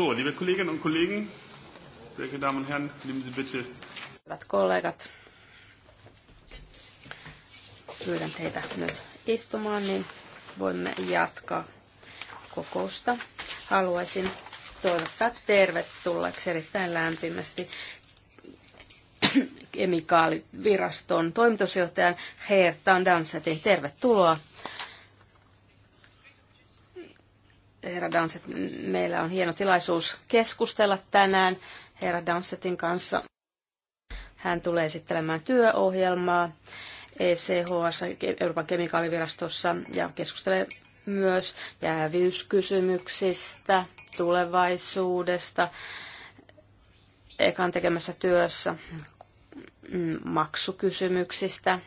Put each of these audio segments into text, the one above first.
So, liebe Kolleginnen und Kollegen, sehr geehrte Damen und Herren, nehmen Sie bitte. Hyvät kollegat, pyydän teitä nyt istumaan, niin voimme jatkaa kokousta. Haluaisin toivottaa tervetulleeksi erittäin lämpimästi kemikaaliviraston toimitusjohtajan Hertan Tandansetin. Tervetuloa herra Danset, meillä on hieno tilaisuus keskustella tänään herra Dansetin kanssa. Hän tulee esittelemään työohjelmaa ECHS Euroopan kemikaalivirastossa ja keskustelee myös jäävyyskysymyksistä, tulevaisuudesta, ekan tekemässä työssä, mm, maksukysymyksistä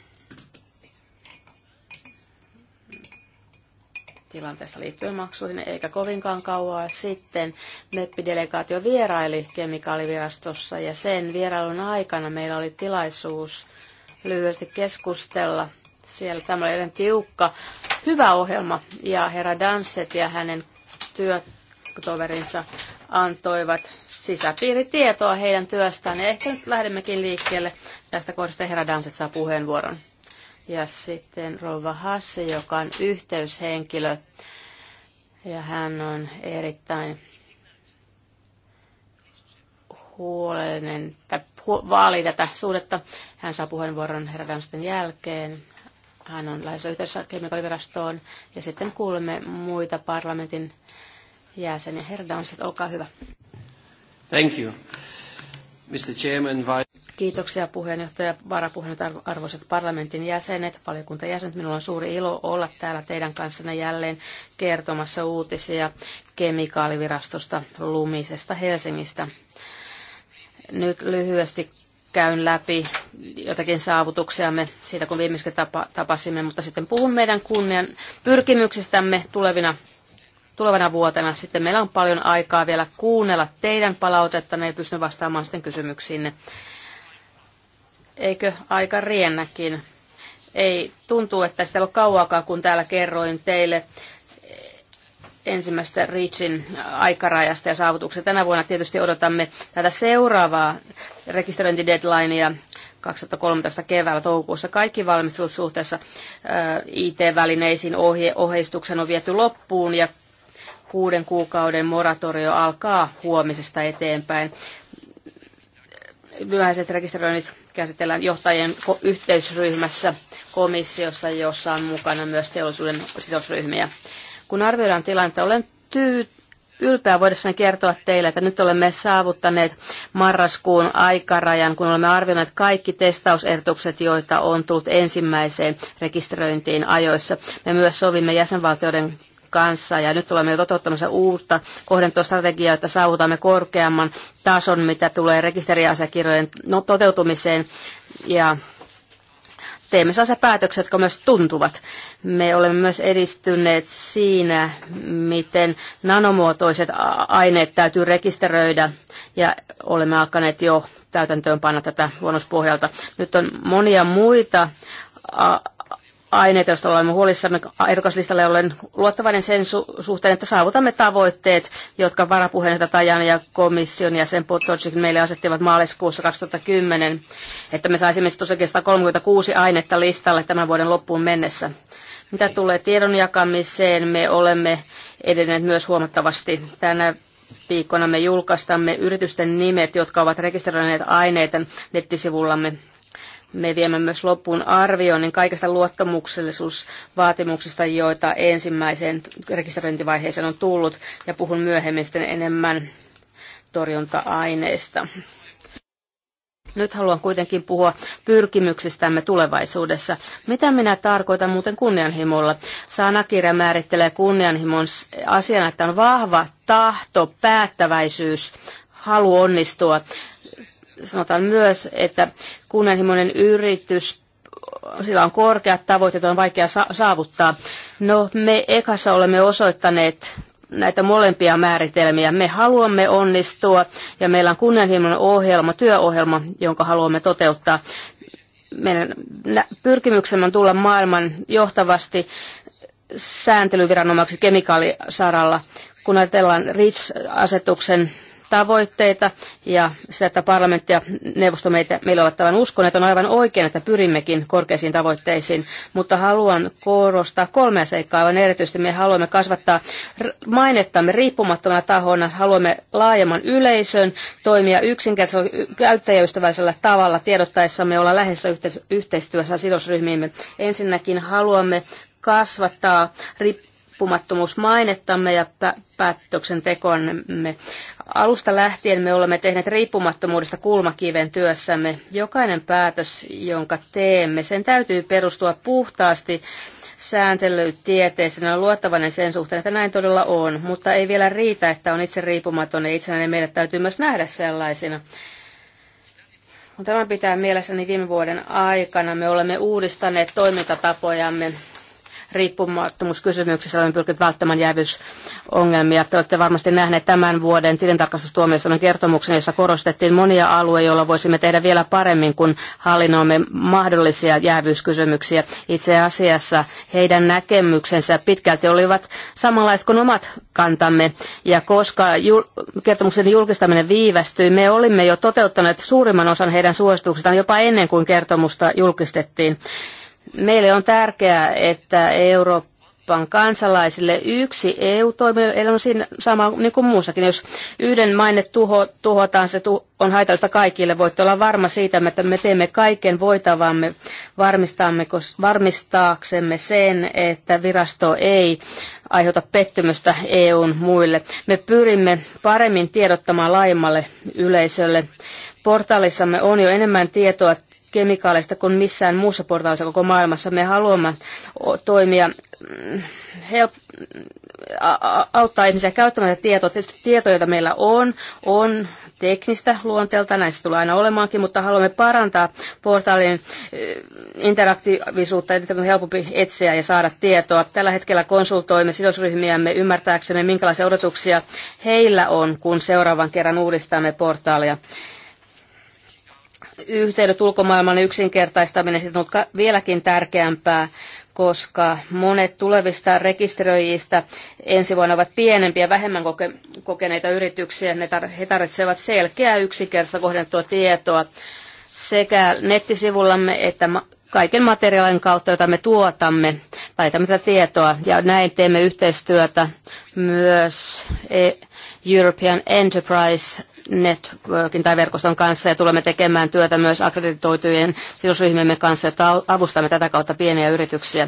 tilanteesta liittyen maksuihin, eikä kovinkaan kauaa sitten mepp delegaatio vieraili kemikaalivirastossa ja sen vierailun aikana meillä oli tilaisuus lyhyesti keskustella. Siellä tämä oli tiukka, hyvä ohjelma ja herra Danset ja hänen työtoverinsa antoivat sisäpiiritietoa heidän työstään. Ja ehkä nyt lähdemmekin liikkeelle tästä kohdasta herra Danset saa puheenvuoron ja sitten Rova Hasse, joka on yhteyshenkilö ja hän on erittäin huolellinen, että vaali tätä suhdetta. Hän saa puheenvuoron herran jälkeen. Hän on lähes yhteydessä kemikaalivirastoon ja sitten kuulemme muita parlamentin jäseniä. Herra Danset, olkaa hyvä. Thank you. Mr. Chairman, Kiitoksia puheenjohtaja, varapuheenjohtaja, arvoisat parlamentin jäsenet, valiokunta jäsenet. Minulla on suuri ilo olla täällä teidän kanssanne jälleen kertomassa uutisia kemikaalivirastosta Lumisesta Helsingistä. Nyt lyhyesti käyn läpi jotakin saavutuksiamme siitä, kun viimeksi tapa, tapasimme, mutta sitten puhun meidän kunnian pyrkimyksistämme tulevina tulevana vuotena. Sitten meillä on paljon aikaa vielä kuunnella teidän palautetta, ne pysty vastaamaan sitten kysymyksiinne. Eikö aika riennäkin? Ei tuntuu, että sitä ei ole kauaakaan, kun täällä kerroin teille ensimmäistä Reachin aikarajasta ja saavutuksesta. Tänä vuonna tietysti odotamme tätä seuraavaa rekisteröintideadlinea 2013 keväällä toukokuussa. Kaikki valmistelut suhteessa IT-välineisiin ohje, ohjeistuksen on viety loppuun ja kuuden kuukauden moratorio alkaa huomisesta eteenpäin. Myöhäiset rekisteröinnit käsitellään johtajien yhteysryhmässä komissiossa, jossa on mukana myös teollisuuden sidosryhmiä. Kun arvioidaan tilannetta, olen tyy- ylpeä voidessani kertoa teille, että nyt olemme saavuttaneet marraskuun aikarajan, kun olemme arvioineet kaikki testausertukset, joita on tullut ensimmäiseen rekisteröintiin ajoissa. Me myös sovimme jäsenvaltioiden kanssa ja nyt olemme toteuttamassa uutta kohdentostrategiaa, että saavutamme korkeamman tason, mitä tulee rekisteriasiakirjojen no, toteutumiseen ja teemme sellaisia päätöksiä, jotka myös tuntuvat. Me olemme myös edistyneet siinä, miten nanomuotoiset aineet täytyy rekisteröidä ja olemme alkaneet jo täytäntöönpanna tätä luonnospohjalta. Nyt on monia muita aineita, joista olemme huolissamme ehdokaslistalle, olen luottavainen sen su- suhteen, että saavutamme tavoitteet, jotka varapuheenjohtaja Tajan ja komission ja sen Potocik meille asettivat maaliskuussa 2010, että me saisimme tosiaan 136 ainetta listalle tämän vuoden loppuun mennessä. Mitä tulee tiedon jakamiseen, me olemme edenneet myös huomattavasti tänä viikkona me julkaistamme yritysten nimet, jotka ovat rekisteröineet aineita nettisivullamme me viemme myös loppuun arvioinnin kaikista luottamuksellisuusvaatimuksista, joita ensimmäiseen rekisteröintivaiheeseen on tullut, ja puhun myöhemmin sitten enemmän torjunta-aineista. Nyt haluan kuitenkin puhua pyrkimyksistämme tulevaisuudessa. Mitä minä tarkoitan muuten kunnianhimolla? Sanakirja määrittelee kunnianhimon asiana, että on vahva tahto, päättäväisyys, halu onnistua sanotaan myös, että kunnianhimoinen yritys sillä on korkeat tavoitteet, on vaikea saavuttaa. No, me ekassa olemme osoittaneet näitä molempia määritelmiä. Me haluamme onnistua ja meillä on kunnianhimoinen ohjelma, työohjelma, jonka haluamme toteuttaa. Meidän pyrkimyksemme on tulla maailman johtavasti sääntelyviranomaksi kemikaalisaralla. Kun ajatellaan REACH-asetuksen tavoitteita ja sitä, että parlamentti ja neuvosto meitä, meillä ovat tämän uskon, että on aivan oikein, että pyrimmekin korkeisiin tavoitteisiin, mutta haluan korostaa kolmea seikkaa aivan erityisesti. Me haluamme kasvattaa mainettamme riippumattomana tahona, haluamme laajemman yleisön toimia yksinkertaisella käyttäjäystävällisellä tavalla tiedottaessamme olla läheisessä yhteistyössä sidosryhmiimme. Ensinnäkin haluamme kasvattaa riippumattomuusmainettamme ja päätöksentekoamme. Alusta lähtien me olemme tehneet riippumattomuudesta kulmakiven työssämme. Jokainen päätös, jonka teemme, sen täytyy perustua puhtaasti sääntelytieteeseen. On luottavainen sen suhteen, että näin todella on, mutta ei vielä riitä, että on itse riippumaton ja itsenäinen. Meidän täytyy myös nähdä sellaisina. tämän pitää mielessä, niin viime vuoden aikana me olemme uudistaneet toimintatapojamme riippumattomuuskysymyksessä olemme pyrkineet välttämään jäävyysongelmia. Te olette varmasti nähneet tämän vuoden tilintarkastustuomioistuimen kertomuksen, jossa korostettiin monia alueita, joilla voisimme tehdä vielä paremmin, kun hallinnoimme mahdollisia jäävyyskysymyksiä. Itse asiassa heidän näkemyksensä pitkälti olivat samanlaiset kuin omat kantamme. Ja koska jul- kertomuksen julkistaminen viivästyi, me olimme jo toteuttaneet suurimman osan heidän suosituksistaan jopa ennen kuin kertomusta julkistettiin. Meille on tärkeää, että Eurooppa Euroopan kansalaisille yksi EU-toimielin on siinä sama niin kuin muussakin. Jos yhden maine tuho, tuhotaan, se tu, on haitallista kaikille. Voitte olla varma siitä, että me teemme kaiken voitavamme varmistaaksemme sen, että virasto ei aiheuta pettymystä EUn muille. Me pyrimme paremmin tiedottamaan laajemmalle yleisölle. Portaalissamme on jo enemmän tietoa kemikaaleista kuin missään muussa portaalissa koko maailmassa. Me haluamme toimia, mm, help- auttaa ihmisiä käyttämään tietoa. Tietysti tietoja, joita meillä on, on teknistä luonteelta, näin se tulee aina olemaankin, mutta haluamme parantaa portaalin eh, interaktiivisuutta, että on helpompi etsiä ja saada tietoa. Tällä hetkellä konsultoimme sidosryhmiämme ymmärtääksemme, minkälaisia odotuksia heillä on, kun seuraavan kerran uudistamme portaalia yhteydet ulkomaailman yksinkertaistaminen on vieläkin tärkeämpää, koska monet tulevista rekisteröijistä ensi vuonna ovat pienempiä, vähemmän koke- kokeneita yrityksiä. Ne tar- he tarvitsevat selkeää yksinkertaista kohdentua tietoa sekä nettisivullamme että ma- kaiken materiaalin kautta, jota me tuotamme, laitamme tätä tietoa ja näin teemme yhteistyötä myös e- European Enterprise networkin tai verkoston kanssa ja tulemme tekemään työtä myös akkreditoitujen sidosryhmiemme kanssa, jotta avustamme tätä kautta pieniä yrityksiä.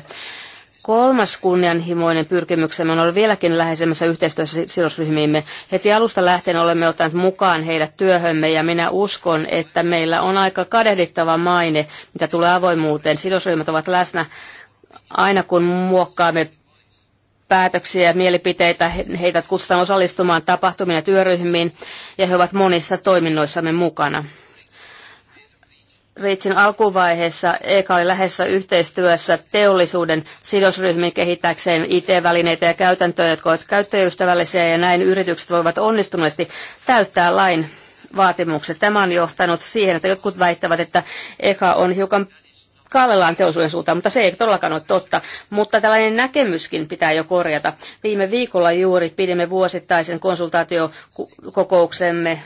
Kolmas kunnianhimoinen pyrkimyksemme on ollut vieläkin läheisemmässä yhteistyössä sidosryhmiimme. Heti alusta lähtien olemme ottaneet mukaan heidät työhömme ja minä uskon, että meillä on aika kadehdittava maine, mitä tulee avoimuuteen. Sidosryhmät ovat läsnä aina kun muokkaamme päätöksiä ja mielipiteitä. Heitä kutsutaan osallistumaan tapahtumiin ja työryhmiin ja he ovat monissa toiminnoissamme mukana. Riitsin alkuvaiheessa EKA oli lähessä yhteistyössä teollisuuden sidosryhmin kehittääkseen IT-välineitä ja käytäntöjä, jotka ovat käyttäjäystävällisiä ja näin yritykset voivat onnistuneesti täyttää lain vaatimukset. Tämä on johtanut siihen, että jotkut väittävät, että EKA on hiukan kallellaan teollisuuden suuntaan, mutta se ei todellakaan ole totta. Mutta tällainen näkemyskin pitää jo korjata. Viime viikolla juuri pidimme vuosittaisen konsultaatiokokouksemme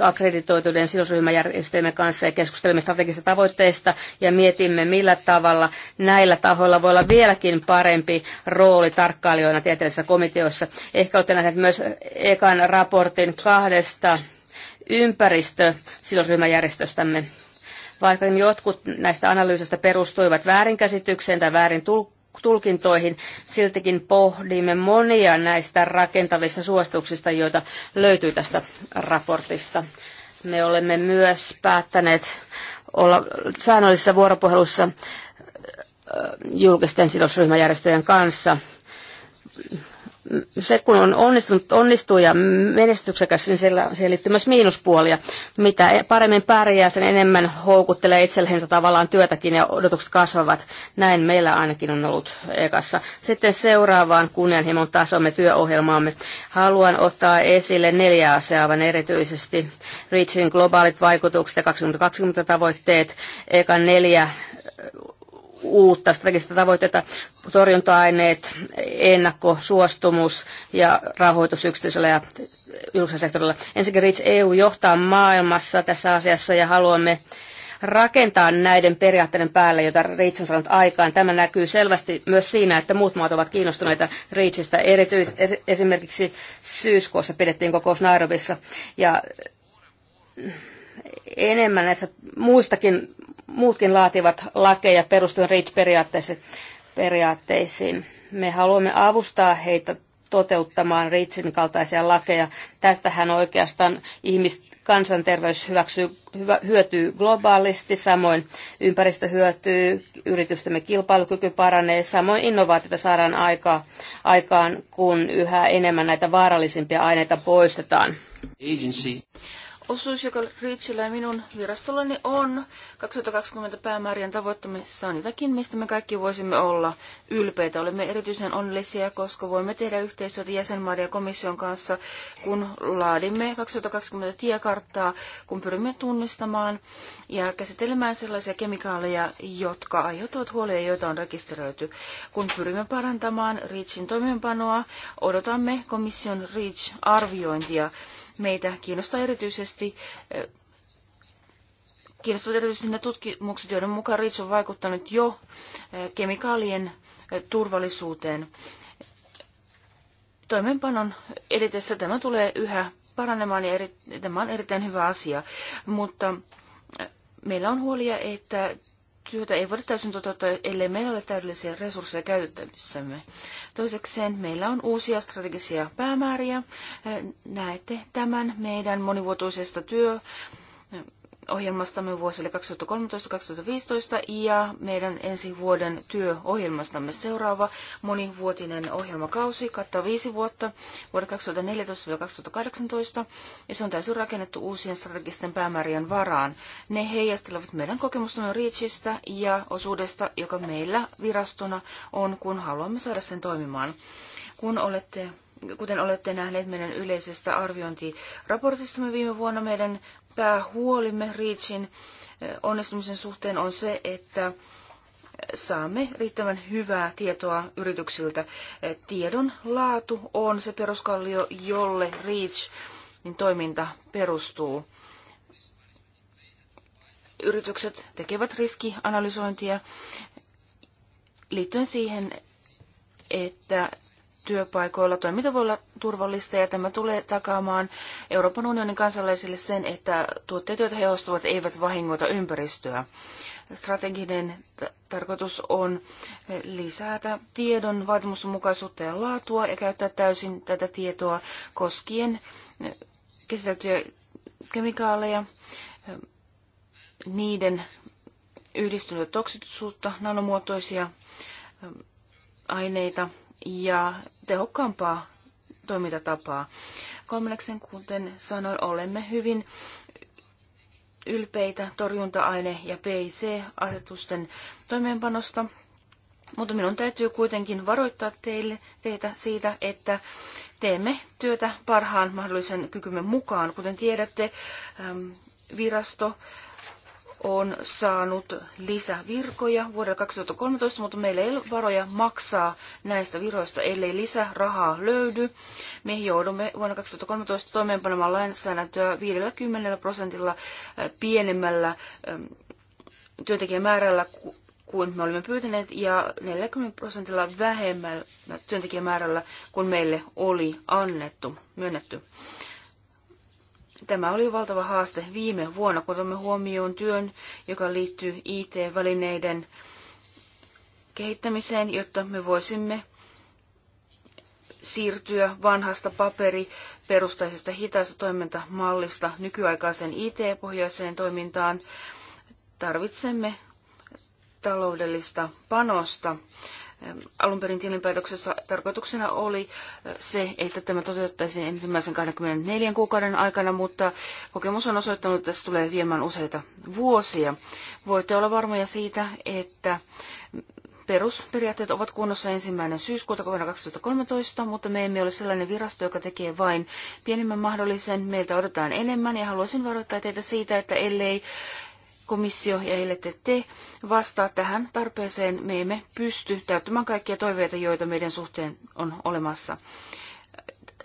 akkreditoituiden sidosryhmäjärjestöjen kanssa ja keskustelemme strategisista tavoitteista ja mietimme, millä tavalla näillä tahoilla voi olla vieläkin parempi rooli tarkkailijoina tieteellisissä komiteoissa. Ehkä olette nähneet myös ekan raportin kahdesta sidosryhmäjärjestöstämme. Vaikka jotkut näistä analyysistä perustuivat väärinkäsitykseen tai väärin tulkintoihin, siltikin pohdimme monia näistä rakentavista suosituksista, joita löytyy tästä raportista. Me olemme myös päättäneet olla säännöllisessä vuoropuhelussa äh, julkisten sidosryhmäjärjestöjen kanssa se kun on onnistunut, onnistuu ja menestyksekäs, niin siellä, siellä liittyy myös miinuspuolia. Mitä paremmin pärjää, sen enemmän houkuttelee itsellensä tavallaan työtäkin ja odotukset kasvavat. Näin meillä ainakin on ollut ekassa. Sitten seuraavaan kunnianhimon tasomme työohjelmaamme. Haluan ottaa esille neljä asiaa, vaan erityisesti Reaching globaalit vaikutukset ja 2020 tavoitteet, eka neljä uutta strategista tavoitetta, torjunta-aineet, ennakkosuostumus ja rahoitus yksityisellä ja julkisella sektorilla. Ensinnäkin REACH EU johtaa maailmassa tässä asiassa ja haluamme rakentaa näiden periaatteiden päälle, jota Reach on saanut aikaan. Tämä näkyy selvästi myös siinä, että muut maat ovat kiinnostuneita Reachista. Erityis, esimerkiksi syyskuussa pidettiin kokous Nairobissa ja enemmän näistä muistakin muutkin laativat lakeja perustuen REACH-periaatteisiin. Me haluamme avustaa heitä toteuttamaan REACHin kaltaisia lakeja. Tästähän oikeastaan ihmis, kansanterveys hyväksyy, hyvä, hyötyy globaalisti, samoin ympäristö hyötyy, yritystemme kilpailukyky paranee, samoin innovaatioita saadaan aika, aikaan, kun yhä enemmän näitä vaarallisimpia aineita poistetaan. Agency osuus, joka Riitsillä ja minun virastollani on 2020 päämäärien tavoittamissa on jotakin, mistä me kaikki voisimme olla ylpeitä. Olemme erityisen onnellisia, koska voimme tehdä yhteistyötä jäsenmaiden ja komission kanssa, kun laadimme 2020 tiekarttaa, kun pyrimme tunnistamaan ja käsittelemään sellaisia kemikaaleja, jotka aiheuttavat huolia, joita on rekisteröity. Kun pyrimme parantamaan REACHin toimeenpanoa, odotamme komission REACH-arviointia Meitä kiinnostaa erityisesti eh, kiinnostavat erityisesti ne tutkimukset, joiden mukaan REACH on vaikuttanut jo eh, kemikaalien eh, turvallisuuteen. Toimeenpanon edetessä tämä tulee yhä paranemaan ja eri, tämä on erittäin hyvä asia, mutta meillä on huolia, että työtä ei voida täysin toteuttaa, ellei meillä ole täydellisiä resursseja käytettävissämme. Toisekseen meillä on uusia strategisia päämääriä. Näette tämän meidän monivuotoisesta työ ohjelmastamme vuosille 2013-2015 ja meidän ensi vuoden työohjelmastamme seuraava monivuotinen ohjelmakausi kattaa viisi vuotta vuodet 2014-2018 ja se on täysin rakennettu uusien strategisten päämäärien varaan. Ne heijastelevat meidän kokemustamme Reachistä ja osuudesta, joka meillä virastona on, kun haluamme saada sen toimimaan. Kun olette kuten olette nähneet meidän yleisestä arviointiraportistamme viime vuonna, meidän päähuolimme Reachin eh, onnistumisen suhteen on se, että saamme riittävän hyvää tietoa yrityksiltä. Eh, tiedon laatu on se peruskallio, jolle Reach niin toiminta perustuu. Yritykset tekevät riskianalysointia liittyen siihen, että työpaikoilla toiminta voi olla turvallista ja tämä tulee takaamaan Euroopan unionin kansalaisille sen, että tuotteet, joita he ostavat, eivät vahingoita ympäristöä. Strateginen tarkoitus on lisätä tiedon vaatimustenmukaisuutta ja laatua ja käyttää täysin tätä tietoa koskien käsiteltyjä kemikaaleja, niiden yhdistynyttä toksisuutta, nanomuotoisia aineita ja tehokkaampaa toimintatapaa. Kolmanneksen, kuten sanoin, olemme hyvin ylpeitä torjunta-aine- ja PIC-asetusten toimeenpanosta, mutta minun täytyy kuitenkin varoittaa teille, teitä siitä, että teemme työtä parhaan mahdollisen kykymme mukaan. Kuten tiedätte, virasto on saanut lisävirkoja vuodelle 2013, mutta meillä ei ole varoja maksaa näistä viroista, ellei lisärahaa löydy. Me joudumme vuonna 2013 toimeenpanemaan lainsäädäntöä 50 prosentilla pienemmällä työntekijämäärällä kuin me olimme pyytäneet ja 40 prosentilla vähemmällä työntekijämäärällä kuin meille oli annettu, myönnetty. Tämä oli valtava haaste viime vuonna, kun otamme huomioon työn, joka liittyy IT-välineiden kehittämiseen, jotta me voisimme siirtyä vanhasta paperiperustaisesta hitaasta toimintamallista nykyaikaiseen IT-pohjaiseen toimintaan. Tarvitsemme taloudellista panosta. Alun perin tilinpäätöksessä tarkoituksena oli äh, se, että tämä toteuttaisiin ensimmäisen 24 kuukauden aikana, mutta kokemus on osoittanut, että tässä tulee viemään useita vuosia. Voitte olla varmoja siitä, että perusperiaatteet ovat kunnossa ensimmäinen syyskuuta vuonna 2013, mutta me emme ole sellainen virasto, joka tekee vain pienimmän mahdollisen. Meiltä odotetaan enemmän ja haluaisin varoittaa teitä siitä, että ellei komissio ja ellette te vastaa tähän tarpeeseen, me emme pysty täyttämään kaikkia toiveita, joita meidän suhteen on olemassa.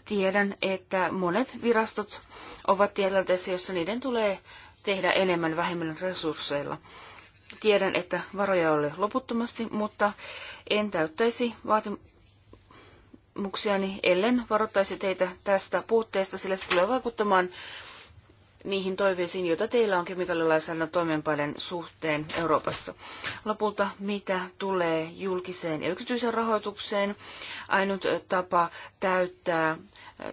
Tiedän, että monet virastot ovat tilanteessa, jossa niiden tulee tehdä enemmän vähemmän resursseilla. Tiedän, että varoja ei ole loputtomasti, mutta en täyttäisi vaatimuksiani, ellen varoittaisi teitä tästä puutteesta, sillä se tulee vaikuttamaan niihin toiveisiin, joita teillä on kemikaalilainsäädännön toimeenpanen suhteen Euroopassa. Lopulta mitä tulee julkiseen ja yksityiseen rahoitukseen, ainut tapa täyttää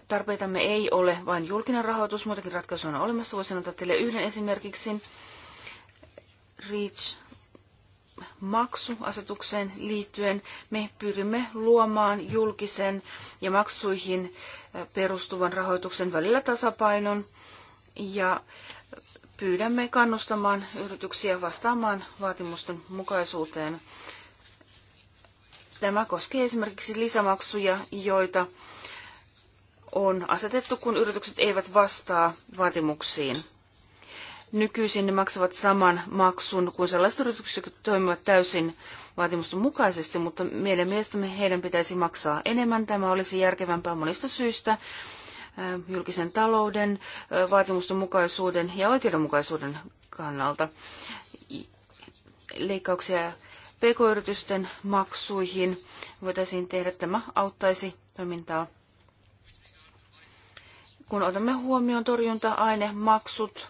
tarpeitamme ei ole vain julkinen rahoitus, muitakin ratkaisuja on olemassa. Voisin antaa teille yhden esimerkiksi. REACH maksuasetukseen liittyen me pyrimme luomaan julkisen ja maksuihin perustuvan rahoituksen välillä tasapainon ja pyydämme kannustamaan yrityksiä vastaamaan vaatimusten mukaisuuteen. Tämä koskee esimerkiksi lisämaksuja, joita on asetettu, kun yritykset eivät vastaa vaatimuksiin. Nykyisin ne maksavat saman maksun kuin sellaiset yritykset, jotka toimivat täysin vaatimusten mukaisesti, mutta meidän mielestämme heidän pitäisi maksaa enemmän. Tämä olisi järkevämpää monista syistä, julkisen talouden, vaatimustenmukaisuuden ja oikeudenmukaisuuden kannalta. Leikkauksia pk-yritysten maksuihin voitaisiin tehdä. Tämä auttaisi toimintaa. Kun otamme huomioon torjunta-ainemaksut,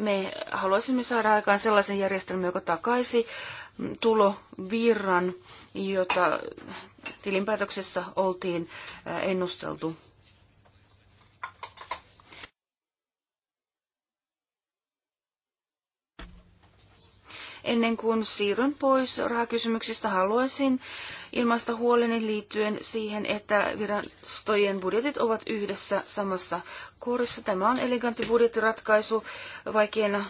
me haluaisimme saada aikaan sellaisen järjestelmän, joka takaisi tulovirran, jota tilinpäätöksessä oltiin ennusteltu. Ennen kuin siirryn pois rahakysymyksistä, haluaisin ilmaista huoleni liittyen siihen, että virastojen budjetit ovat yhdessä samassa kuorissa. Tämä on elegantti budjettiratkaisu vaikeina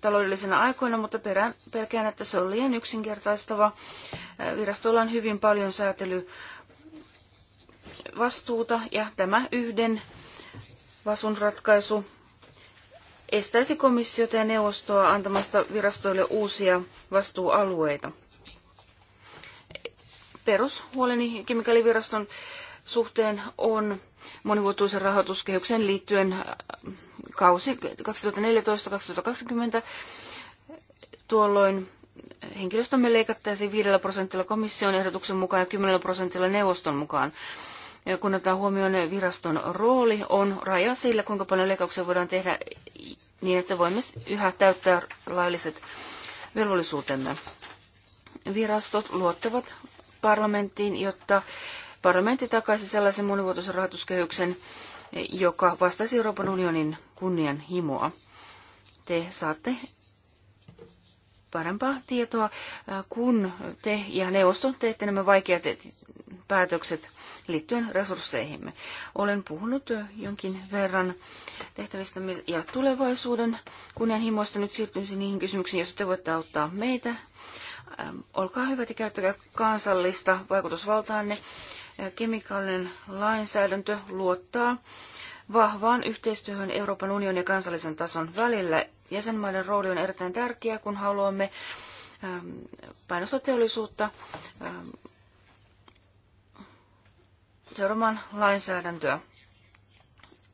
taloudellisina aikoina, mutta perään, pelkään, että se on liian yksinkertaistava. Äh, Virastoilla on hyvin paljon säätelyvastuuta ja tämä yhden vasun ratkaisu estäisi komissiota ja neuvostoa antamasta virastoille uusia vastuualueita perushuoleni kemikaaliviraston suhteen on monivuotuisen rahoituskehyksen liittyen äh, kausi 2014-2020. Tuolloin henkilöstömme leikattaisiin 5 prosentilla komission ehdotuksen mukaan ja 10 prosentilla neuvoston mukaan. Kun otetaan huomioon viraston rooli, on raja sillä, kuinka paljon leikkauksia voidaan tehdä niin, että voimme yhä täyttää lailliset velvollisuutemme. Virastot luottavat parlamenttiin, jotta parlamentti takaisi sellaisen monivuotoisen rahoituskehyksen, joka vastaisi Euroopan unionin kunnianhimoa. Te saatte parempaa tietoa, kun te ja neuvosto teette nämä vaikeat päätökset liittyen resursseihimme. Olen puhunut jonkin verran tehtävistä ja tulevaisuuden kunnianhimoista. Nyt siirtyisin niihin kysymyksiin, joissa te voitte auttaa meitä. Ähm, olkaa hyvät ja käyttäkää kansallista vaikutusvaltaanne. Äh, kemikaalinen lainsäädäntö luottaa vahvaan yhteistyöhön Euroopan unionin ja kansallisen tason välillä. Jäsenmaiden rooli on erittäin tärkeä, kun haluamme ähm, painostoteollisuutta ähm, seuraamaan lainsäädäntöä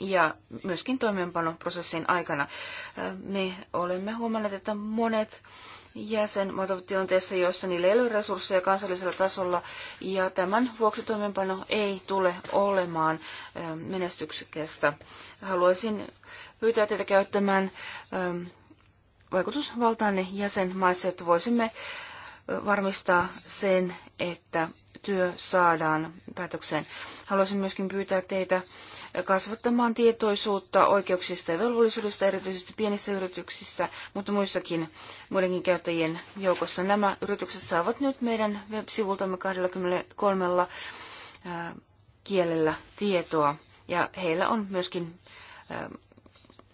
ja myöskin toimeenpanoprosessin aikana. Äh, me olemme huomanneet, että monet jäsenmaat ovat tilanteessa, joissa niillä ei ole resursseja kansallisella tasolla, ja tämän vuoksi toimeenpano ei tule olemaan ähm, menestyksekästä. Haluaisin pyytää teitä käyttämään ähm, vaikutusvaltaanne jäsenmaissa, jotta voisimme äh, varmistaa sen, että työ saadaan päätökseen. Haluaisin myöskin pyytää teitä kasvattamaan tietoisuutta oikeuksista ja velvollisuudesta erityisesti pienissä yrityksissä, mutta muissakin muidenkin käyttäjien joukossa. Nämä yritykset saavat nyt meidän web-sivultamme 23 äh, kielellä tietoa ja heillä on myöskin äh,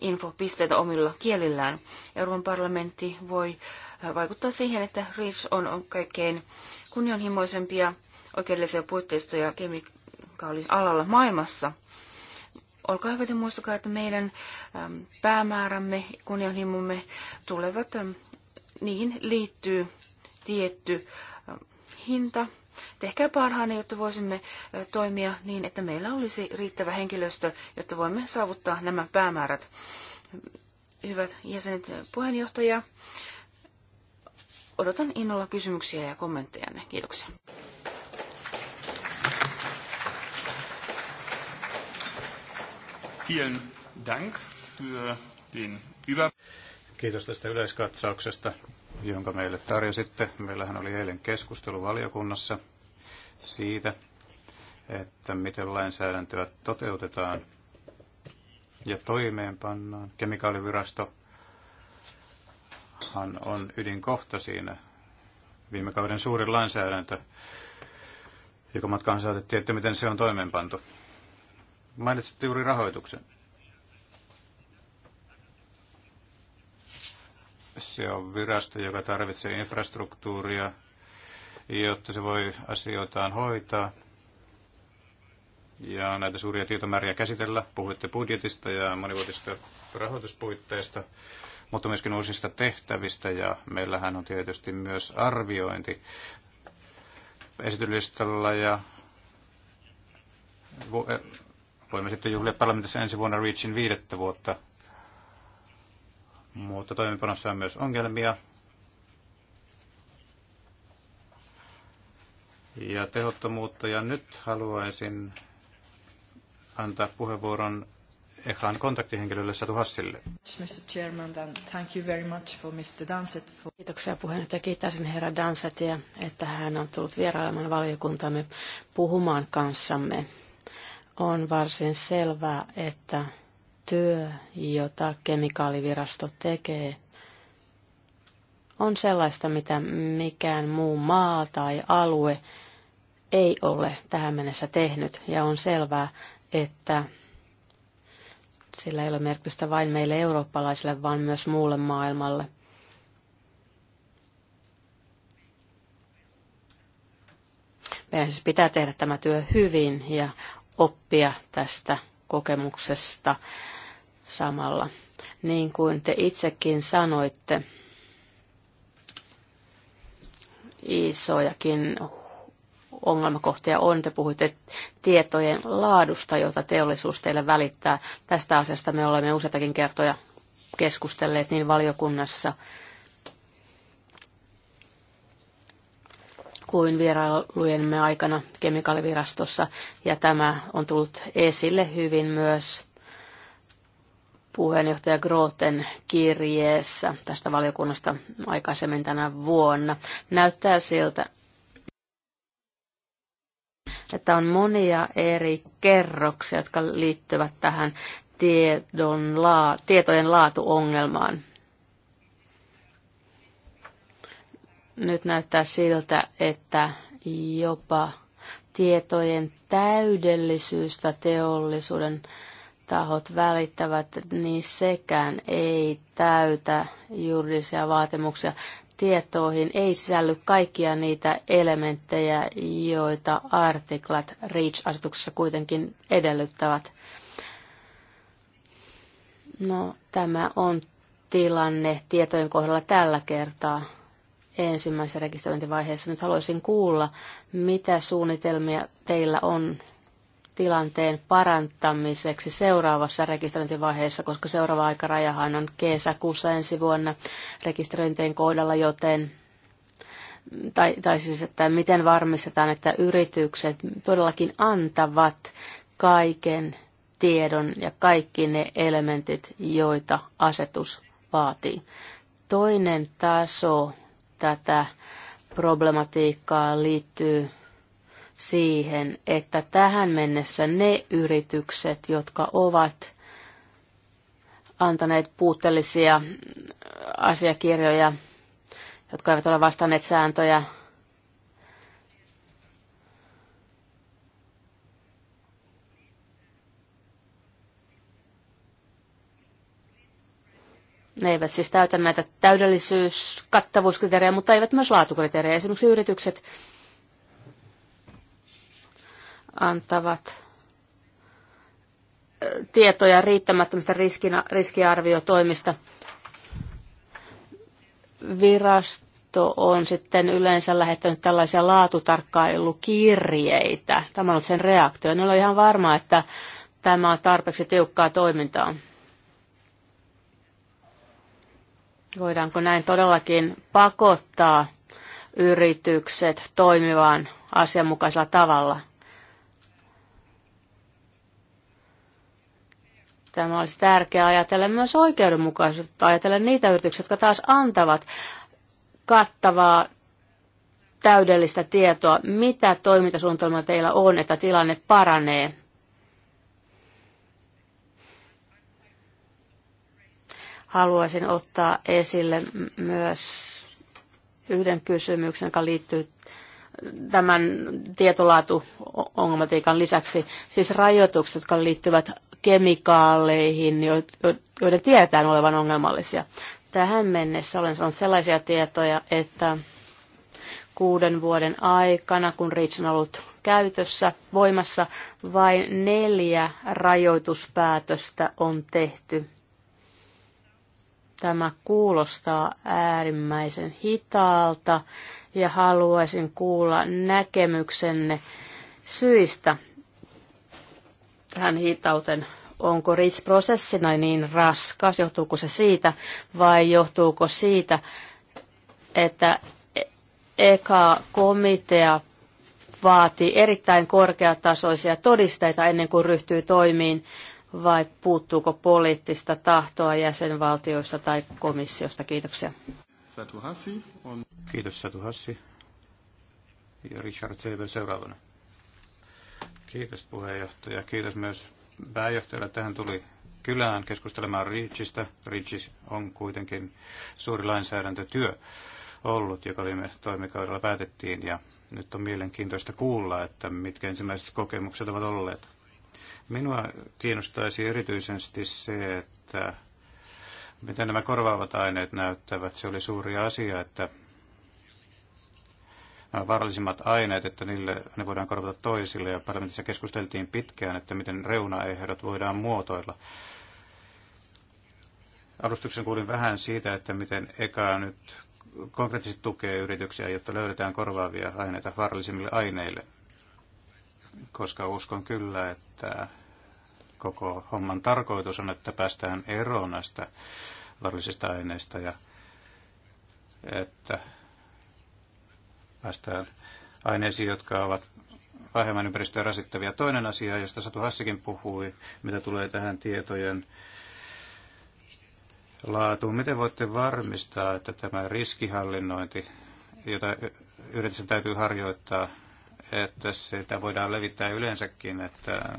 infopisteitä omilla kielillään. Euroopan parlamentti voi äh, vaikuttaa siihen, että REACH on kaikkein kunnianhimoisempia oikeudellisia puitteistoja kemikaalialalla maailmassa. Olkaa hyvät ja muistakaa, että meidän päämäärämme, kunnianhimomme tulevat, niihin liittyy tietty hinta. Tehkää parhaani, jotta voisimme toimia niin, että meillä olisi riittävä henkilöstö, jotta voimme saavuttaa nämä päämäärät. Hyvät jäsenet, puheenjohtaja, odotan innolla kysymyksiä ja kommenttejanne. Kiitoksia. Vielen Dank für den Über... Kiitos tästä yleiskatsauksesta, jonka meille tarjositte. Meillähän oli eilen keskustelu valiokunnassa siitä, että miten lainsäädäntöä toteutetaan ja toimeenpannaan. Kemikaalivirastohan on ydinkohta siinä. Viime kauden suurin lainsäädäntö, joka matkaan saatettiin, että miten se on toimeenpantu. Mainitsitte juuri rahoituksen. Se on virasto, joka tarvitsee infrastruktuuria, jotta se voi asioitaan hoitaa ja näitä suuria tietomääriä käsitellä. Puhuitte budjetista ja monivuotisista rahoituspuitteista, mutta myöskin uusista tehtävistä ja meillähän on tietysti myös arviointi esitylistalla ja Voimme sitten juhlia parlamentissa ensi vuonna Reachin viidettä vuotta, mutta toimenpanossa on myös ongelmia. Ja tehottomuutta. Ja nyt haluaisin antaa puheenvuoron Ekan kontaktihenkilölle Satu Hassille. Kiitoksia puheenjohtaja. Kiitäisin herra Dansetia, että hän on tullut vierailemaan valiokuntamme puhumaan kanssamme on varsin selvää, että työ, jota kemikaalivirasto tekee, on sellaista, mitä mikään muu maa tai alue ei ole tähän mennessä tehnyt. Ja on selvää, että sillä ei ole merkitystä vain meille eurooppalaisille, vaan myös muulle maailmalle. Meidän siis pitää tehdä tämä työ hyvin ja oppia tästä kokemuksesta samalla. Niin kuin te itsekin sanoitte, isojakin ongelmakohtia on. Te puhuitte tietojen laadusta, jota teollisuus teille välittää. Tästä asiasta me olemme useitakin kertoja keskustelleet niin valiokunnassa kuin vierailujemme aikana kemikaalivirastossa, ja tämä on tullut esille hyvin myös puheenjohtaja Groten kirjeessä tästä valiokunnasta aikaisemmin tänä vuonna. Näyttää siltä, että on monia eri kerroksia, jotka liittyvät tähän tiedon laa, tietojen laatuongelmaan. Nyt näyttää siltä, että jopa tietojen täydellisyystä teollisuuden tahot välittävät, niin sekään ei täytä juridisia vaatimuksia. Tietoihin ei sisälly kaikkia niitä elementtejä, joita artiklat REACH-asetuksessa kuitenkin edellyttävät. No, tämä on tilanne tietojen kohdalla tällä kertaa ensimmäisessä rekisteröintivaiheessa. Nyt haluaisin kuulla, mitä suunnitelmia teillä on tilanteen parantamiseksi seuraavassa rekisteröintivaiheessa, koska seuraava aikarajahan on kesäkuussa ensi vuonna rekisteröintien kohdalla, joten tai, tai siis, että miten varmistetaan, että yritykset todellakin antavat kaiken tiedon ja kaikki ne elementit, joita asetus vaatii. Toinen taso tätä problematiikkaa liittyy siihen, että tähän mennessä ne yritykset, jotka ovat antaneet puutteellisia asiakirjoja, jotka eivät ole vastanneet sääntöjä, Ne eivät siis täytä näitä täydellisyys-, kattavuuskriteerejä, mutta eivät myös laatukriteerejä. Esimerkiksi yritykset antavat tietoja riittämättömistä riskina, riskiarviotoimista. Virasto on sitten yleensä lähettänyt tällaisia laatutarkkailukirjeitä. Tämä on ollut sen reaktio. Ne ole ihan varma, että tämä on tarpeeksi tiukkaa toimintaa. Voidaanko näin todellakin pakottaa yritykset toimivaan asianmukaisella tavalla? Tämä olisi tärkeää ajatella myös oikeudenmukaisuutta, ajatella niitä yrityksiä, jotka taas antavat kattavaa täydellistä tietoa, mitä toimintasuunnitelma teillä on, että tilanne paranee haluaisin ottaa esille myös yhden kysymyksen, joka liittyy tämän tietolaatuongelmatiikan lisäksi, siis rajoitukset, jotka liittyvät kemikaaleihin, joiden tiedetään olevan ongelmallisia. Tähän mennessä olen saanut sellaisia tietoja, että kuuden vuoden aikana, kun REACH on ollut käytössä, voimassa, vain neljä rajoituspäätöstä on tehty Tämä kuulostaa äärimmäisen hitaalta ja haluaisin kuulla näkemyksenne syistä tähän hitauteen. Onko RIS-prosessina niin raskas? Johtuuko se siitä vai johtuuko siitä, että eka komitea vaatii erittäin korkeatasoisia todisteita ennen kuin ryhtyy toimiin vai puuttuuko poliittista tahtoa jäsenvaltioista tai komissiosta? Kiitoksia. Kiitos Satu Hassi. Ja Richard Seibel seuraavana. Kiitos puheenjohtaja. Kiitos myös pääjohtajalle. Tähän tuli kylään keskustelemaan Reachista. Reach on kuitenkin suuri lainsäädäntötyö ollut, joka viime toimikaudella päätettiin. Ja nyt on mielenkiintoista kuulla, että mitkä ensimmäiset kokemukset ovat olleet. Minua kiinnostaisi erityisesti se, että miten nämä korvaavat aineet näyttävät. Se oli suuri asia, että nämä vaarallisimmat aineet, että niille, ne voidaan korvata toisille. Ja parlamentissa keskusteltiin pitkään, että miten reunaehdot voidaan muotoilla. Alustuksen kuulin vähän siitä, että miten EKA nyt konkreettisesti tukee yrityksiä, jotta löydetään korvaavia aineita vaarallisimmille aineille koska uskon kyllä, että koko homman tarkoitus on, että päästään eroon näistä varallisista aineista ja että päästään aineisiin, jotka ovat vähemmän ympäristöä rasittavia. Toinen asia, josta Satu Hassikin puhui, mitä tulee tähän tietojen laatuun. Miten voitte varmistaa, että tämä riskihallinnointi, jota yrityksen täytyy harjoittaa, että sitä voidaan levittää yleensäkin, että,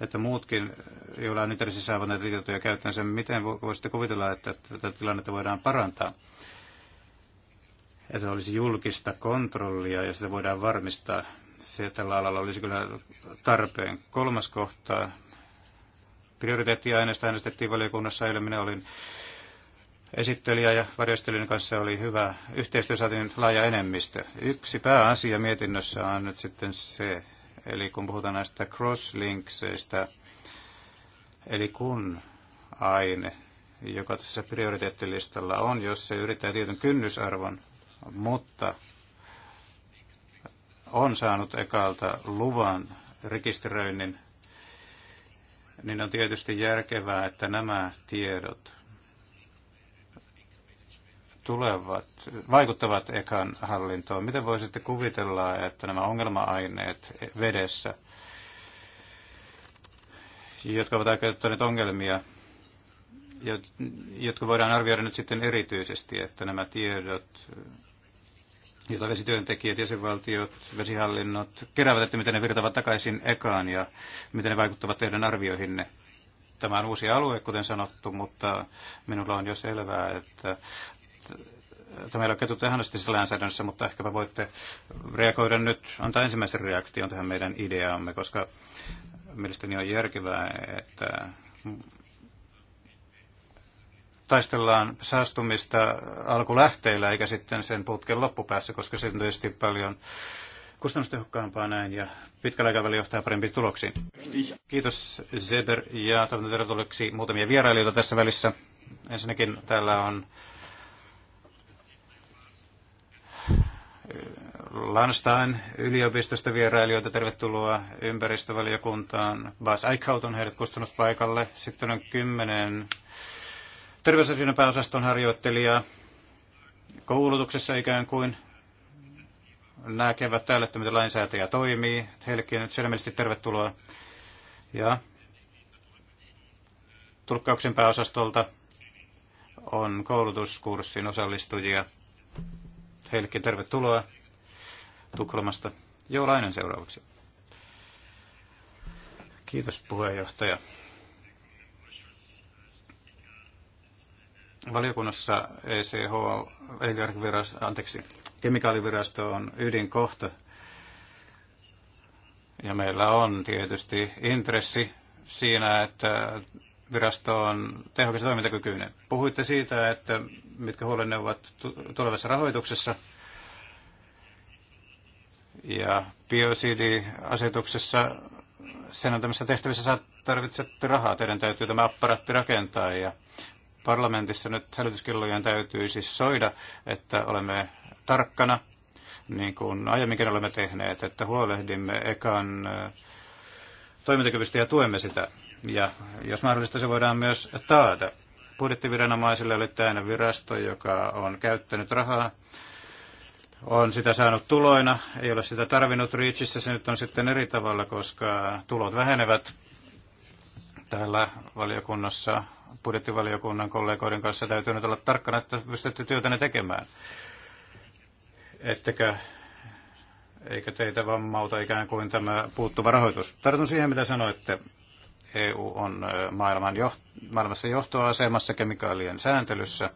että muutkin, joilla on intressi saavat näitä tietoja sen miten voisitte kuvitella, että tätä tilannetta voidaan parantaa? Että olisi julkista kontrollia ja sitä voidaan varmistaa. Se tällä alalla olisi kyllä tarpeen. Kolmas kohta. Prioriteettiaineista äänestettiin valiokunnassa, eilen minä olin esittelijä ja varjostelijan kanssa oli hyvä. Yhteistyö saatiin laaja enemmistö. Yksi pääasia mietinnössä on nyt sitten se, eli kun puhutaan näistä crosslinkseistä, eli kun aine, joka tässä prioriteettilistalla on, jos se yrittää tietyn kynnysarvon, mutta on saanut ekalta luvan rekisteröinnin, niin on tietysti järkevää, että nämä tiedot tulevat, vaikuttavat ekan hallintoon. Miten voisitte kuvitella, että nämä ongelma-aineet vedessä, jotka ovat aiheuttaneet ongelmia, jotka voidaan arvioida nyt sitten erityisesti, että nämä tiedot, joita vesityöntekijät, jäsenvaltiot, vesihallinnot keräävät, että miten ne virtaavat takaisin ekaan ja miten ne vaikuttavat teidän arvioihinne. Tämä on uusi alue, kuten sanottu, mutta minulla on jo selvää, että että meillä on ketut tähän asti lainsäädännössä, mutta ehkäpä voitte reagoida nyt, antaa ensimmäisen reaktion tähän meidän ideaamme, koska mielestäni on järkevää, että taistellaan saastumista alkulähteillä eikä sitten sen putken loppupäässä, koska se on tietysti paljon kustannustehokkaampaa näin ja pitkällä aikavälillä johtaa parempiin tuloksiin. Kiitos Zeder ja toivotan tervetulleeksi muutamia vierailijoita tässä välissä. Ensinnäkin täällä on Lanstain yliopistosta vierailijoita. Tervetuloa ympäristövaliokuntaan. Bas Eichhout on heidät kustannut paikalle. Sitten on kymmenen terveysasioiden pääosaston harjoittelijaa koulutuksessa ikään kuin näkevät täällä, että miten lainsäätäjä toimii. Heillekin nyt sydämellisesti tervetuloa. Ja tulkkauksen pääosastolta on koulutuskurssin osallistujia. Heillekin tervetuloa. Tukholmasta. Joulainen seuraavaksi. Kiitos puheenjohtaja. Valiokunnassa ECH, anteeksi, kemikaalivirasto on ydinkohta. Ja meillä on tietysti intressi siinä, että virasto on tehokas toimintakykyinen. Puhuitte siitä, että mitkä huolenne ovat tulevassa rahoituksessa – ja biosidiasetuksessa sen tämmöisessä tehtävissä saa tarvitsette rahaa. Teidän täytyy tämä apparaatti rakentaa ja parlamentissa nyt hälytyskellojen täytyy siis soida, että olemme tarkkana, niin kuin aiemminkin olemme tehneet, että huolehdimme ekan toimintakyvystä ja tuemme sitä. Ja jos mahdollista, se voidaan myös taata. Budjettiviranomaisille oli tämä virasto, joka on käyttänyt rahaa on sitä saanut tuloina, ei ole sitä tarvinnut Reachissä, se nyt on sitten eri tavalla, koska tulot vähenevät täällä valiokunnassa. Budjettivaliokunnan kollegoiden kanssa täytyy nyt olla tarkkana, että pystytte ne tekemään. Ettekö, eikö teitä vammauta ikään kuin tämä puuttuva rahoitus. Tartun siihen, mitä sanoitte. EU on maailman joht- maailmassa johtoasemassa kemikaalien sääntelyssä.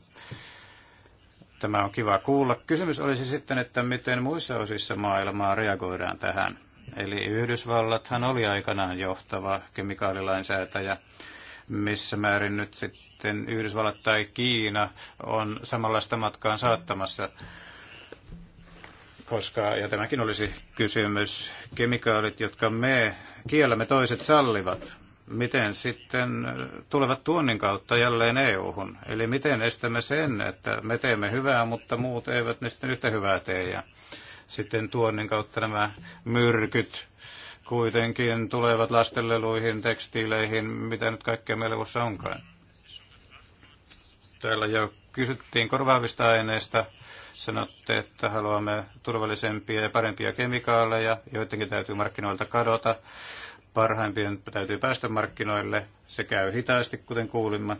Tämä on kiva kuulla. Kysymys olisi sitten, että miten muissa osissa maailmaa reagoidaan tähän. Eli Yhdysvallathan oli aikanaan johtava kemikaalilainsäätäjä. Missä määrin nyt sitten Yhdysvallat tai Kiina on samanlaista matkaan saattamassa? Koska, ja tämäkin olisi kysymys, kemikaalit, jotka me kiellämme toiset sallivat, miten sitten tulevat tuonnin kautta jälleen EU-hun? Eli miten estämme sen, että me teemme hyvää, mutta muut eivät ne sitten yhtä hyvää tee. Ja sitten tuonnin kautta nämä myrkyt kuitenkin tulevat lastenleluihin, tekstiileihin, mitä nyt kaikkea meillä onkaan. Täällä jo kysyttiin korvaavista aineista. Sanotte, että haluamme turvallisempia ja parempia kemikaaleja, joidenkin täytyy markkinoilta kadota. Parhaimpien täytyy päästä markkinoille. Se käy hitaasti, kuten kuulimme.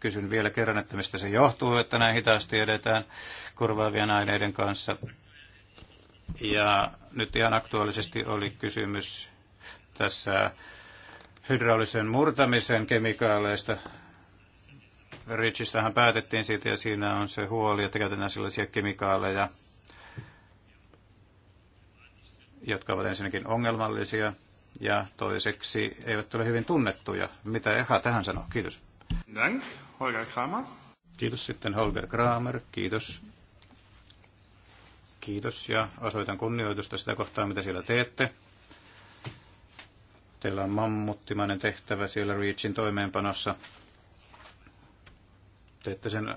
Kysyn vielä kerran, että mistä se johtuu, että näin hitaasti edetään korvaavien aineiden kanssa. Ja nyt ihan aktuaalisesti oli kysymys tässä hydraulisen murtamisen kemikaaleista. Richistähän päätettiin siitä ja siinä on se huoli, että käytetään sellaisia kemikaaleja, jotka ovat ensinnäkin ongelmallisia – ja toiseksi eivät ole hyvin tunnettuja. Mitä Eha tähän sanoo? Kiitos. Dank, Holger Kramer. Kiitos sitten Holger Kramer, kiitos. Kiitos ja osoitan kunnioitusta sitä kohtaa, mitä siellä teette. Teillä on mammuttimainen tehtävä siellä Reachin toimeenpanossa. Teette sen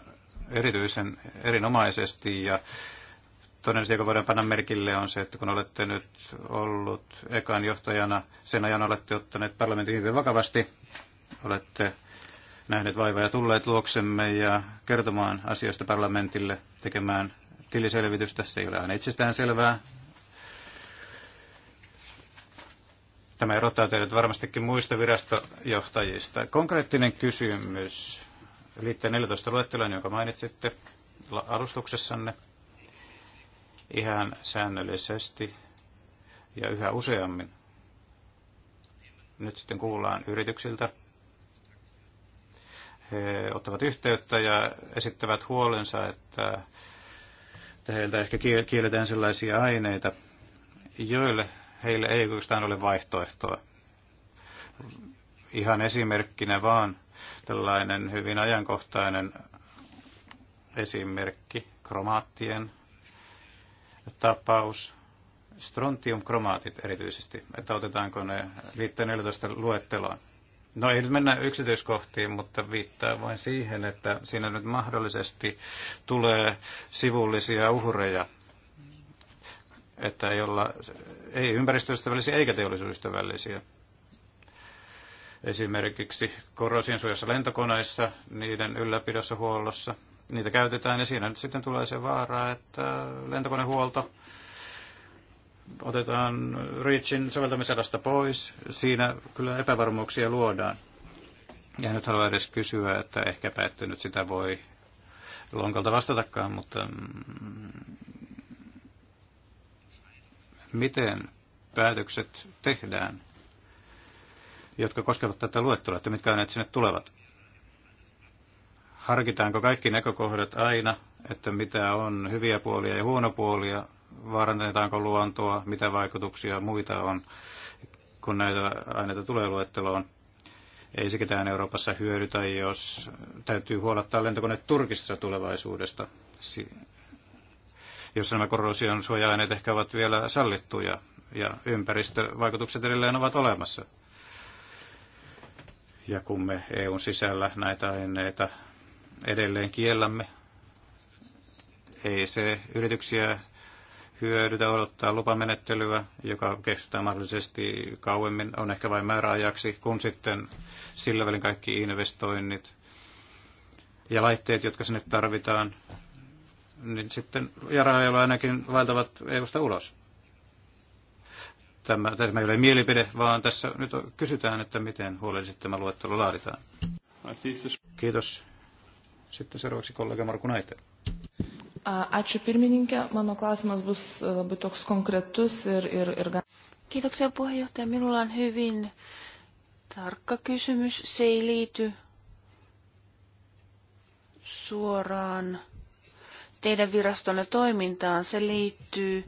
erityisen erinomaisesti ja toinen asia, joka voidaan panna merkille, on se, että kun olette nyt ollut ekan johtajana, sen ajan olette ottaneet parlamentin hyvin vakavasti, olette nähneet vaivaa ja tulleet luoksemme ja kertomaan asioista parlamentille, tekemään tiliselvitystä. Se ei ole aina itsestään selvää. Tämä erottaa teidät varmastikin muista virastojohtajista. Konkreettinen kysymys liittyen 14 luetteloon, jonka mainitsitte alustuksessanne ihan säännöllisesti ja yhä useammin. Nyt sitten kuullaan yrityksiltä. He ottavat yhteyttä ja esittävät huolensa, että, että heiltä ehkä kielletään sellaisia aineita, joille heille ei oikeastaan ole vaihtoehtoa. Ihan esimerkkinä vaan tällainen hyvin ajankohtainen esimerkki kromaattien tapaus, strontiumkromaatit erityisesti, että otetaanko ne liitteen 14 luetteloon. No ei nyt mennä yksityiskohtiin, mutta viittaa vain siihen, että siinä nyt mahdollisesti tulee sivullisia uhreja, että ei olla ei ympäristöystävällisiä eikä teollisuusystävällisiä. Esimerkiksi korrosiensuojassa suojassa lentokoneissa, niiden ylläpidossa huollossa, niitä käytetään ja siinä nyt sitten tulee se vaara, että lentokonehuolto otetaan REACHin soveltamisedasta pois. Siinä kyllä epävarmuuksia luodaan. Ja nyt haluan edes kysyä, että ehkäpä ette nyt sitä voi lonkalta vastatakaan, mutta mm, miten päätökset tehdään, jotka koskevat tätä luettelua, että mitkä aineet sinne tulevat? harkitaanko kaikki näkökohdat aina, että mitä on hyviä puolia ja huonopuolia, vaarantetaanko luontoa, mitä vaikutuksia muita on, kun näitä aineita tulee luetteloon. Ei se ketään Euroopassa hyödytä, jos täytyy huolettaa lentokone Turkissa tulevaisuudesta, jossa nämä korrosion suoja-aineet ehkä ovat vielä sallittuja ja ympäristövaikutukset edelleen ovat olemassa. Ja kun me EUn sisällä näitä aineita edelleen kiellämme. Ei se yrityksiä hyödytä odottaa lupamenettelyä, joka kestää mahdollisesti kauemmin, on ehkä vain määräajaksi, kun sitten sillä välin kaikki investoinnit ja laitteet, jotka sinne tarvitaan, niin sitten jaralla ainakin valtavat EUsta ulos. Tämä, tämä ei ole mielipide, vaan tässä nyt kysytään, että miten huolellisesti tämä luettelo laaditaan. Siis Kiitos. Sitten seuraavaksi kollega Marku Naite. Ačiū pirmininkė, mano klausimas bus e, labai toks konkretus ir, ir, ir... Kiitoksia puheenjohtaja. Minulla on hyvin tarkka kysymys. Se ei liity suoraan teidän virastonne toimintaan. Se liittyy e,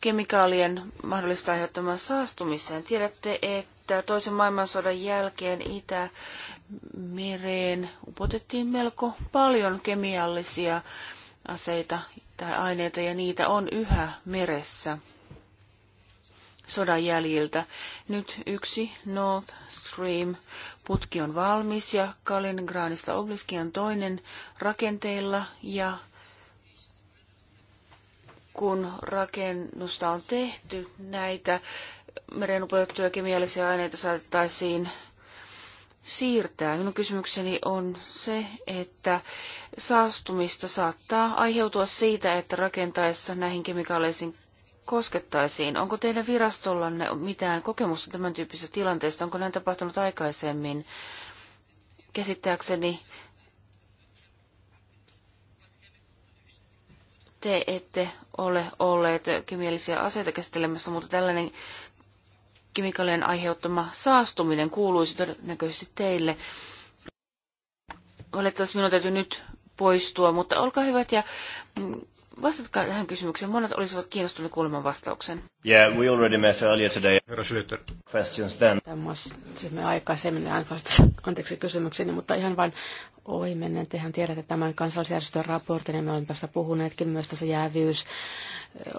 kemikaalien mahdollista aiheuttamaan saastumiseen. Tiedätte, että toisen maailmansodan jälkeen Itä- mereen upotettiin melko paljon kemiallisia aseita tai aineita ja niitä on yhä meressä sodan jäljiltä. Nyt yksi North Stream-putki on valmis ja Kaliningradista Obliskian toinen rakenteilla ja kun rakennusta on tehty, näitä mereen upotettuja kemiallisia aineita saatettaisiin siirtää. Minun kysymykseni on se, että saastumista saattaa aiheutua siitä, että rakentaessa näihin kemikaaleisiin koskettaisiin. Onko teidän virastollanne mitään kokemusta tämän tyyppisestä tilanteesta? Onko näin tapahtunut aikaisemmin? Käsittääkseni te ette ole olleet kemiallisia aseita käsittelemässä, mutta tällainen kemikaalien aiheuttama saastuminen kuuluisi todennäköisesti teille. Valitettavasti minun täytyy nyt poistua, mutta olkaa hyvät ja mm, vastatkaa tähän kysymykseen. Monet olisivat kiinnostuneet kuulemaan vastauksen. Yeah, we already met earlier today. Herra Questions then. Tämä siis me aikaisemmin anteeksi kysymykseni, mutta ihan vain ohi menneen. Tehän tiedätte tämän kansallisjärjestön raportin ja me olemme tästä puhuneetkin myös tässä jäävyys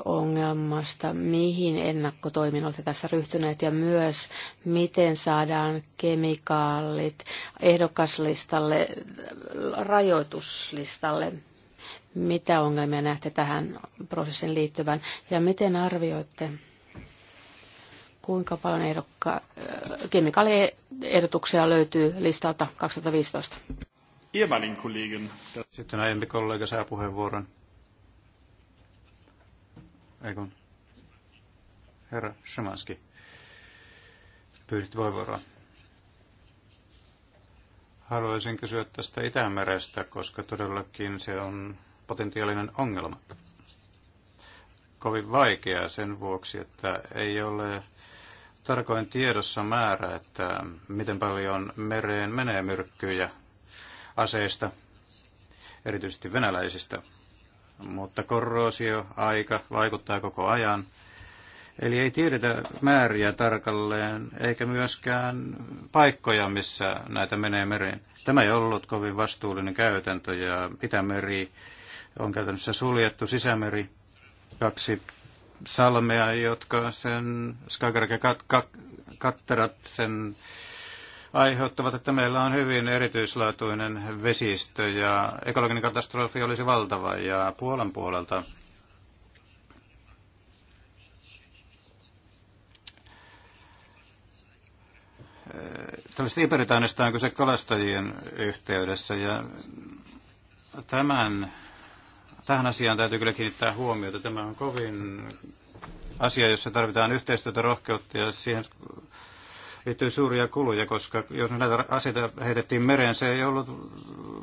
ongelmasta, mihin olette tässä ryhtyneet ja myös miten saadaan kemikaalit ehdokaslistalle, rajoituslistalle, mitä ongelmia näette tähän prosessin liittyvän ja miten arvioitte, kuinka paljon ehdokka- äh, kemikaaliehdotuksia löytyy listalta 2015? Sitten aiempi kollega saa puheenvuoron ei kun herra Szymanski pyydit voivoraa. Haluaisin kysyä tästä Itämerestä, koska todellakin se on potentiaalinen ongelma. Kovin vaikeaa sen vuoksi, että ei ole tarkoin tiedossa määrä, että miten paljon mereen menee myrkkyjä aseista, erityisesti venäläisistä mutta korroosio aika vaikuttaa koko ajan. Eli ei tiedetä määriä tarkalleen, eikä myöskään paikkoja, missä näitä menee mereen. Tämä ei ollut kovin vastuullinen käytäntö ja Itämeri on käytännössä suljettu sisämeri. Kaksi salmea, jotka sen Skagerrak ja kat, kat, katterat sen aiheuttavat, että meillä on hyvin erityislaatuinen vesistö ja ekologinen katastrofi olisi valtava. Ja Puolan puolelta äh, tällaista Iberitainista on kyse kalastajien yhteydessä ja tämän, tähän asiaan täytyy kyllä kiinnittää huomiota. Tämä on kovin asia, jossa tarvitaan yhteistyötä, rohkeutta ja siihen liittyy suuria kuluja, koska jos näitä aseita heitettiin mereen, se ei ollut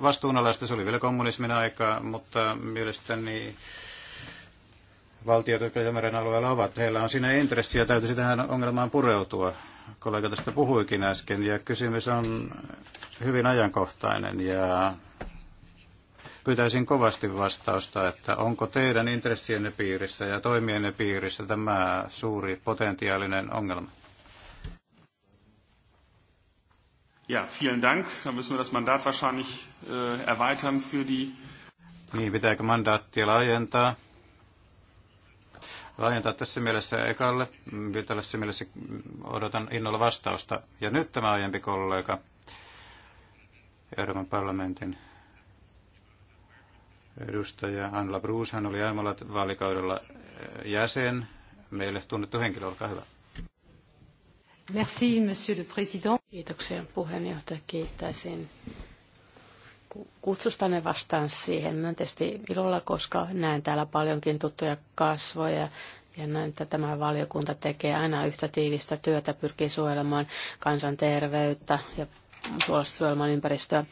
vastuunalaista, se oli vielä kommunismin aikaa, mutta mielestäni valtiot, jotka Itämeren alueella ovat, heillä on siinä intressi ja täytyisi tähän ongelmaan pureutua. Kollega tästä puhuikin äsken ja kysymys on hyvin ajankohtainen ja pyytäisin kovasti vastausta, että onko teidän intressienne piirissä ja toimienne piirissä tämä suuri potentiaalinen ongelma? Ja, vielen Dank. Dann müssen wir das Mandat wahrscheinlich äh, erweitern für die... Niin, pitääkö mandaattia laajentaa? Laajentaa tässä mielessä ekalle. Mm, tässä mielessä mm, odotan innolla vastausta. Ja nyt tämä aiempi kollega Euroopan parlamentin edustaja Anla Bruus. Hän oli aiemmalla vaalikaudella äh, jäsen. Meille tunnettu henkilö, olkaa hyvä. Merci, monsieur le président. Kiitoksia puheenjohtaja. Kiittäisin kutsustanne vastaan siihen myönteisesti ilolla, koska näen täällä paljonkin tuttuja kasvoja ja näin, että tämä valiokunta tekee aina yhtä tiivistä työtä, pyrkii suojelemaan kansanterveyttä ja suojelemaan ympäristöä.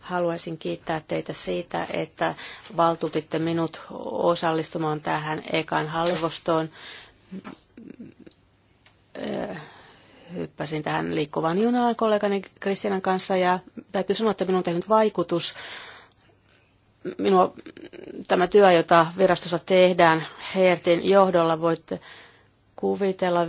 Haluaisin kiittää teitä siitä, että valtuutitte minut osallistumaan tähän ekan halvostoon hyppäsin tähän liikkuvaan junaan kollegani Kristianan kanssa ja täytyy sanoa, että minun on tehnyt vaikutus. Minua, tämä työ, jota virastossa tehdään Heertin johdolla, voitte kuvitella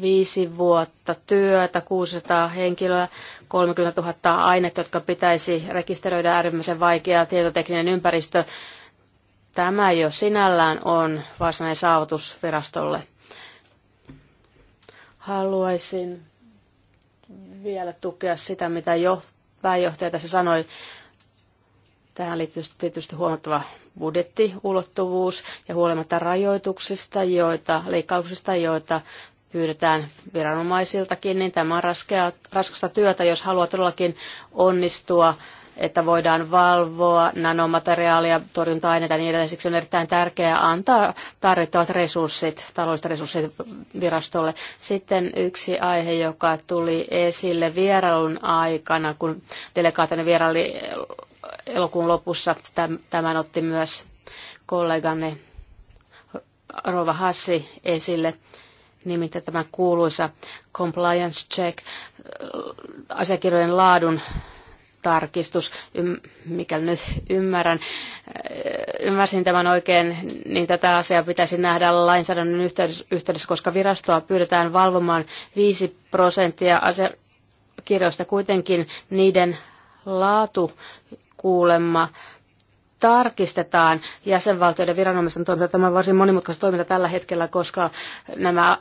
viisi vuotta työtä, 600 henkilöä, 30 000 ainetta, jotka pitäisi rekisteröidä äärimmäisen vaikea tietotekninen ympäristö Tämä jo sinällään on varsinainen saavutus virastolle. Haluaisin vielä tukea sitä, mitä jo, pääjohtaja tässä sanoi. Tähän liittyy tietysti huomattava budjettiulottuvuus ja huolimatta rajoituksista, joita, leikkauksista, joita pyydetään viranomaisiltakin, niin tämä on raskasta työtä, jos haluaa todellakin onnistua että voidaan valvoa nanomateriaalia, torjunta-aineita ja niin edelleen. Siksi on erittäin tärkeää antaa tarvittavat resurssit, taloudelliset resurssit virastolle. Sitten yksi aihe, joka tuli esille vierailun aikana, kun delegaation vieraili elokuun lopussa, tämän otti myös kolleganne Rova Hassi esille, nimittäin tämä kuuluisa compliance check, asiakirjojen laadun tarkistus, mikäli nyt ymmärrän, eh, ymmärsin tämän oikein, niin tätä asiaa pitäisi nähdä lainsäädännön yhteydessä, koska virastoa pyydetään valvomaan 5 prosenttia asiakirjoista kuitenkin niiden laatu kuulemma tarkistetaan jäsenvaltioiden viranomaisten toiminta. Tämä on varsin monimutkaista toiminta tällä hetkellä, koska nämä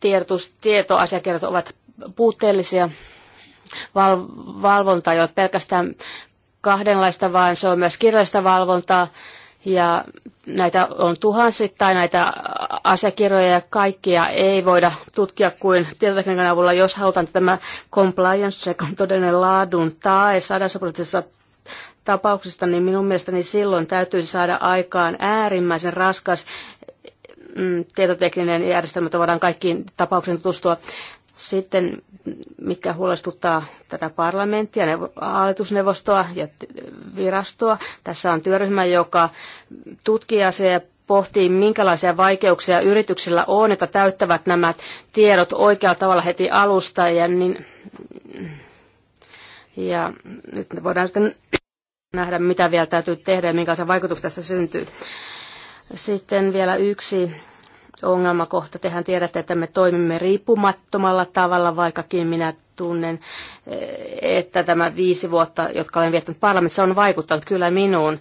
tiedotus, tietoasiakirjat ovat puutteellisia val- valvontaa ei ole pelkästään kahdenlaista, vaan se on myös kirjallista valvontaa. Ja näitä on tuhansittain näitä asiakirjoja ja kaikkia ei voida tutkia kuin tietotekniikan avulla, jos halutaan, tämä compliance check on todellinen laadun tae sadassa tapauksista, niin minun mielestäni silloin täytyy saada aikaan äärimmäisen raskas mm, tietotekninen järjestelmä, että voidaan kaikkiin tapauksiin tutustua. Sitten, mikä huolestuttaa tätä parlamenttia, hallitusneuvostoa ja virastoa. Tässä on työryhmä, joka tutkii asiaa ja pohtii, minkälaisia vaikeuksia yrityksillä on, että täyttävät nämä tiedot oikealla tavalla heti alusta. Ja, niin, ja nyt voidaan sitten nähdä, mitä vielä täytyy tehdä ja minkälaisia vaikutuksia tästä syntyy. Sitten vielä yksi ongelmakohta. Tehän tiedätte, että me toimimme riippumattomalla tavalla, vaikkakin minä tunnen, eh, että tämä viisi vuotta, jotka olen viettänyt parlamentissa, on vaikuttanut kyllä minuun.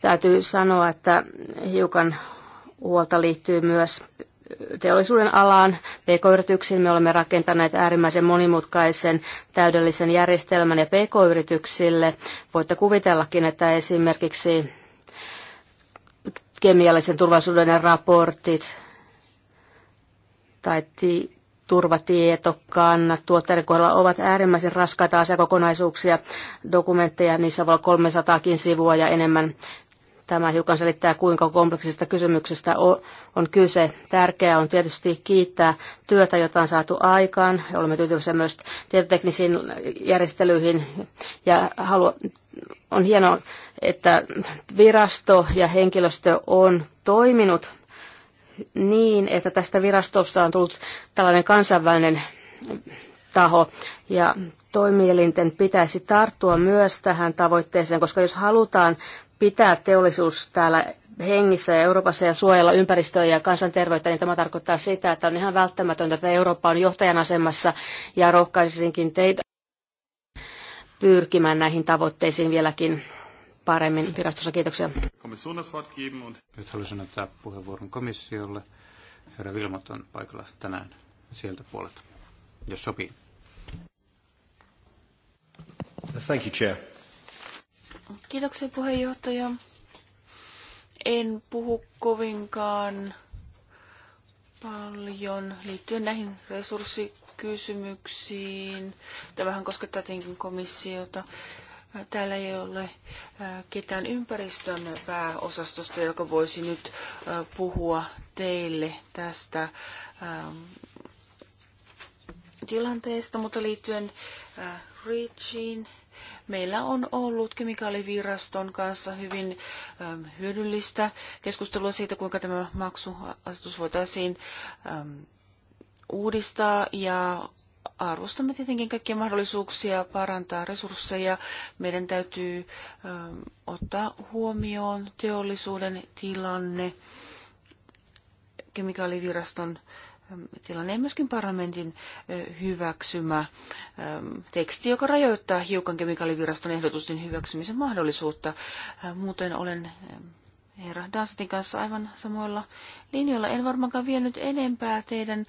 Täytyy sanoa, että hiukan huolta liittyy myös teollisuuden alaan, pk-yrityksiin. Me olemme rakentaneet äärimmäisen monimutkaisen täydellisen järjestelmän ja pk-yrityksille. Voitte kuvitellakin, että esimerkiksi kemiallisen turvallisuuden raportit, tai ti- turvatietokannat tuotteiden kohdalla ovat äärimmäisen raskaita asiakokonaisuuksia. Dokumentteja niissä voi olla 300 sivua ja enemmän. Tämä hiukan selittää, kuinka kompleksisesta kysymyksestä on kyse. Tärkeää on tietysti kiittää työtä, jota on saatu aikaan. Olemme tyytyväisiä myös tietoteknisiin järjestelyihin. Ja haluan, on hienoa, että virasto ja henkilöstö on toiminut niin, että tästä virastosta on tullut tällainen kansainvälinen taho ja toimielinten pitäisi tarttua myös tähän tavoitteeseen, koska jos halutaan pitää teollisuus täällä hengissä ja Euroopassa ja suojella ympäristöä ja kansanterveyttä, niin tämä tarkoittaa sitä, että on ihan välttämätöntä, että Eurooppa on johtajan asemassa ja rohkaisisinkin teitä pyrkimään näihin tavoitteisiin vieläkin paremmin virastossa. Kiitoksia. Nyt haluaisin antaa puheenvuoron komissiolle. Herra Vilmot on paikalla tänään sieltä puolelta, jos sopii. Thank you, Chair. Kiitoksia puheenjohtaja. En puhu kovinkaan paljon liittyen näihin resurssikysymyksiin. Tämähän koskettaa tietenkin komissiota. Täällä ei ole äh, ketään ympäristön pääosastosta, joka voisi nyt äh, puhua teille tästä ähm, tilanteesta, mutta liittyen äh, Richiin. meillä on ollut kemikaaliviraston kanssa hyvin ähm, hyödyllistä keskustelua siitä, kuinka tämä maksuasetus voitaisiin ähm, uudistaa ja arvostamme tietenkin kaikkia mahdollisuuksia parantaa resursseja. Meidän täytyy ö, ottaa huomioon teollisuuden tilanne, kemikaaliviraston tilanne ja myöskin parlamentin hyväksymä teksti, joka rajoittaa hiukan kemikaaliviraston ehdotusten hyväksymisen mahdollisuutta. Muuten olen herra Dansetin kanssa aivan samoilla linjoilla. En varmaankaan vienyt enempää teidän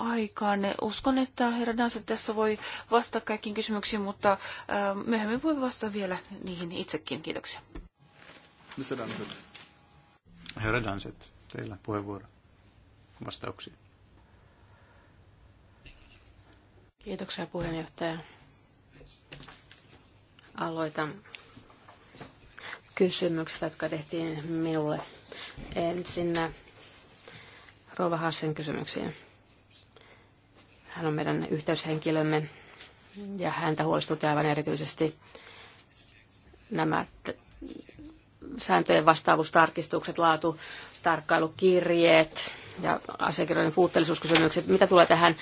aikaan. Uskon, että herra Danset tässä voi vastata kaikkiin kysymyksiin, mutta äh, myöhemmin voi vastata vielä niihin itsekin. Kiitoksia. Mr. Danset. Herra Danset, teillä puheenvuoro vastauksia. Kiitoksia puheenjohtaja. Aloitan kysymyksistä, jotka tehtiin minulle. Ensinnä Rova Hassin kysymyksiin. Hän on meidän yhteyshenkilömme ja häntä huolestutti aivan erityisesti nämä sääntöjen vastaavuustarkistukset, laatu, tarkkailukirjeet ja asiakirjojen puutteellisuuskysymykset. Mitä tulee tähän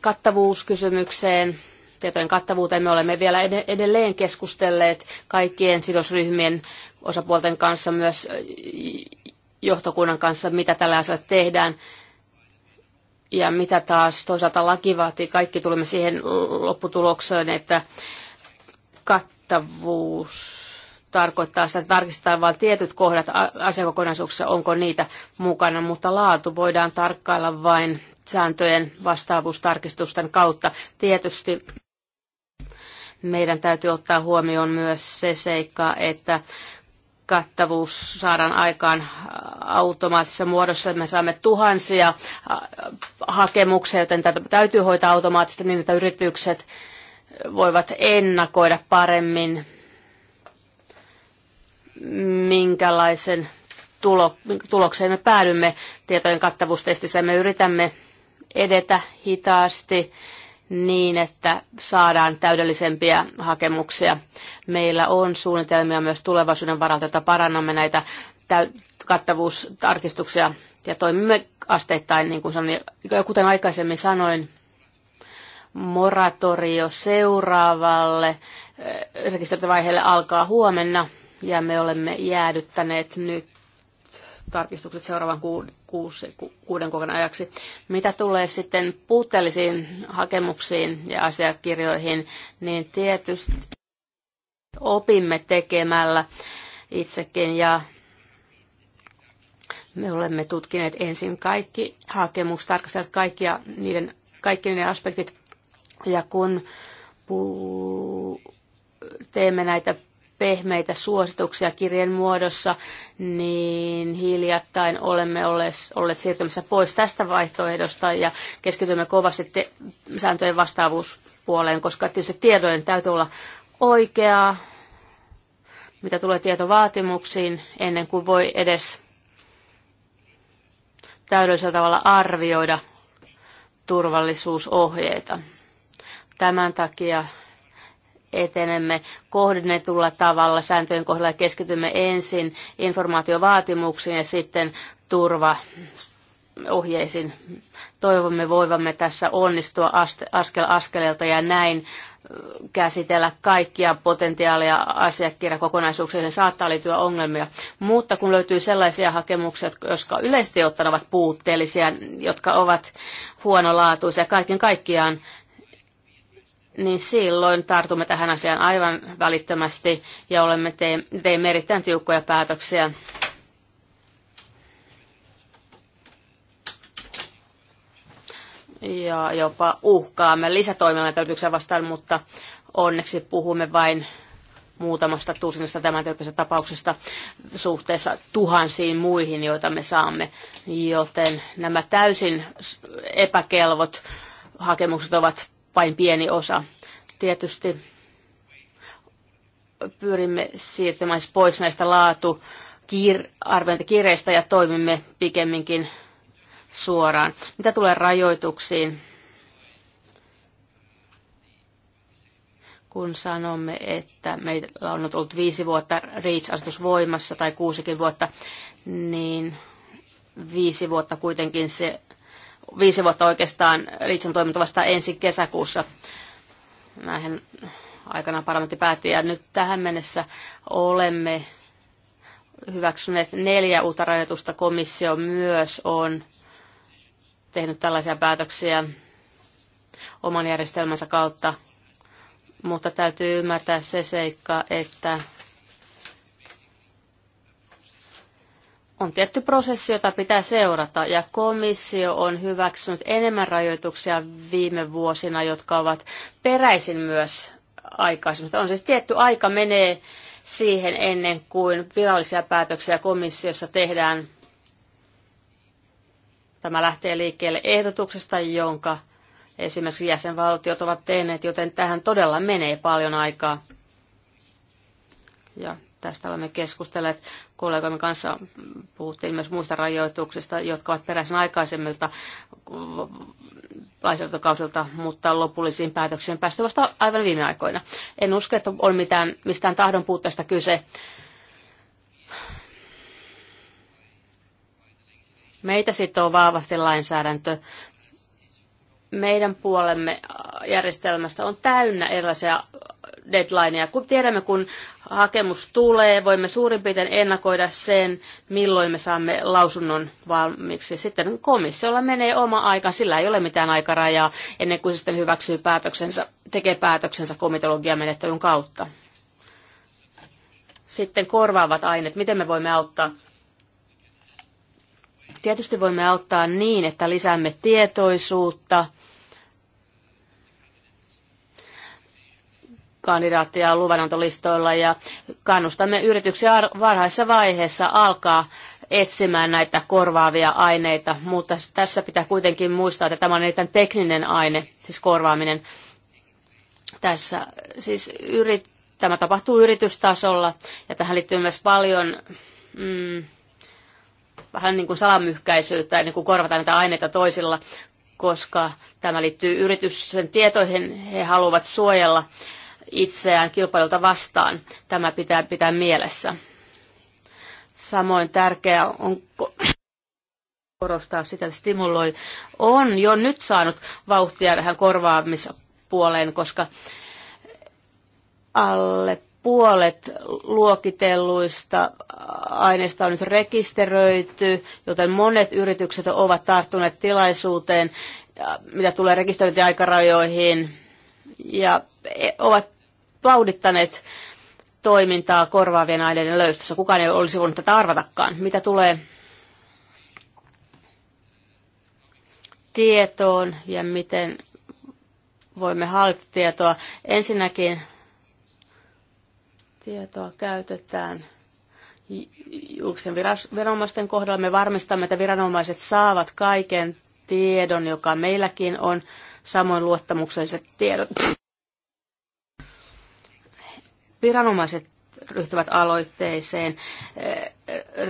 kattavuuskysymykseen, tietojen kattavuuteen, me olemme vielä edelleen keskustelleet kaikkien sidosryhmien osapuolten kanssa, myös johtokunnan kanssa, mitä tällä asialla tehdään. Ja mitä taas toisaalta laki vaatii, kaikki tulemme siihen lopputulokseen, että kattavuus tarkoittaa sitä, että tarkistetaan vain tietyt kohdat asiakokonaisuuksissa, onko niitä mukana, mutta laatu voidaan tarkkailla vain sääntöjen vastaavuustarkistusten kautta. Tietysti meidän täytyy ottaa huomioon myös se seikka, että kattavuus saadaan aikaan äh, automaattisessa muodossa. että Me saamme tuhansia äh, hakemuksia, joten tätä täytyy hoitaa automaattisesti niin, että yritykset voivat ennakoida paremmin, minkälaisen tulokseen me päädymme tietojen kattavuustestissä. Me yritämme edetä hitaasti niin, että saadaan täydellisempiä hakemuksia. Meillä on suunnitelmia myös tulevaisuuden varalta, jota parannamme näitä kattavuustarkistuksia ja toimimme asteittain, niin kuin sanoin. kuten aikaisemmin sanoin, moratorio seuraavalle eh, rekisteröintivaiheelle alkaa huomenna ja me olemme jäädyttäneet nyt tarkistukset seuraavan kuusi, ku, kuuden kuukauden ajaksi. Mitä tulee sitten puutteellisiin hakemuksiin ja asiakirjoihin, niin tietysti opimme tekemällä itsekin ja me olemme tutkineet ensin kaikki hakemukset, tarkastelleet kaikkia niiden, kaikki niiden aspektit ja kun puu, teemme näitä pehmeitä suosituksia kirjeen muodossa, niin hiljattain olemme olleet, olleet siirtymässä pois tästä vaihtoehdosta ja keskitymme kovasti te- sääntöjen vastaavuuspuoleen, koska tietysti tiedojen täytyy olla oikeaa, mitä tulee tietovaatimuksiin, ennen kuin voi edes täydellisellä tavalla arvioida turvallisuusohjeita. Tämän takia etenemme kohdennetulla tavalla sääntöjen kohdalla keskitymme ensin informaatiovaatimuksiin ja sitten turva ohjeisiin. Toivomme voivamme tässä onnistua askel askeleelta ja näin käsitellä kaikkia potentiaalia asiakirjakokonaisuuksia. Se saattaa liittyä ongelmia, mutta kun löytyy sellaisia hakemuksia, jotka yleisesti ottaen ovat puutteellisia, jotka ovat huonolaatuisia kaiken kaikkiaan, niin silloin tartumme tähän asiaan aivan välittömästi ja olemme te- teemme erittäin tiukkoja päätöksiä. Ja jopa uhkaamme lisätoimilla yrityksiä vastaan, mutta onneksi puhumme vain muutamasta tusinasta tämän tyyppisestä tapauksesta suhteessa tuhansiin muihin, joita me saamme. Joten nämä täysin epäkelvot hakemukset ovat vain pieni osa. Tietysti pyrimme siirtymään pois näistä laatu arviointikirjeistä ja toimimme pikemminkin suoraan. Mitä tulee rajoituksiin, kun sanomme, että meillä on ollut viisi vuotta REACH-asetus voimassa tai kuusikin vuotta, niin viisi vuotta kuitenkin se viisi vuotta oikeastaan Liitsen toiminta vasta ensi kesäkuussa. Näihin aikana parlamentti päätti ja nyt tähän mennessä olemme hyväksyneet neljä uutta rajoitusta. Komissio myös on tehnyt tällaisia päätöksiä oman järjestelmänsä kautta, mutta täytyy ymmärtää se seikka, että on tietty prosessi, jota pitää seurata, ja komissio on hyväksynyt enemmän rajoituksia viime vuosina, jotka ovat peräisin myös aikaisemmista. On siis tietty aika menee siihen ennen kuin virallisia päätöksiä komissiossa tehdään. Tämä lähtee liikkeelle ehdotuksesta, jonka esimerkiksi jäsenvaltiot ovat tehneet, joten tähän todella menee paljon aikaa. Ja Tästä olemme keskustelleet kollegamme kanssa. Puhuttiin myös muista rajoituksista, jotka ovat peräisin aikaisemmilta lainsäädäntökausilta, mutta lopullisiin päätöksiin päästy vasta aivan viime aikoina. En usko, että on mitään, mistään tahdon puutteesta kyse. Meitä sitoo vahvasti lainsäädäntö. Meidän puolemme järjestelmästä on täynnä erilaisia deadlineja. Kun tiedämme, kun hakemus tulee, voimme suurin piirtein ennakoida sen, milloin me saamme lausunnon valmiiksi. Sitten komissiolla menee oma aika, sillä ei ole mitään aikarajaa ennen kuin se sitten hyväksyy päätöksensä, tekee päätöksensä komitologiamenettelyn kautta. Sitten korvaavat aineet, miten me voimme auttaa? Tietysti voimme auttaa niin, että lisäämme tietoisuutta – kandidaattia luvanantolistoilla ja kannustamme yrityksiä varhaisessa vaiheessa alkaa etsimään näitä korvaavia aineita, mutta tässä pitää kuitenkin muistaa, että tämä on erittäin tekninen aine, siis korvaaminen. Tässä siis yrit, tämä tapahtuu yritystasolla ja tähän liittyy myös paljon mm, vähän niin kuin salamyhkäisyyttä, niin kuin korvataan näitä aineita toisilla, koska tämä liittyy yritysten tietoihin, he haluavat suojella äh, itseään kilpailulta vastaan. Tämä pitää pitää mielessä. Samoin tärkeää on korostaa sitä, että stimuloi on jo nyt saanut vauhtia vähän korvaamispuoleen, koska alle puolet luokitelluista aineista on nyt rekisteröity, joten monet yritykset ovat tarttuneet tilaisuuteen, mitä tulee rekisteröintiaikarajoihin, ja e- ovat plaudittaneet toimintaa korvaavien aineiden löystössä. Kukaan ei olisi voinut tätä arvatakaan. Mitä tulee tietoon ja miten voimme hallita tietoa. Ensinnäkin tietoa käytetään julkisen viranomaisten kohdalla. Me varmistamme, että viranomaiset saavat kaiken tiedon, joka meilläkin on, samoin luottamukselliset tiedot viranomaiset ryhtyvät aloitteeseen eh,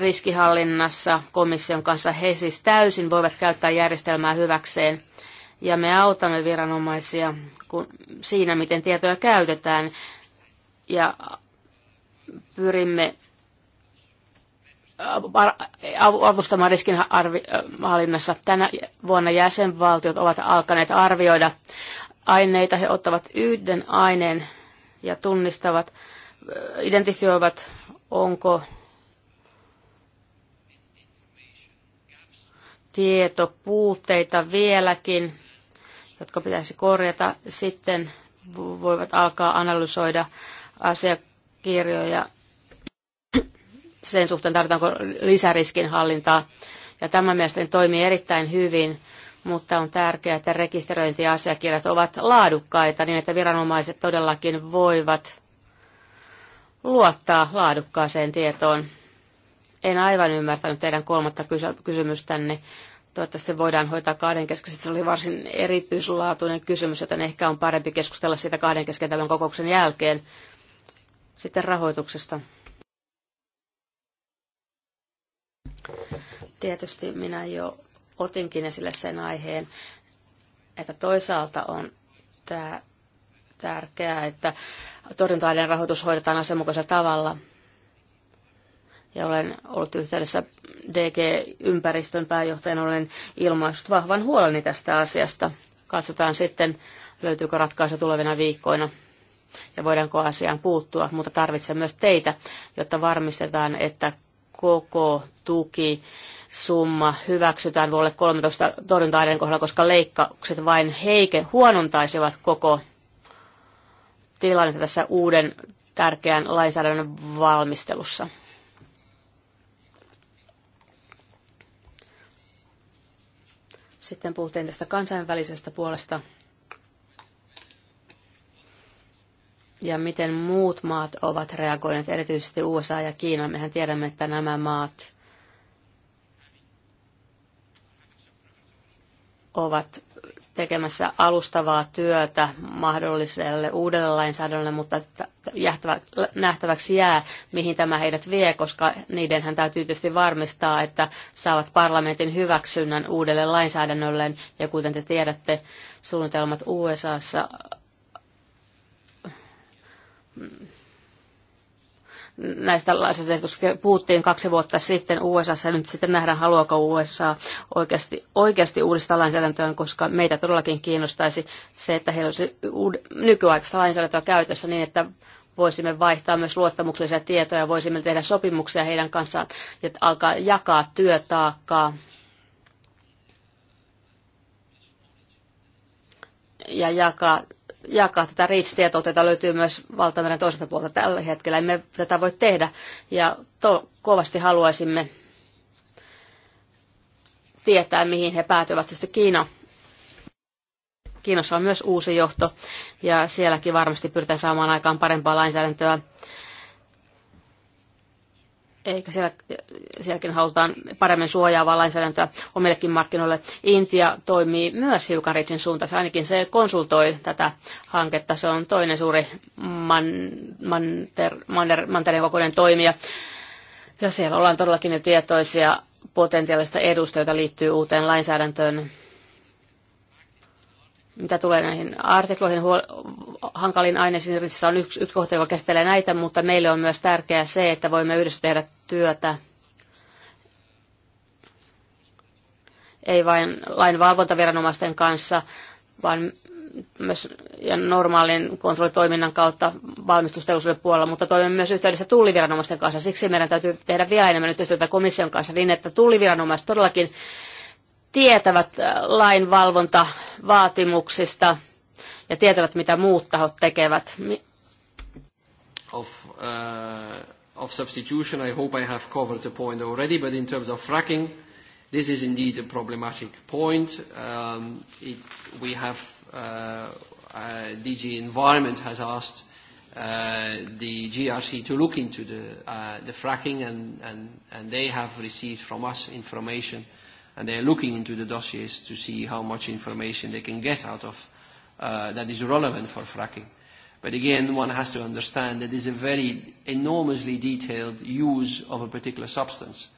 riskihallinnassa komission kanssa. He siis täysin voivat käyttää järjestelmää hyväkseen ja me autamme viranomaisia kun, siinä, miten tietoja käytetään ja pyrimme avustamaan riskinhallinnassa. Tänä vuonna jäsenvaltiot ovat alkaneet arvioida aineita. He ottavat yhden aineen ja tunnistavat, identifioivat, onko tietopuutteita vieläkin, jotka pitäisi korjata. Sitten voivat alkaa analysoida asiakirjoja sen suhteen tarvitaanko lisäriskin hallintaa. Ja tämä mielestäni toimii erittäin hyvin mutta on tärkeää, että rekisteröintiasiakirjat ovat laadukkaita niin, että viranomaiset todellakin voivat luottaa laadukkaaseen tietoon. En aivan ymmärtänyt teidän kolmatta kysymystänne. Toivottavasti voidaan hoitaa kahden kesken. Se oli varsin erityislaatuinen kysymys, joten ehkä on parempi keskustella siitä kahden kesken tämän kokouksen jälkeen. Sitten rahoituksesta. Tietysti minä jo otinkin esille sen aiheen, että toisaalta on tämä tärkeää, että torjunta rahoitus hoidetaan asianmukaisella tavalla. Ja olen ollut yhteydessä DG-ympäristön pääjohtajana, olen ilmaissut vahvan huoleni tästä asiasta. Katsotaan sitten, löytyykö ratkaisu tulevina viikkoina ja voidaanko asiaan puuttua, mutta tarvitsen myös teitä, jotta varmistetaan, että koko tuki summa hyväksytään vuodelle 13 torjunta kohdalla, koska leikkaukset vain heike huonontaisivat koko tilannetta tässä uuden tärkeän lainsäädännön valmistelussa. Sitten puhuttiin tästä kansainvälisestä puolesta ja miten muut maat ovat reagoineet, erityisesti USA ja Kiina. Mehän tiedämme, että nämä maat ovat tekemässä alustavaa työtä mahdolliselle uudelle lainsäädännölle, mutta nähtäväksi jää, mihin tämä heidät vie, koska niidenhän täytyy tietysti varmistaa, että saavat parlamentin hyväksynnän uudelle lainsäädännölleen. Ja kuten te tiedätte, suunnitelmat USAssa näistä lainsäädäntöehdotuksista puhuttiin kaksi vuotta sitten ja Nyt sitten nähdään, haluaako USA oikeasti, oikeasti uudistaa lainsäädäntöään, koska meitä todellakin kiinnostaisi se, että heillä olisi uud- nykyaikaista lainsäädäntöä käytössä niin, että voisimme vaihtaa myös luottamuksellisia tietoja, voisimme tehdä sopimuksia heidän kanssaan ja alkaa jakaa työtaakkaa. ja jakaa jakaa tätä REACH-tietoa, jota löytyy myös valtameren toiselta puolta tällä hetkellä. Emme tätä voi tehdä ja to- kovasti haluaisimme tietää, mihin he päätyvät. Tietysti Kiina. Kiinassa on myös uusi johto ja sielläkin varmasti pyritään saamaan aikaan parempaa lainsäädäntöä eikä siellä, sielläkin halutaan paremmin suojaavaa lainsäädäntöä omillekin markkinoille. Intia toimii myös hiukan Ritsin suuntaan, ainakin se konsultoi tätä hanketta. Se on toinen suuri man, manter, manter, mantereen kokoinen toimija. Ja siellä ollaan todellakin jo tietoisia potentiaalista edusta, joka liittyy uuteen lainsäädäntöön mitä tulee näihin artikloihin, huol- hankalin aineisiin, on yksi, yksi kohta, joka käsittelee näitä, mutta meille on myös tärkeää se, että voimme yhdessä tehdä työtä ei vain valvontaviranomaisten kanssa, vaan myös ja normaalin kontrollitoiminnan kautta valmistusteollisuuden puolella, mutta toimimme myös yhteydessä tulliviranomaisten kanssa. Siksi meidän täytyy tehdä vielä enemmän yhteistyötä komission kanssa niin, että tulliviranomaiset todellakin tietävät äh, lainvalvontavaatimuksista ja tietävät, mitä muut tahot tekevät. Of, uh, of substitution, I hope I have covered the point already, but in terms of fracking, this is indeed a problematic point. Um, it, we have, uh, uh, DG Environment has asked Uh, the GRC to look into the, uh, the fracking, and, and, and they have received from us information and they are looking into the dossiers to see how much information they can get out of uh, that is relevant for fracking. But again, one has to understand that is a very enormously detailed use of a particular substance.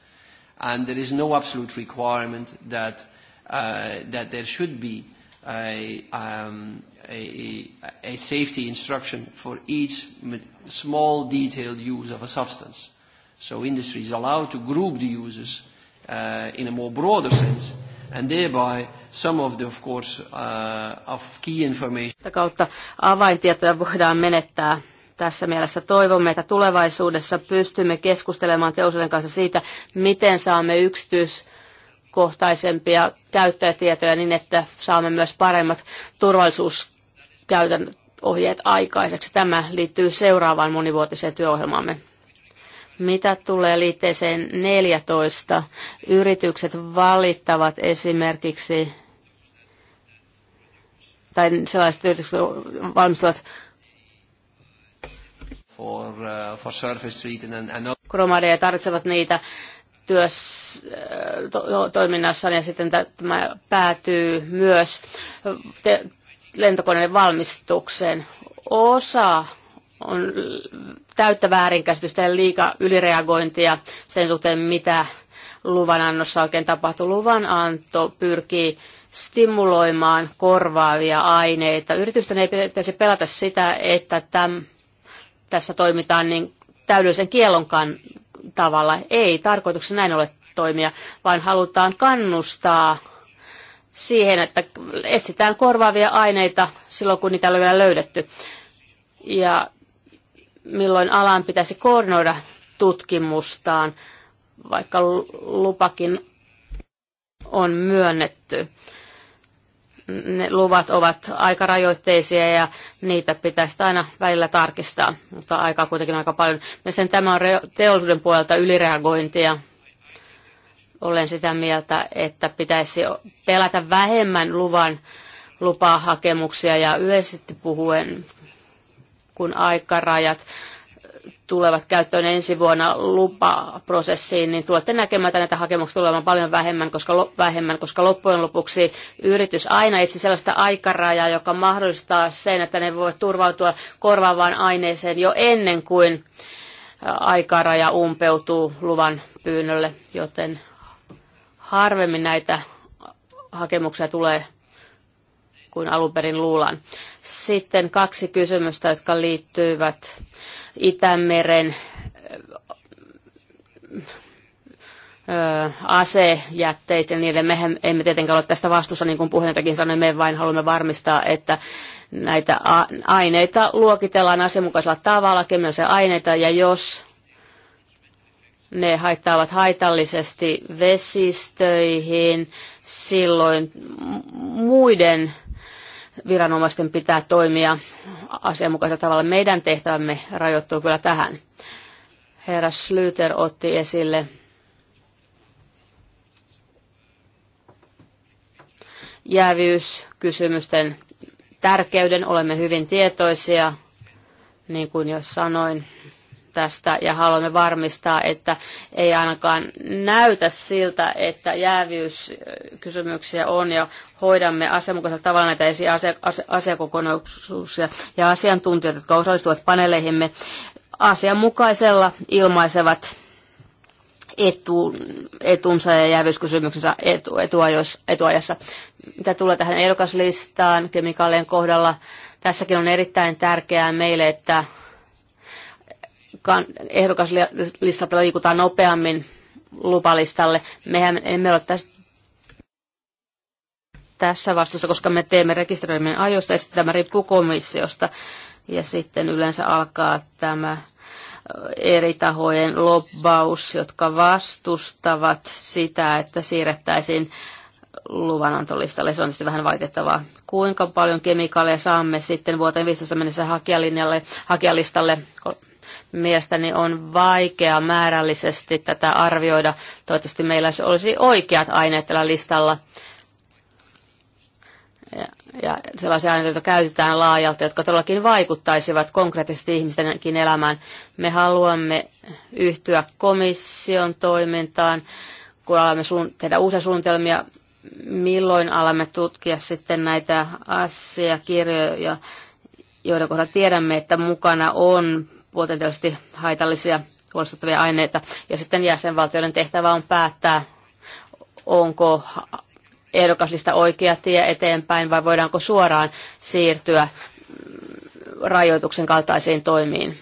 And there is no absolute requirement that, uh, that there should be a, um, a, a safety instruction for each small detailed use of a substance. So industry is allowed to group the users uh, in a more broader sense, and thereby some of the, of course, uh, of key information. kautta avaintietoja voidaan menettää. Tässä mielessä toivomme, että tulevaisuudessa pystymme keskustelemaan teollisuuden kanssa siitä, miten saamme yksityis kohtaisempia käyttäjätietoja niin, että saamme myös paremmat turvallisuuskäytön ohjeet aikaiseksi. Tämä liittyy seuraavaan monivuotiseen työohjelmaamme. Mitä tulee liitteeseen 14, yritykset valittavat esimerkiksi, tai sellaiset yritykset valmistuvat for, uh, for and, kromadeja tarvitsevat niitä työs, uh, to, ja sitten tämä päätyy myös te, lentokoneiden valmistukseen. Osa on täyttä väärinkäsitystä ja liika ylireagointia sen suhteen, mitä luvanannossa oikein tapahtuu. Luvananto pyrkii stimuloimaan korvaavia aineita. Yritysten ei pitäisi pelata sitä, että täm, tässä toimitaan niin täydellisen kielonkan tavalla. Ei tarkoituksena näin ole toimia, vaan halutaan kannustaa siihen, että etsitään korvaavia aineita silloin, kun niitä on vielä löydetty. Ja milloin alan pitäisi koordinoida tutkimustaan, vaikka lupakin on myönnetty. Ne luvat ovat aika rajoitteisia ja niitä pitäisi aina välillä tarkistaa, mutta aikaa kuitenkin aika paljon. sen tämä on teollisuuden puolelta ylireagointia. Olen sitä mieltä, että pitäisi pelätä vähemmän luvan lupahakemuksia ja yleisesti puhuen kun aikarajat tulevat käyttöön ensi vuonna lupaprosessiin, niin tulette näkemään, että näitä hakemuksia tulemaan paljon vähemmän koska, vähemmän, koska loppujen lopuksi yritys aina etsi sellaista aikarajaa, joka mahdollistaa sen, että ne voivat turvautua korvaavaan aineeseen jo ennen kuin aikaraja umpeutuu luvan pyynnölle, joten harvemmin näitä hakemuksia tulee kuin alun perin luulan. Sitten kaksi kysymystä, jotka liittyvät Itämeren asejätteistä ja niiden. Mehän emme tietenkään ole tästä vastuussa, niin kuin puheenjohtajakin sanoi, me vain haluamme varmistaa, että näitä aineita luokitellaan asianmukaisella tavalla, kemiallisia aineita, ja jos ne haittaavat haitallisesti vesistöihin, silloin muiden viranomaisten pitää toimia asianmukaisella tavalla. Meidän tehtävämme rajoittuu kyllä tähän. Herra Slyter otti esille jäävyyskysymysten tärkeyden. Olemme hyvin tietoisia, niin kuin jo sanoin tästä ja haluamme varmistaa, että ei ainakaan näytä siltä, että jäävyyskysymyksiä on ja hoidamme asianmukaisella tavalla näitä esi- asia- asiakokonaisuuksia ja asiantuntijat, jotka osallistuvat paneeleihimme asianmukaisella ilmaisevat etu, etunsa ja jäävyyskysymyksensä etu, etuajos, etuajassa. Mitä tulee tähän ehdokaslistaan kemikaalien kohdalla, tässäkin on erittäin tärkeää meille, että ehdokaslistalta liikutaan nopeammin lupalistalle. Mehän emme ole tästä tässä vastuussa, koska me teemme rekisteröimien ajoista ja sitten tämä riippuu komissiosta. Ja sitten yleensä alkaa tämä eri tahojen lobbaus, jotka vastustavat sitä, että siirrettäisiin luvanantolistalle. Se on tietysti vähän vaitettavaa. Kuinka paljon kemikaaleja saamme sitten vuoteen 15 mennessä hakijalinjalle, hakijalistalle? mielestäni on vaikea määrällisesti tätä arvioida. Toivottavasti meillä olisi oikeat aineet tällä listalla ja, ja sellaisia aineita, joita käytetään laajalti, jotka todellakin vaikuttaisivat konkreettisesti ihmistenkin elämään. Me haluamme yhtyä komission toimintaan, kun alamme suun, tehdä uusia suunnitelmia, milloin alamme tutkia sitten näitä asiakirjoja, joiden kohdalla tiedämme, että mukana on potentiaalisesti haitallisia huolestuttavia aineita. Ja sitten jäsenvaltioiden tehtävä on päättää, onko ehdokaslista oikea tie eteenpäin vai voidaanko suoraan siirtyä rajoituksen kaltaisiin toimiin.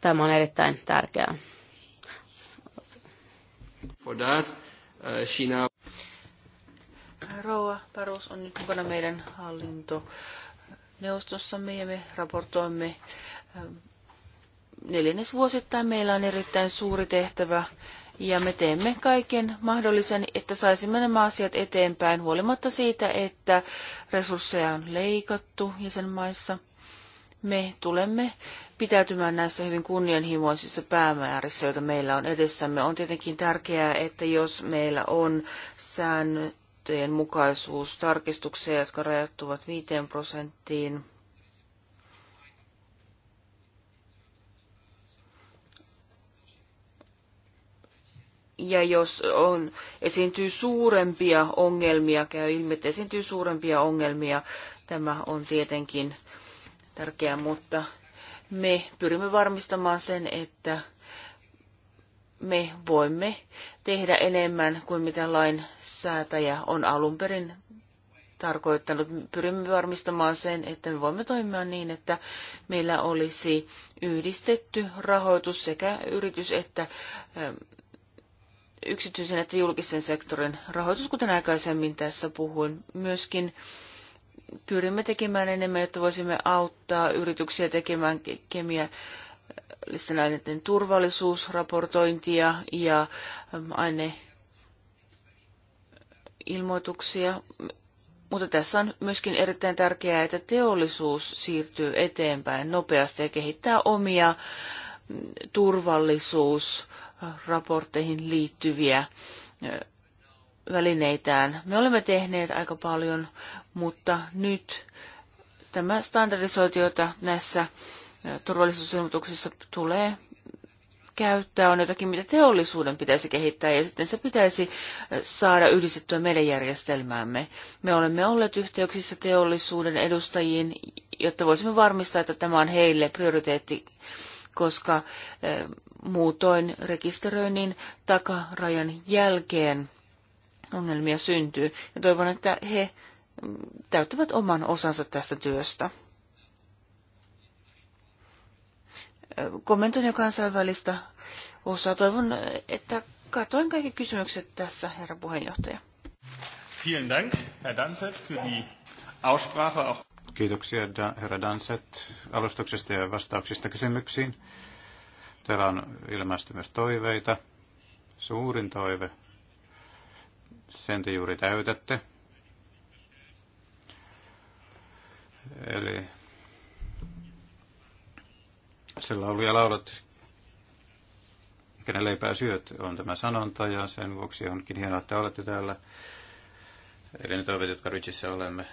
Tämä on erittäin tärkeää. For that, uh, China... Rouva Parus on nyt mukana meidän hallintoneuvostossamme ja me raportoimme uh, neljännesvuosittain meillä on erittäin suuri tehtävä ja me teemme kaiken mahdollisen, että saisimme nämä asiat eteenpäin huolimatta siitä, että resursseja on leikattu jäsenmaissa. Me tulemme pitäytymään näissä hyvin kunnianhimoisissa päämäärissä, joita meillä on edessämme. On tietenkin tärkeää, että jos meillä on säännöt tarkistuksia, jotka rajoittuvat 5 prosenttiin ja jos on, esiintyy suurempia ongelmia, käy ilmi, että esiintyy suurempia ongelmia, tämä on tietenkin tärkeää, mutta me pyrimme varmistamaan sen, että me voimme tehdä enemmän kuin mitä lainsäätäjä on alun perin tarkoittanut. Pyrimme varmistamaan sen, että me voimme toimia niin, että meillä olisi yhdistetty rahoitus sekä yritys- että yksityisen että julkisen sektorin rahoitus, kuten aikaisemmin tässä puhuin. Myöskin pyrimme tekemään enemmän, jotta voisimme auttaa yrityksiä tekemään kemiä aineiden turvallisuusraportointia ja ähm, aineilmoituksia. Mutta tässä on myöskin erittäin tärkeää, että teollisuus siirtyy eteenpäin nopeasti ja kehittää omia mm, turvallisuus raportteihin liittyviä välineitään. Me olemme tehneet aika paljon, mutta nyt tämä standardisoitu, jota näissä turvallisuusilmoituksissa tulee käyttää, on jotakin, mitä teollisuuden pitäisi kehittää, ja sitten se pitäisi saada yhdistettyä meidän järjestelmäämme. Me olemme olleet yhteyksissä teollisuuden edustajiin, jotta voisimme varmistaa, että tämä on heille prioriteetti, koska Muutoin rekisteröinnin takarajan jälkeen ongelmia syntyy ja toivon, että he mm, täyttävät oman osansa tästä työstä. Kommentoin jo kansainvälistä osaa. Toivon, että katoin kaikki kysymykset tässä, herra puheenjohtaja. Vielen Dank, Herr Danset, für die Aussprache Kiitoksia, herra Danset, alustuksesta ja vastauksista kysymyksiin. Telan on ilmaistu myös toiveita. Suurin toive, sen te juuri täytätte. Eli se laulu ja laulat, kenen leipää syöt, on tämä sanonta ja sen vuoksi onkin hienoa, että olette täällä. Eli ne toiveet, jotka Ritsissä olemme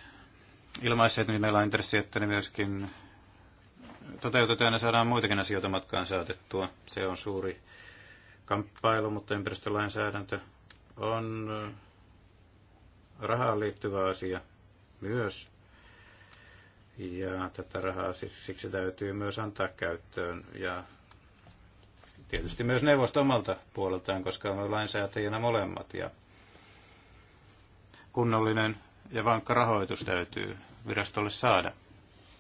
ilmaisseet, niin meillä on intressi, että ne myöskin toteutetaan ja saadaan muitakin asioita matkaan saatettua. Se on suuri kamppailu, mutta ympäristölainsäädäntö on äh, rahaan liittyvä asia myös. Ja tätä rahaa siksi täytyy myös antaa käyttöön ja tietysti myös neuvosto omalta puoleltaan, koska olemme lainsäätäjinä molemmat ja kunnollinen ja vankka rahoitus täytyy virastolle saada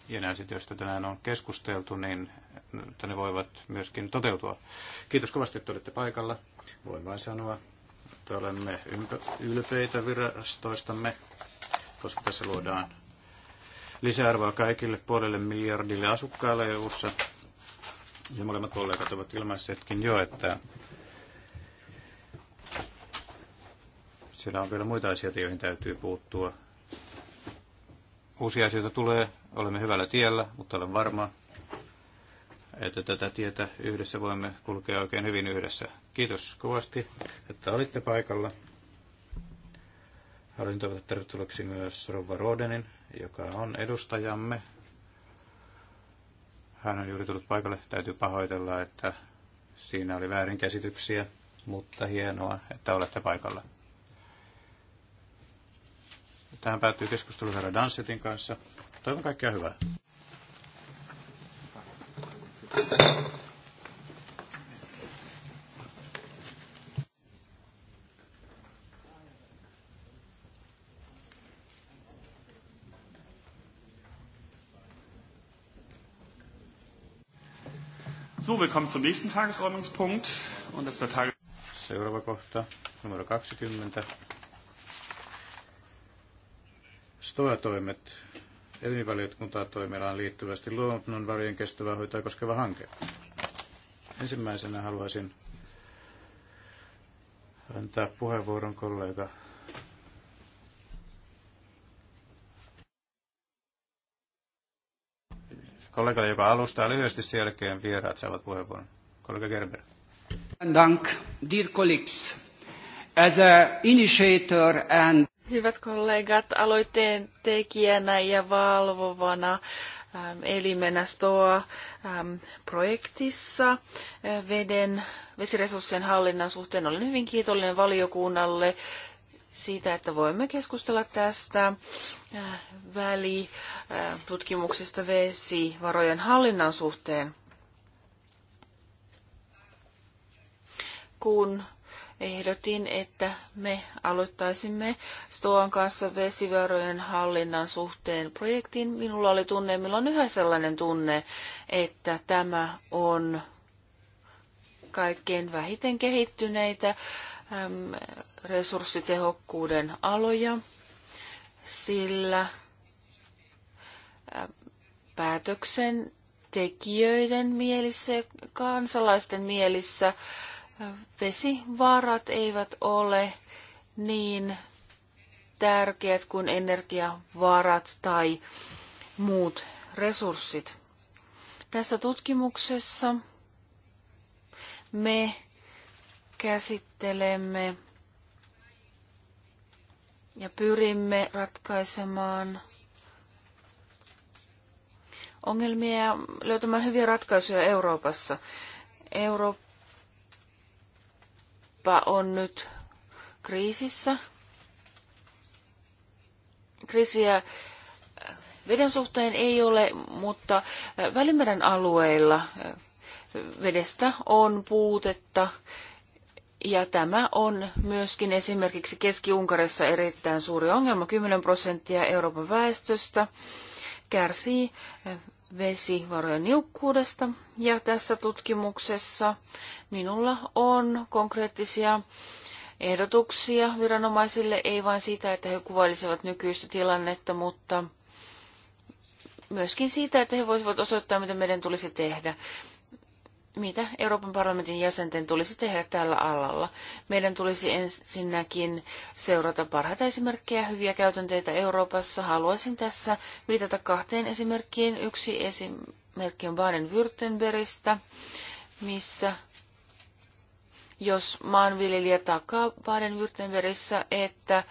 ja nämä asiat, joista tänään on keskusteltu, niin että ne voivat myöskin toteutua. Kiitos kovasti, että olette paikalla. Voin vain sanoa, että olemme ylpeitä virastoistamme, koska tässä luodaan lisäarvoa kaikille puolelle miljardille asukkaille EU-ssa. Ja molemmat kollegat ovat ilmaisetkin jo, että siellä on vielä muita asioita, joihin täytyy puuttua Uusia asioita tulee, olemme hyvällä tiellä, mutta olen varma, että tätä tietä yhdessä voimme kulkea oikein hyvin yhdessä. Kiitos kovasti, että olitte paikalla. Haluan toivottaa tervetulleeksi myös Rova Rodenin, joka on edustajamme. Hän on juuri tullut paikalle. Täytyy pahoitella, että siinä oli väärinkäsityksiä, mutta hienoa, että olette paikalla. Tähän päättyy keskustelu herra Dansetin kanssa. Toivon kaikkea hyvää. So, willkommen zum nächsten Tagesordnungspunkt und das ist der Tag Seuraava kohta, numero 20. STOA-toimet elinivaliokuntaa toimialaan liittyvästi luonnonvarojen kestävää hoitoa koskeva hanke. Ensimmäisenä haluaisin antaa puheenvuoron kollega Kollega joka alustaa lyhyesti sen jälkeen vieraat saavat puheenvuoron. Kollega Gerber. Dank, dear colleagues. As a initiator and Hyvät kollegat, aloitteen tekijänä ja valvovana ähm, elimenä STOA-projektissa ähm, äh, veden vesiresurssien hallinnan suhteen olen hyvin kiitollinen valiokunnalle siitä, että voimme keskustella tästä äh, välitutkimuksesta äh, vesivarojen hallinnan suhteen. Kun ehdotin, että me aloittaisimme Stoan kanssa vesivarojen hallinnan suhteen projektin. Minulla oli tunne, milloin on yhä sellainen tunne, että tämä on kaikkein vähiten kehittyneitä äm, resurssitehokkuuden aloja, sillä päätöksen tekijöiden mielissä ja kansalaisten mielissä vesivarat eivät ole niin tärkeät kuin energiavarat tai muut resurssit. Tässä tutkimuksessa me käsittelemme ja pyrimme ratkaisemaan ongelmia ja löytämään hyviä ratkaisuja Euroopassa. Eurooppa Eurooppa on nyt kriisissä. Kriisiä veden suhteen ei ole, mutta Välimeren alueilla vedestä on puutetta. Ja tämä on myöskin esimerkiksi Keski-Unkarissa erittäin suuri ongelma. 10 prosenttia Euroopan väestöstä kärsii vesivarojen niukkuudesta. Ja tässä tutkimuksessa minulla on konkreettisia ehdotuksia viranomaisille, ei vain sitä, että he kuvailisivat nykyistä tilannetta, mutta myöskin siitä, että he voisivat osoittaa, mitä meidän tulisi tehdä mitä Euroopan parlamentin jäsenten tulisi tehdä tällä alalla. Meidän tulisi ensinnäkin seurata parhaita esimerkkejä hyviä käytänteitä Euroopassa. Haluaisin tässä viitata kahteen esimerkkiin. Yksi esimerkki on Baden-Württembergistä, missä jos maanviljelijä takaa Baden-Württembergissä, että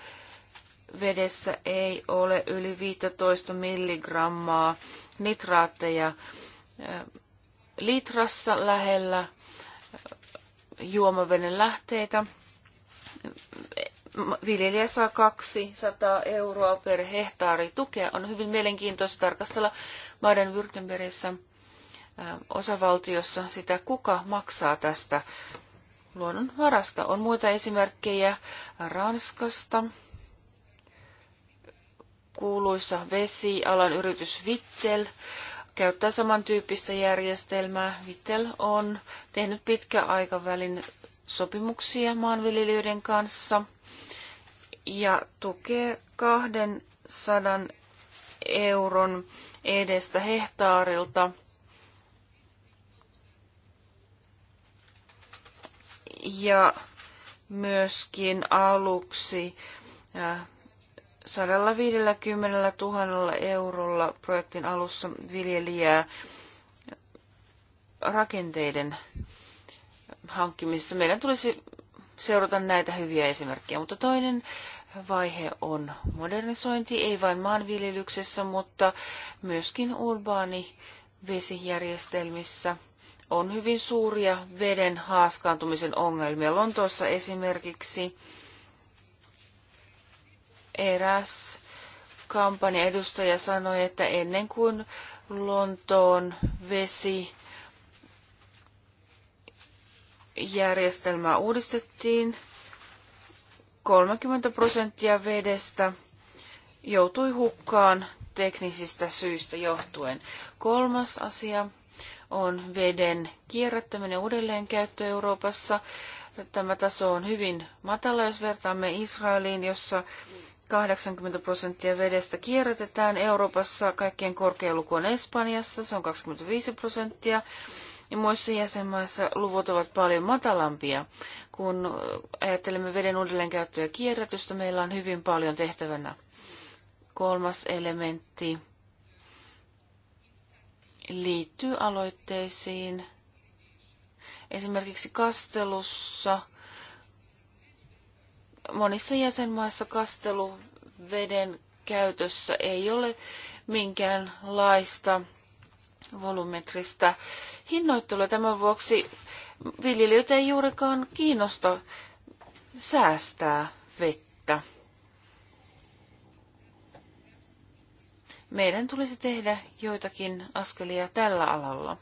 vedessä ei ole yli 15 milligrammaa nitraatteja, litrassa lähellä juomaveden lähteitä. Viljelijä saa 200 euroa per hehtaari tukea. On hyvin mielenkiintoista tarkastella maiden württembergissä osavaltiossa sitä, kuka maksaa tästä luonnonvarasta. On muita esimerkkejä Ranskasta. kuuluissa vesialan yritys Vittel käyttää samantyyppistä järjestelmää. Vittel on tehnyt aikavälin sopimuksia maanviljelijöiden kanssa ja tukee 200 euron edestä hehtaarilta ja myöskin aluksi äh, 150 000 eurolla projektin alussa viljelijää rakenteiden hankkimisessa. Meidän tulisi seurata näitä hyviä esimerkkejä, mutta toinen vaihe on modernisointi, ei vain maanviljelyksessä, mutta myöskin urbaani vesijärjestelmissä on hyvin suuria veden haaskaantumisen ongelmia. Lontoossa esimerkiksi eräs edustaja sanoi, että ennen kuin Lontoon vesi järjestelmää uudistettiin, 30 prosenttia vedestä joutui hukkaan teknisistä syistä johtuen. Kolmas asia on veden kierrättäminen uudelleen käyttö Euroopassa. Tämä taso on hyvin matala, jos vertaamme Israeliin, jossa 80 prosenttia vedestä kierrätetään Euroopassa, kaikkien korkein luku on Espanjassa, se on 25 prosenttia. Ja muissa jäsenmaissa luvut ovat paljon matalampia. Kun ajattelemme veden uudelleenkäyttöä ja kierrätystä, meillä on hyvin paljon tehtävänä. Kolmas elementti liittyy aloitteisiin. Esimerkiksi kastelussa – monissa jäsenmaissa kasteluveden käytössä ei ole minkäänlaista volumetrista hinnoittelua. Tämän vuoksi viljelijöitä ei juurikaan kiinnosta säästää vettä. Meidän tulisi tehdä joitakin askelia tällä alalla.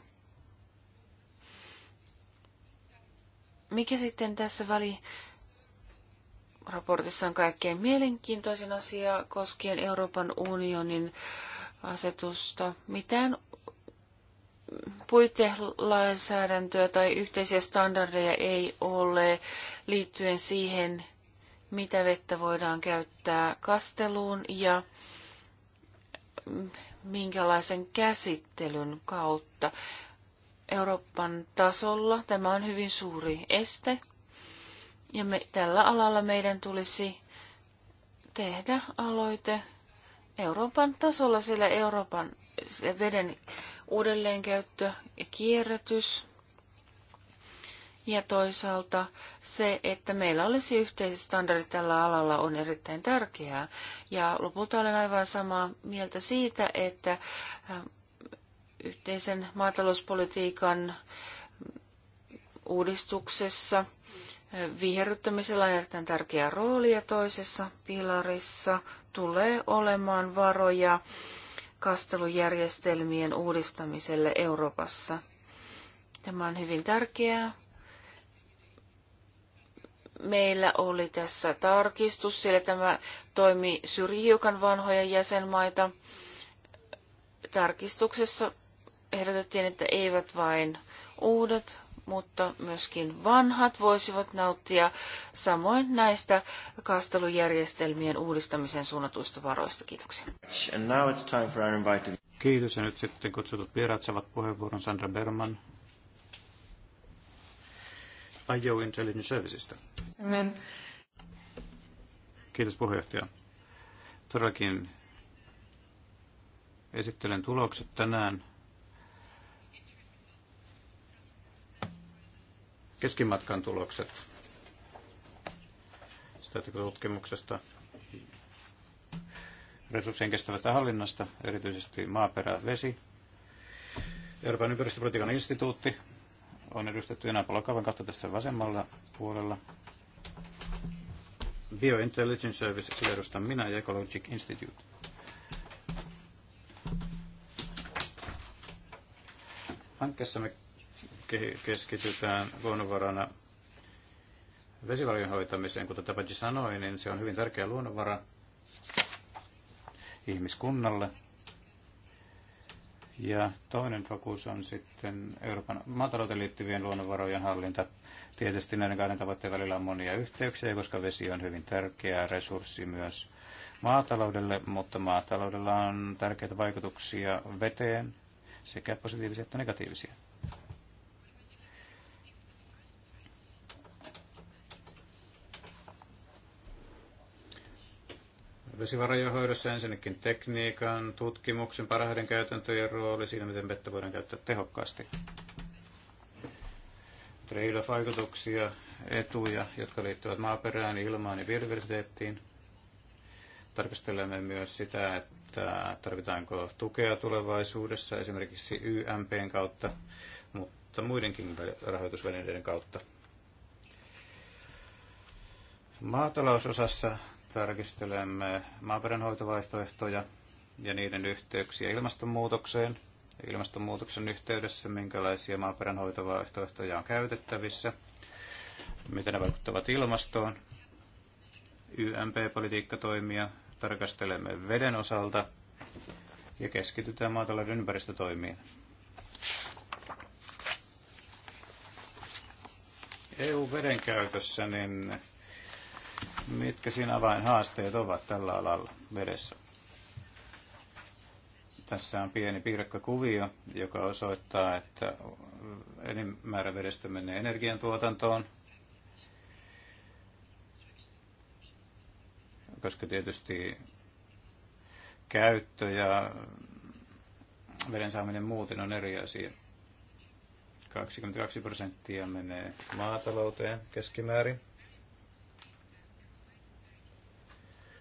Mikä sitten tässä väli Raportissa on kaikkein mielenkiintoisin asia koskien Euroopan unionin asetusta. Mitään puitelainsäädäntöä tai yhteisiä standardeja ei ole liittyen siihen, mitä vettä voidaan käyttää kasteluun ja minkälaisen käsittelyn kautta. Euroopan tasolla tämä on hyvin suuri este. Ja me, tällä alalla meidän tulisi tehdä aloite Euroopan tasolla, sillä Euroopan veden uudelleenkäyttö ja kierrätys ja toisaalta se, että meillä olisi yhteiset standardit tällä alalla on erittäin tärkeää. Ja lopulta olen aivan samaa mieltä siitä, että ähm, yhteisen maatalouspolitiikan mm, uudistuksessa – viherryttämisellä on erittäin tärkeä rooli ja toisessa pilarissa tulee olemaan varoja kastelujärjestelmien uudistamiselle Euroopassa. Tämä on hyvin tärkeää. Meillä oli tässä tarkistus, sillä tämä toimi syrji hiukan vanhoja jäsenmaita. Tarkistuksessa ehdotettiin, että eivät vain uudet mutta myöskin vanhat voisivat nauttia samoin näistä kastelujärjestelmien uudistamiseen suunnatuista varoista. Kiitoksia. Kiitos ja nyt sitten kutsutut vieraat saavat puheenvuoron Sandra Berman. IO Intelligence Servicesista. Kiitos puheenjohtaja. Todellakin esittelen tulokset tänään keskimatkan tulokset tutkimuksesta resurssien kestävästä hallinnasta, erityisesti maaperä, vesi. Euroopan ympäristöpolitiikan instituutti on edustettu enää palokaavan kautta tässä vasemmalla puolella. Biointelligence Service, sitä edustan minä ja Ecologic Institute. Hankkeessamme keskitytään luonnonvarana vesivarjojen hoitamiseen, kuten Tapaji sanoi, niin se on hyvin tärkeä luonnonvara ihmiskunnalle. Ja toinen fokus on sitten Euroopan maatalouteen liittyvien luonnonvarojen hallinta. Tietysti näiden kahden tavoitteen välillä on monia yhteyksiä, koska vesi on hyvin tärkeä resurssi myös maataloudelle, mutta maataloudella on tärkeitä vaikutuksia veteen, sekä positiivisia että negatiivisia. vesivarojen hoidossa ensinnäkin tekniikan, tutkimuksen, parhaiden käytäntöjen rooli siinä, miten vettä voidaan käyttää tehokkaasti. trade vaikutuksia etuja, jotka liittyvät maaperään, ilmaan ja biodiversiteettiin. Tarkastelemme myös sitä, että tarvitaanko tukea tulevaisuudessa esimerkiksi YMPn kautta, mutta muidenkin rahoitusvälineiden kautta maatalousosassa tarkistelemme maaperänhoitovaihtoehtoja ja niiden yhteyksiä ilmastonmuutokseen. Ilmastonmuutoksen yhteydessä, minkälaisia maaperänhoitovaihtoehtoja on käytettävissä, miten ne vaikuttavat ilmastoon. YMP-politiikkatoimia tarkastelemme veden osalta ja keskitytään maatalouden ympäristötoimiin. EU-vedenkäytössä, niin mitkä siinä avainhaasteet ovat tällä alalla vedessä. Tässä on pieni kuvio, joka osoittaa, että enimmäärä vedestä menee energiantuotantoon, koska tietysti käyttö ja veden saaminen muuten on eri asia. 22 prosenttia menee maatalouteen keskimäärin.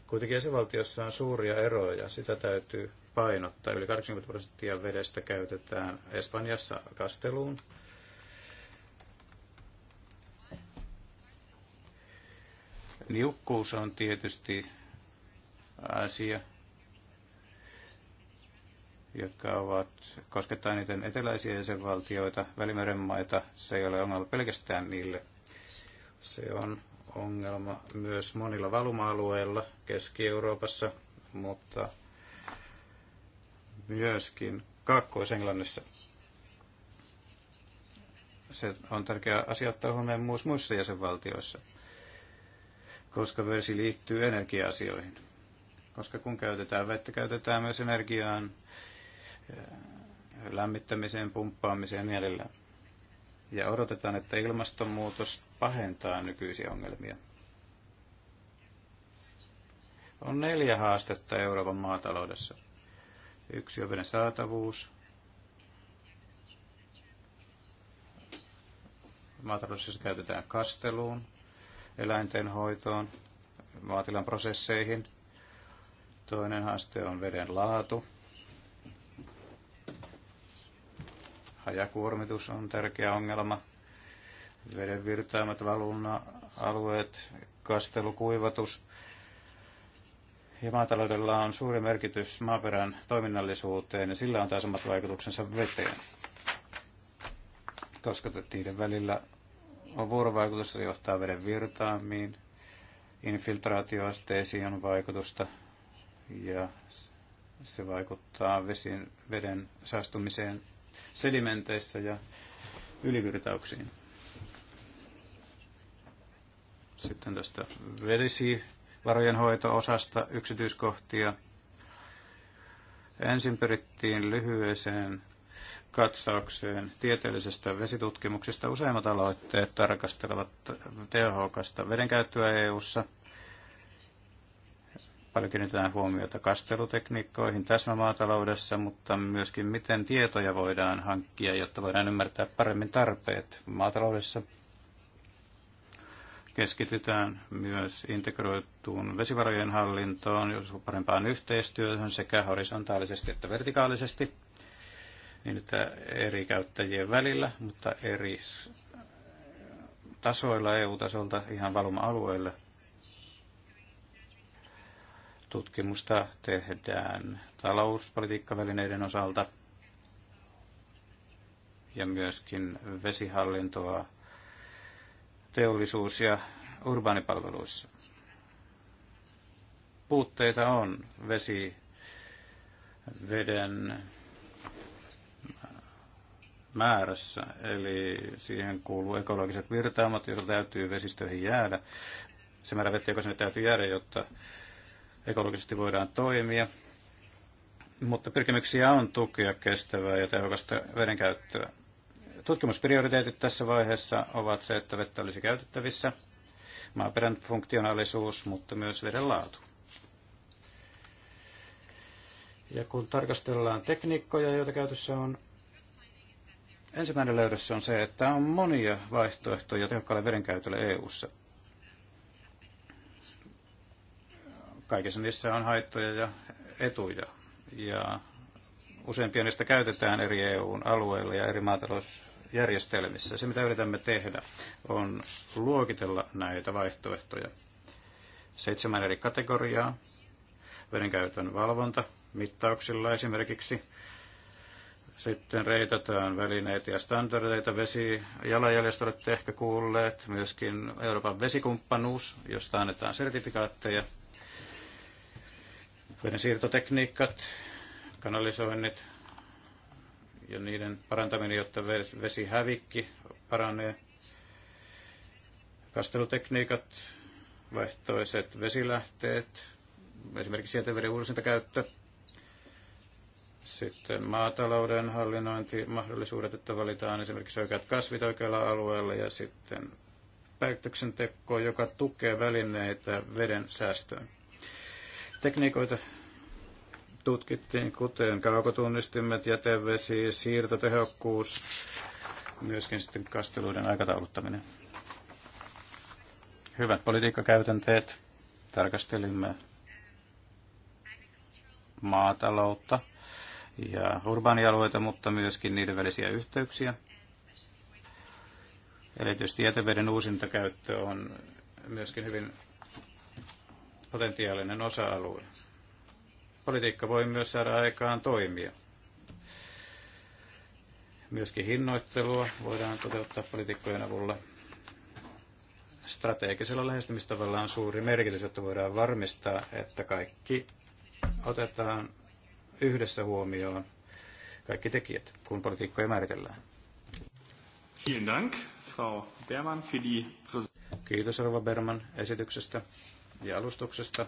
Kuitenkin jäsenvaltiossa on suuria eroja, sitä täytyy painottaa. Yli 80 prosenttia vedestä käytetään Espanjassa kasteluun. Niukkuus on tietysti asia, jotka ovat koskettaa niiden eteläisiä jäsenvaltioita, Välimeren maita. Se ei ole ongelma pelkästään niille. Se on ongelma myös monilla valuma-alueilla Keski-Euroopassa, mutta myöskin Kaakkois-Englannissa. Se on tärkeä asia ottaa huomioon myös muissa jäsenvaltioissa, koska vesi liittyy energia-asioihin. Koska kun käytetään vettä, käytetään myös energiaan, lämmittämiseen, pumppaamiseen ja niin edelleen ja odotetaan, että ilmastonmuutos pahentaa nykyisiä ongelmia. On neljä haastetta Euroopan maataloudessa. Yksi on veden saatavuus. Maataloudessa käytetään kasteluun, eläinten hoitoon, maatilan prosesseihin. Toinen haaste on veden laatu Hajakuormitus on tärkeä ongelma. Veden virtaamat valunna alueet, kastelukuivatus. Ja maataloudella on suuri merkitys maaperän toiminnallisuuteen ja sillä on taas omat vaikutuksensa veteen, koska niiden välillä on se johtaa veden virtaamiin, infiltraatioasteisiin on vaikutusta ja se vaikuttaa vesin, veden saastumiseen sedimenteissä ja ylivirtauksiin. Sitten tästä vedesivarojen hoito-osasta yksityiskohtia. Ensin pyrittiin lyhyeseen katsaukseen tieteellisestä vesitutkimuksesta. Useimmat aloitteet tarkastelevat tehokasta vedenkäyttöä EU-ssa – Paljon kiinnitetään huomiota kastelutekniikkoihin täsmämaataloudessa, mutta myöskin miten tietoja voidaan hankkia, jotta voidaan ymmärtää paremmin tarpeet maataloudessa. Keskitytään myös integroituun vesivarojen hallintoon, parempaan yhteistyöhön sekä horisontaalisesti että vertikaalisesti, niin että eri käyttäjien välillä, mutta eri tasoilla EU-tasolta ihan valuma-alueille – tutkimusta tehdään talouspolitiikkavälineiden osalta ja myöskin vesihallintoa teollisuus- ja urbaanipalveluissa. Puutteita on vesi, veden määrässä, eli siihen kuuluu ekologiset virtaamat, joita täytyy vesistöihin jäädä. Se määrä vettä, joka sinne täytyy jäädä, jotta ekologisesti voidaan toimia, mutta pyrkimyksiä on tukea kestävää ja tehokasta vedenkäyttöä. Tutkimusprioriteetit tässä vaiheessa ovat se, että vettä olisi käytettävissä, maaperän funktionaalisuus, mutta myös veden laatu. Ja kun tarkastellaan tekniikkoja, joita käytössä on, ensimmäinen löydös on se, että on monia vaihtoehtoja tehokkaalle vedenkäytölle EU-ssa – Kaikissa niissä on haittoja ja etuja. Ja useimpia niistä käytetään eri EUn alueilla ja eri maatalousjärjestelmissä. Se, mitä yritämme tehdä, on luokitella näitä vaihtoehtoja. Seitsemän eri kategoriaa. Vedenkäytön valvonta mittauksilla esimerkiksi. Sitten reitataan välineitä ja standardeita jalanjäljestä olette ehkä kuulleet. Myöskin Euroopan vesikumppanuus, josta annetaan sertifikaatteja vedensiirtotekniikat, kanalisoinnit ja niiden parantaminen, jotta vesihävikki paranee, kastelutekniikat, vaihtoiset vesilähteet, esimerkiksi jäteveden uusintakäyttö, sitten maatalouden hallinnointimahdollisuudet, että valitaan esimerkiksi oikeat kasvit oikealla alueella ja sitten päätöksenteko, joka tukee välineitä veden säästöön tekniikoita tutkittiin, kuten kaukotunnistimet, jätevesi, siirtotehokkuus, myöskin sitten kasteluiden aikatauluttaminen. Hyvät politiikkakäytänteet. Tarkastelimme maataloutta ja urbaanialueita, mutta myöskin niiden välisiä yhteyksiä. Erityisesti jäteveden uusintakäyttö on myöskin hyvin potentiaalinen osa-alue. Politiikka voi myös saada aikaan toimia. Myöskin hinnoittelua voidaan toteuttaa politiikkojen avulla. Strategisella lähestymistavalla on suuri merkitys, jotta voidaan varmistaa, että kaikki otetaan yhdessä huomioon, kaikki tekijät, kun politiikkoja määritellään. Frau Kiitos Rova Berman esityksestä ja alustuksesta.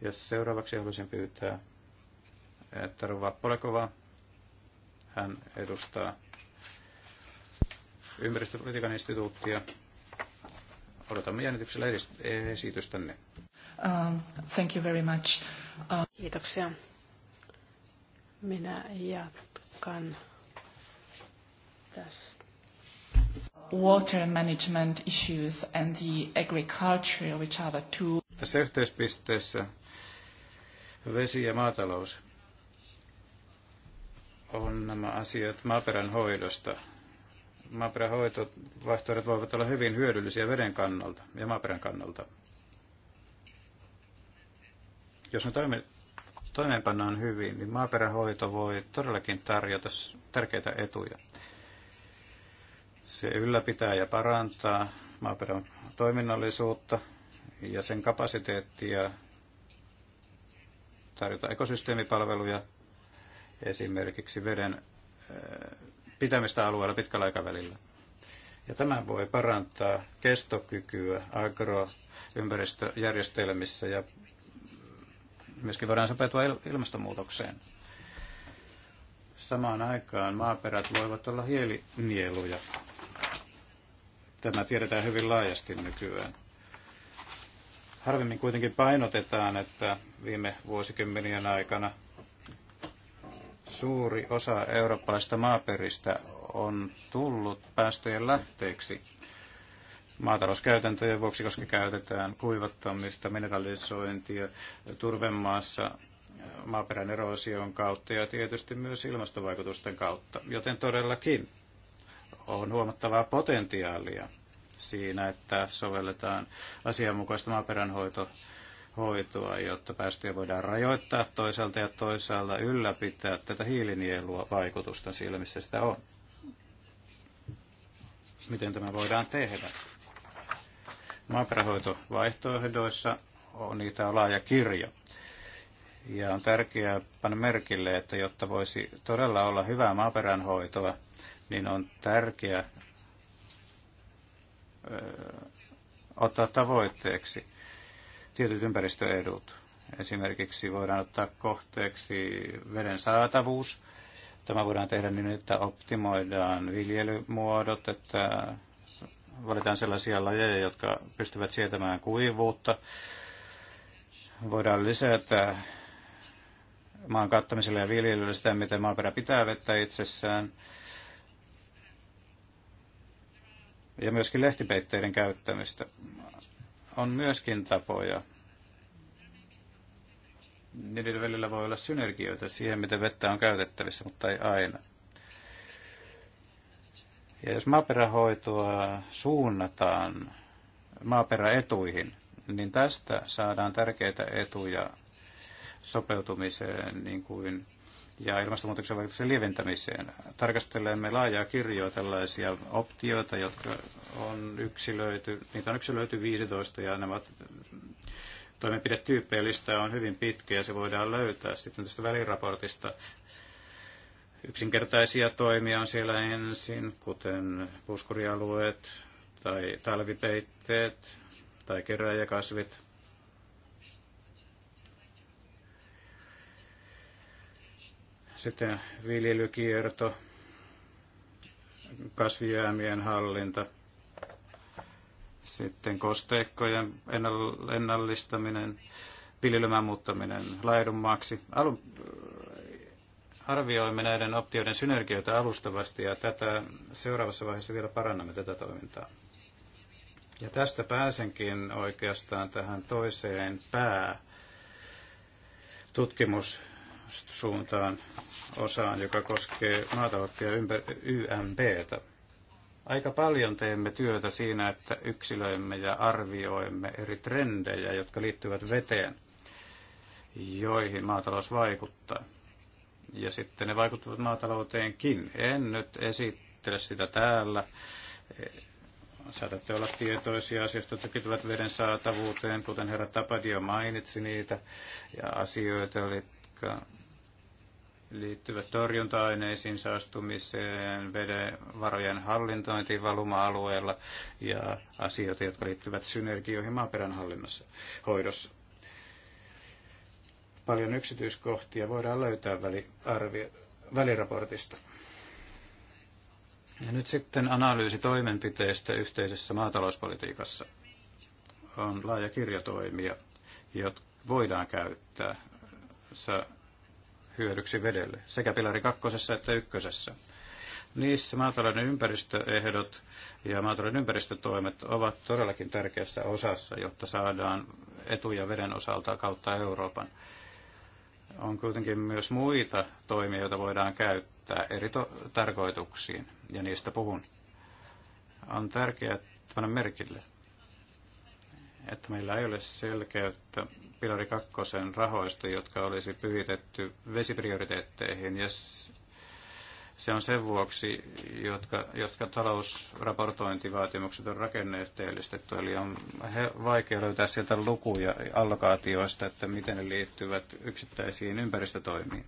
Ja seuraavaksi haluaisin pyytää Taruva Polekova. Hän edustaa ympäristöpolitiikan instituuttia. Odotamme jännityksellä esitystänne. Uh, thank you very much. Uh... Kiitoksia. Minä jatkan tästä water management issues and the agriculture, which are the two. Tässä yhteispisteessä vesi ja maatalous on nämä asiat maaperän hoidosta. Maaperän hoitovaihtoehdot voivat olla hyvin hyödyllisiä veden kannalta ja maaperän kannalta. Jos ne toimi, toimeenpannaan hyvin, niin maaperän hoito voi todellakin tarjota tärkeitä etuja. Se ylläpitää ja parantaa maaperän toiminnallisuutta ja sen kapasiteettia tarjota ekosysteemipalveluja, esimerkiksi veden eh, pitämistä alueella pitkällä aikavälillä. Ja tämä voi parantaa kestokykyä agroympäristöjärjestelmissä ja myöskin voidaan sopeutua ilmastonmuutokseen. Samaan aikaan maaperät voivat olla hiilinieluja Tämä tiedetään hyvin laajasti nykyään. Harvemmin kuitenkin painotetaan, että viime vuosikymmenien aikana suuri osa eurooppalaista maaperistä on tullut päästöjen lähteeksi maatalouskäytäntöjen vuoksi, koska käytetään kuivattamista, mineralisointia turvemaassa maaperän eroosion kautta ja tietysti myös ilmastovaikutusten kautta. Joten todellakin on huomattavaa potentiaalia siinä, että sovelletaan asianmukaista maaperänhoitoa, jotta päästöjä voidaan rajoittaa toisaalta ja toisaalta ylläpitää tätä hiilinielua vaikutusta siellä, missä sitä on. Miten tämä voidaan tehdä? Maaperähoitovaihtoehdoissa on niitä on laaja kirjo. Ja on tärkeää panna merkille, että jotta voisi todella olla hyvää maaperänhoitoa, niin on tärkeää ottaa tavoitteeksi tietyt ympäristöedut. Esimerkiksi voidaan ottaa kohteeksi veden saatavuus. Tämä voidaan tehdä niin, että optimoidaan viljelymuodot, että valitaan sellaisia lajeja, jotka pystyvät sietämään kuivuutta. Voidaan lisätä maan kattamiselle ja viljelyllä sitä, miten maaperä pitää vettä itsessään. ja myöskin lehtipeitteiden käyttämistä. On myöskin tapoja. Niiden välillä voi olla synergioita siihen, miten vettä on käytettävissä, mutta ei aina. Ja jos maaperähoitoa suunnataan maaperäetuihin, niin tästä saadaan tärkeitä etuja sopeutumiseen, niin kuin ja ilmastonmuutoksen vaikutuksen lieventämiseen. Tarkastelemme laajaa kirjoa tällaisia optioita, jotka on yksilöity, niitä on yksilöity 15 ja nämä toimenpidetyyppeilistä on hyvin pitkä ja se voidaan löytää sitten tästä väliraportista. Yksinkertaisia toimia on siellä ensin, kuten puskurialueet tai talvipeitteet tai keräjäkasvit – Sitten viljelykierto, kasvijäämien hallinta, sitten kosteikkojen ennallistaminen, viljelmän muuttaminen laidunmaaksi. alu arvioimme näiden optioiden synergioita alustavasti ja tätä seuraavassa vaiheessa vielä parannamme tätä toimintaa. Ja tästä pääsenkin oikeastaan tähän toiseen pää tutkimus suuntaan osaan, joka koskee maataloutta ja ympär- Aika paljon teemme työtä siinä, että yksilöimme ja arvioimme eri trendejä, jotka liittyvät veteen, joihin maatalous vaikuttaa. Ja sitten ne vaikuttavat maatalouteenkin. En nyt esittele sitä täällä saatatte olla tietoisia asioista, jotka liittyvät veden saatavuuteen, kuten herra Tapadio mainitsi niitä, ja asioita, jotka liittyvät torjunta-aineisiin, saastumiseen, vedenvarojen hallintointiin valuma-alueella ja asioita, jotka liittyvät synergioihin maaperän hallinnassa hoidossa. Paljon yksityiskohtia voidaan löytää väliarvio, väliraportista. Ja nyt sitten analyysi toimenpiteistä yhteisessä maatalouspolitiikassa. On laaja kirjatoimia, jotka voidaan käyttää hyödyksi vedelle, sekä pilari kakkosessa että ykkösessä. Niissä maatalouden ympäristöehdot ja maatalouden ympäristötoimet ovat todellakin tärkeässä osassa, jotta saadaan etuja veden osalta kautta Euroopan. On kuitenkin myös muita toimia, joita voidaan käyttää eri tarkoituksiin, ja niistä puhun. On tärkeää panna merkille, että meillä ei ole selkeyttä pilari kakkosen rahoista, jotka olisi pyhitetty vesiprioriteetteihin. Ja se on sen vuoksi, jotka, jotka talousraportointivaatimukset on rakenneyhteellistetty. eli on vaikea löytää sieltä lukuja allokaatioista, että miten ne liittyvät yksittäisiin ympäristötoimiin.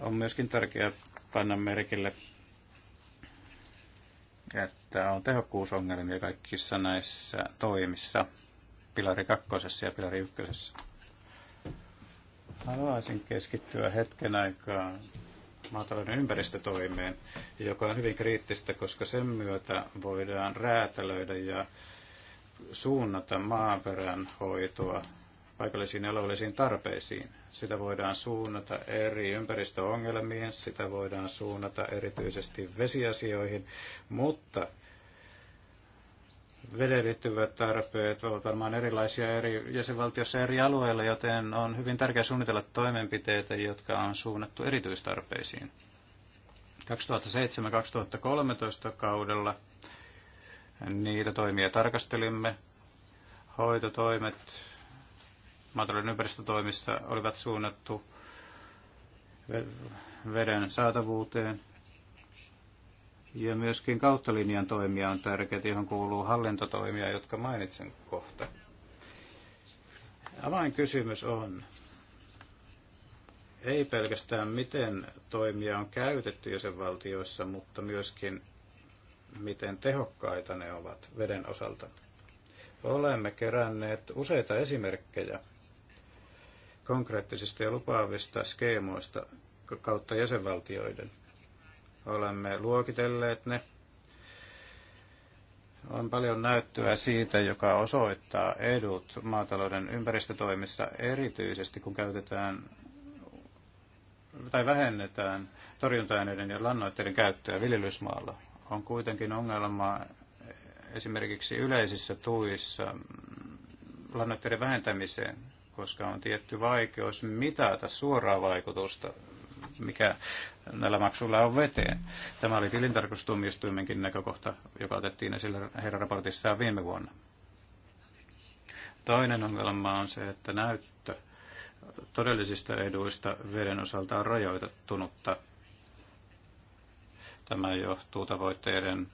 On myöskin tärkeää panna merkille, että on tehokkuusongelmia kaikissa näissä toimissa – pilari kakkosessa ja pilari ykkösessä. Haluaisin keskittyä hetken aikaa maatalouden ympäristötoimeen, joka on hyvin kriittistä, koska sen myötä voidaan räätälöidä ja suunnata maaperän hoitoa paikallisiin alueellisiin tarpeisiin. Sitä voidaan suunnata eri ympäristöongelmiin, sitä voidaan suunnata erityisesti vesiasioihin, mutta veden liittyvät tarpeet ovat varmaan erilaisia eri jäsenvaltiossa eri alueilla, joten on hyvin tärkeää suunnitella toimenpiteitä, jotka on suunnattu erityistarpeisiin. 2007-2013 kaudella niitä toimia tarkastelimme. Hoitotoimet maatalouden ympäristötoimissa olivat suunnattu veden saatavuuteen, ja myöskin kauttalinjan toimia on tärkeää, johon kuuluu hallintotoimia, jotka mainitsen kohta. Avainkysymys on, ei pelkästään miten toimia on käytetty jäsenvaltioissa, mutta myöskin miten tehokkaita ne ovat veden osalta. Olemme keränneet useita esimerkkejä konkreettisista ja lupaavista skeemoista kautta jäsenvaltioiden – Olemme luokitelleet ne. On paljon näyttöä siitä, joka osoittaa edut maatalouden ympäristötoimissa erityisesti, kun käytetään tai vähennetään torjunta-aineiden ja lannoitteiden käyttöä viljelysmaalla. On kuitenkin ongelma esimerkiksi yleisissä tuissa lannoitteiden vähentämiseen, koska on tietty vaikeus mitata suoraa vaikutusta mikä näillä maksuilla on veteen. Tämä oli tilintarkastustuomioistuimenkin näkökohta, joka otettiin esille heidän raportissaan viime vuonna. Toinen ongelma on se, että näyttö todellisista eduista veden osalta on rajoitettunutta. Tämä johtuu tavoitteiden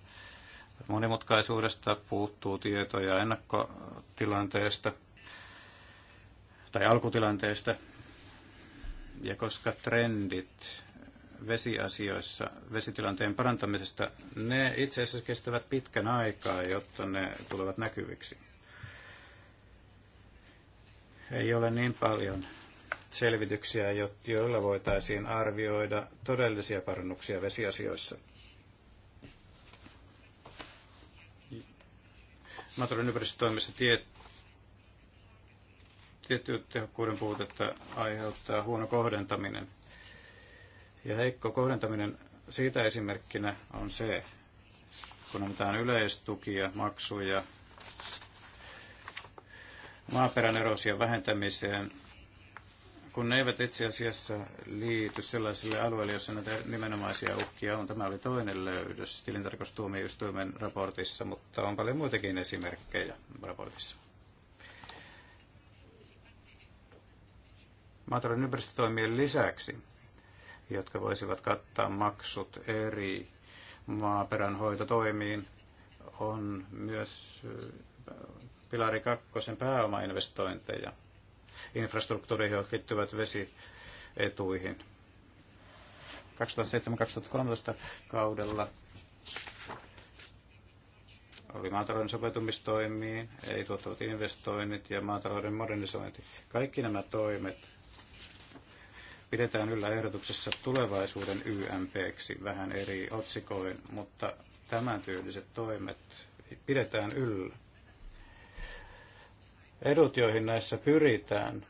monimutkaisuudesta, puuttuu tietoja ennakkotilanteesta tai alkutilanteesta ja koska trendit vesiasioissa, vesitilanteen parantamisesta, ne itse asiassa kestävät pitkän aikaa, jotta ne tulevat näkyviksi. Ei ole niin paljon selvityksiä, joilla voitaisiin arvioida todellisia parannuksia vesiasioissa. Maatalouden ympäristötoimissa tiet, tietty tehokkuuden puutetta aiheuttaa huono kohdentaminen. Ja heikko kohdentaminen siitä esimerkkinä on se, kun annetaan yleistukia, maksuja, maaperän erosia vähentämiseen, kun ne eivät itse asiassa liity sellaisille alueille, joissa näitä nimenomaisia uhkia on. Tämä oli toinen löydös tilintarkastustuomioistuimen raportissa, mutta on paljon muitakin esimerkkejä raportissa. maatalouden ympäristötoimien lisäksi, jotka voisivat kattaa maksut eri maaperänhoitotoimiin, on myös Pilari kakkosen pääomainvestointeja infrastruktuuriin, jotka liittyvät vesietuihin. 2007-2013 kaudella oli maatalouden sopeutumistoimiin, ei tuottavat investoinnit ja maatalouden modernisointi. Kaikki nämä toimet pidetään yllä ehdotuksessa tulevaisuuden YMPksi vähän eri otsikoin, mutta tämän tyyliset toimet pidetään yllä. Edut, joihin näissä pyritään,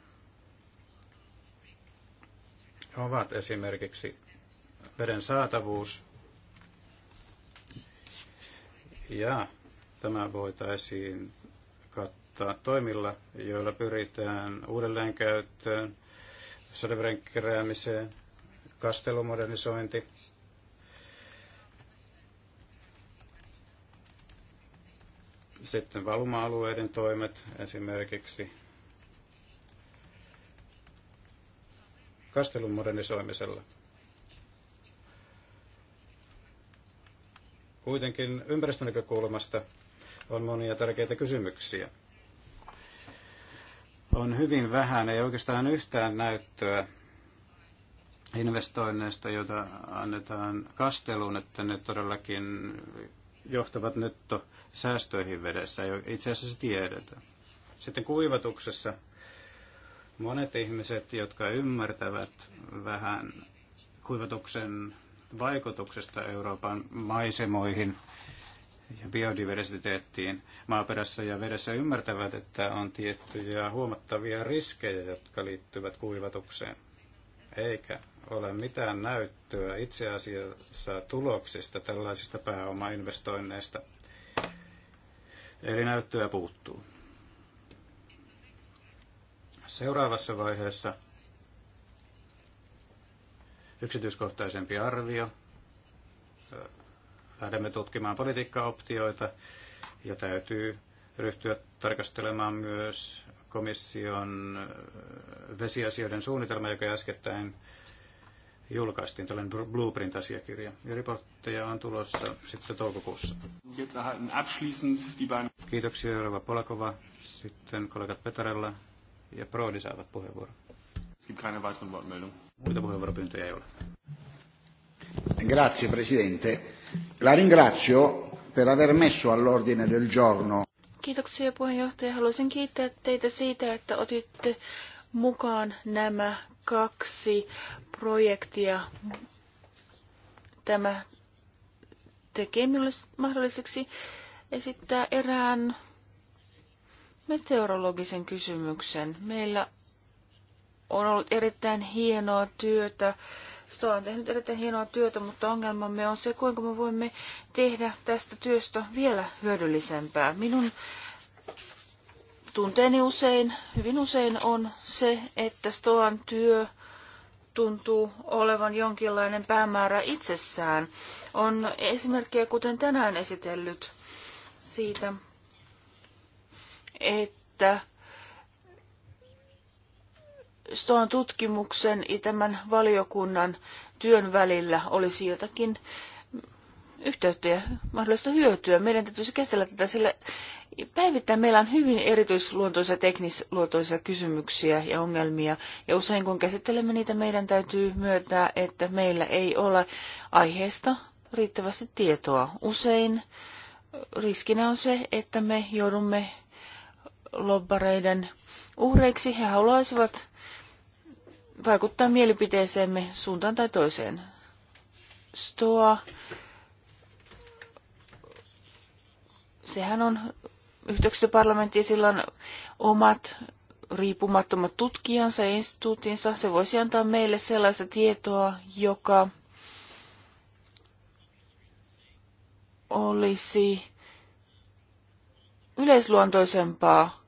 ovat esimerkiksi veden saatavuus ja tämä voitaisiin kattaa toimilla, joilla pyritään uudelleenkäyttöön, Söderveren keräämiseen, kastelumodernisointi, sitten valuma-alueiden toimet esimerkiksi kastelun modernisoimisella. Kuitenkin ympäristönäkökulmasta on monia tärkeitä kysymyksiä on hyvin vähän, ei oikeastaan yhtään näyttöä investoinneista, joita annetaan kasteluun, että ne todellakin johtavat nettosäästöihin vedessä. Itse asiassa tiedetä. Sitten kuivatuksessa monet ihmiset, jotka ymmärtävät vähän kuivatuksen vaikutuksesta Euroopan maisemoihin, ja biodiversiteettiin maaperässä ja vedessä ymmärtävät, että on tiettyjä huomattavia riskejä, jotka liittyvät kuivatukseen. Eikä ole mitään näyttöä itse asiassa tuloksista tällaisista pääomainvestoinneista. Eli näyttöä puuttuu. Seuraavassa vaiheessa yksityiskohtaisempi arvio lähdemme tutkimaan politiikkaoptioita ja täytyy ryhtyä tarkastelemaan myös komission äh, vesiasioiden suunnitelma, joka äskettäin julkaistiin tällainen Blueprint-asiakirja. Ja raportteja on tulossa sitten toukokuussa. Kiitoksia, Rova Polakova. Sitten kollegat Petarella ja Proodi saavat puheenvuoron. Muita puheenvuoropyyntöjä ei ole. Grazie, Presidente. La ringrazio per aver messo all'ordine del giorno. Kiitoksia puheenjohtaja. Haluaisin kiittää teitä siitä, että otitte mukaan nämä kaksi projektia. Tämä tekee minulle mahdolliseksi esittää erään meteorologisen kysymyksen. Meillä on ollut erittäin hienoa työtä Stoa on tehnyt erittäin hienoa työtä, mutta ongelmamme on se, kuinka me voimme tehdä tästä työstä vielä hyödyllisempää. Minun tunteeni usein, hyvin usein on se, että Stoan työ tuntuu olevan jonkinlainen päämäärä itsessään. On esimerkkejä, kuten tänään esitellyt, siitä, että Ston tutkimuksen ja tämän valiokunnan työn välillä olisi jotakin yhteyttä ja mahdollista hyötyä. Meidän täytyisi käsitellä tätä, sillä päivittäin meillä on hyvin erityisluontoisia teknisluontoisia kysymyksiä ja ongelmia. Ja usein kun käsittelemme niitä, meidän täytyy myöntää, että meillä ei ole aiheesta riittävästi tietoa. Usein riskinä on se, että me joudumme lobbareiden uhreiksi. He haluaisivat vaikuttaa mielipiteeseemme suuntaan tai toiseen. Stoa, sehän on yhteyksessä ja sillä on omat riippumattomat tutkijansa ja instituutinsa. Se voisi antaa meille sellaista tietoa, joka olisi yleisluontoisempaa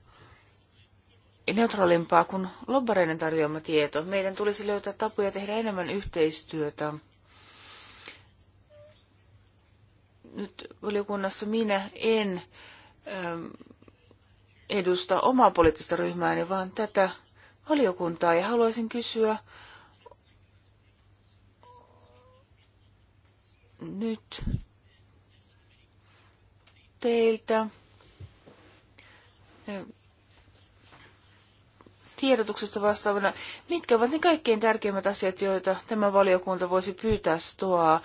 neutraalimpaa kuin lobbareiden tarjoama tieto. Meidän tulisi löytää tapoja tehdä enemmän yhteistyötä. Nyt valiokunnassa minä en ähm, edusta omaa poliittista ryhmääni, vaan tätä valiokuntaa. Ja haluaisin kysyä nyt teiltä tiedotuksesta vastaavana, mitkä ovat ne kaikkein tärkeimmät asiat, joita tämä valiokunta voisi pyytää STOA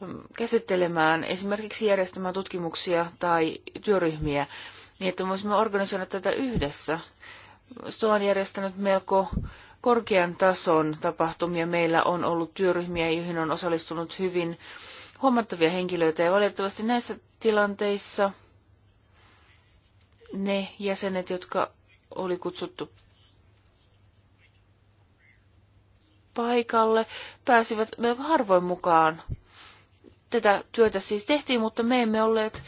mm, käsittelemään, esimerkiksi järjestämään tutkimuksia tai työryhmiä, niin että voisimme organisoida tätä yhdessä. STOA on järjestänyt melko korkean tason tapahtumia. Meillä on ollut työryhmiä, joihin on osallistunut hyvin huomattavia henkilöitä, ja valitettavasti näissä tilanteissa ne jäsenet, jotka oli kutsuttu paikalle pääsivät melko harvoin mukaan. Tätä työtä siis tehtiin, mutta me emme olleet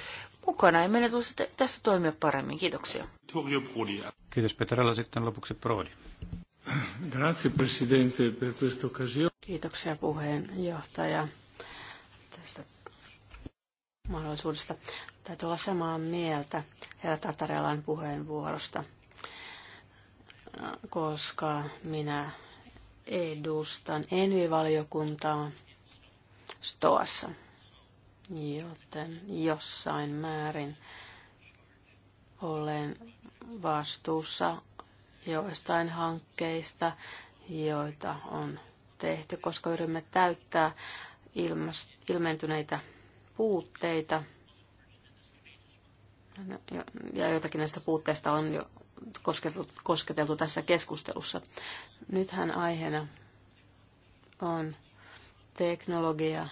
mukana ja meidän tulisi tässä toimia paremmin. Kiitoksia. Kiitos Petrella. Sitten lopuksi Prodi. Grazie Presidente per questa occasione. Kiitoksia puheenjohtaja tästä mahdollisuudesta. Täytyy olla samaa mieltä herra Tatarelan puheenvuorosta, koska minä edustan envivaliokuntaa Stoassa, joten jossain määrin olen vastuussa joistain hankkeista, joita on tehty, koska yritämme täyttää ilmentyneitä puutteita. No, ja joitakin näistä puutteista on jo kosketeltu, kosketeltu tässä keskustelussa. Nythän aiheena on teknologia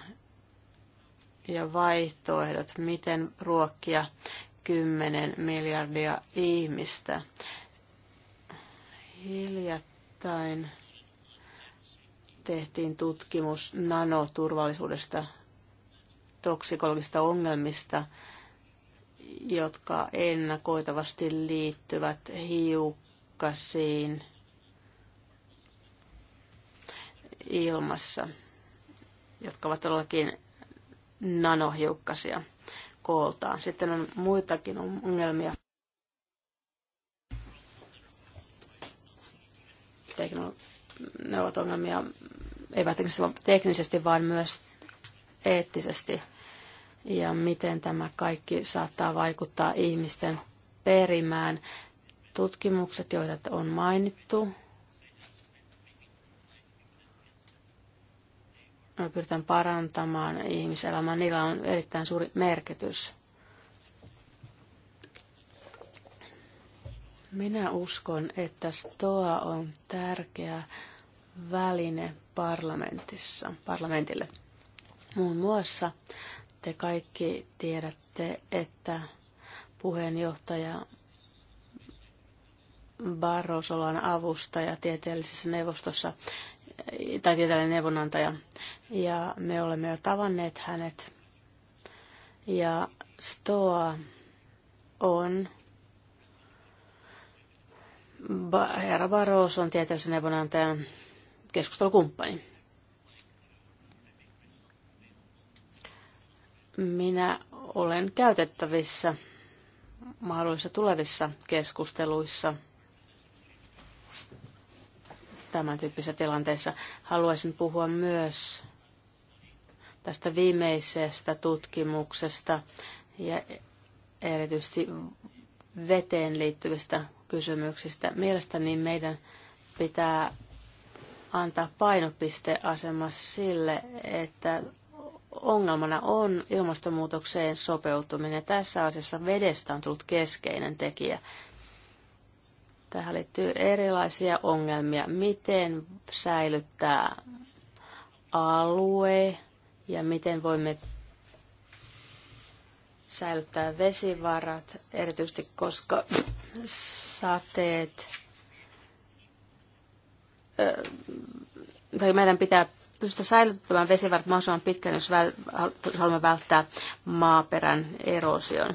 ja vaihtoehdot, miten ruokkia 10 miljardia ihmistä. Hiljattain tehtiin tutkimus nanoturvallisuudesta, toksikologista ongelmista, jotka ennakoitavasti liittyvät hiukkasiin – ilmassa, jotka ovat todellakin nanohiukkasia kooltaan. Sitten on muitakin ongelmia. Ne ovat ongelmia välttämättä teknisesti, vaan myös eettisesti. Ja miten tämä kaikki saattaa vaikuttaa ihmisten perimään. Tutkimukset, joita on mainittu, pyritään parantamaan ihmiselämää, niillä on erittäin suuri merkitys. Minä uskon, että STOA on tärkeä väline parlamentissa, parlamentille. Muun muassa te kaikki tiedätte, että puheenjohtaja Barrosolan avustaja tieteellisessä neuvostossa tai tieteellinen neuvonantaja. Ja me olemme jo tavanneet hänet. Ja Stoa on herra Baros on tieteellisen neuvonantajan keskustelukumppani. Minä olen käytettävissä mahdollisissa tulevissa keskusteluissa – tämän tyyppisessä tilanteessa Haluaisin puhua myös tästä viimeisestä tutkimuksesta ja erityisesti veteen liittyvistä kysymyksistä. Mielestäni meidän pitää antaa painopisteasema sille, että ongelmana on ilmastonmuutokseen sopeutuminen. Tässä asiassa vedestä on tullut keskeinen tekijä Tähän liittyy erilaisia ongelmia. Miten säilyttää alue ja miten voimme säilyttää vesivarat, erityisesti koska sateet, tai meidän pitää pystyä säilyttämään vesivarat mahdollisimman pitkään, jos haluamme välttää maaperän erosion.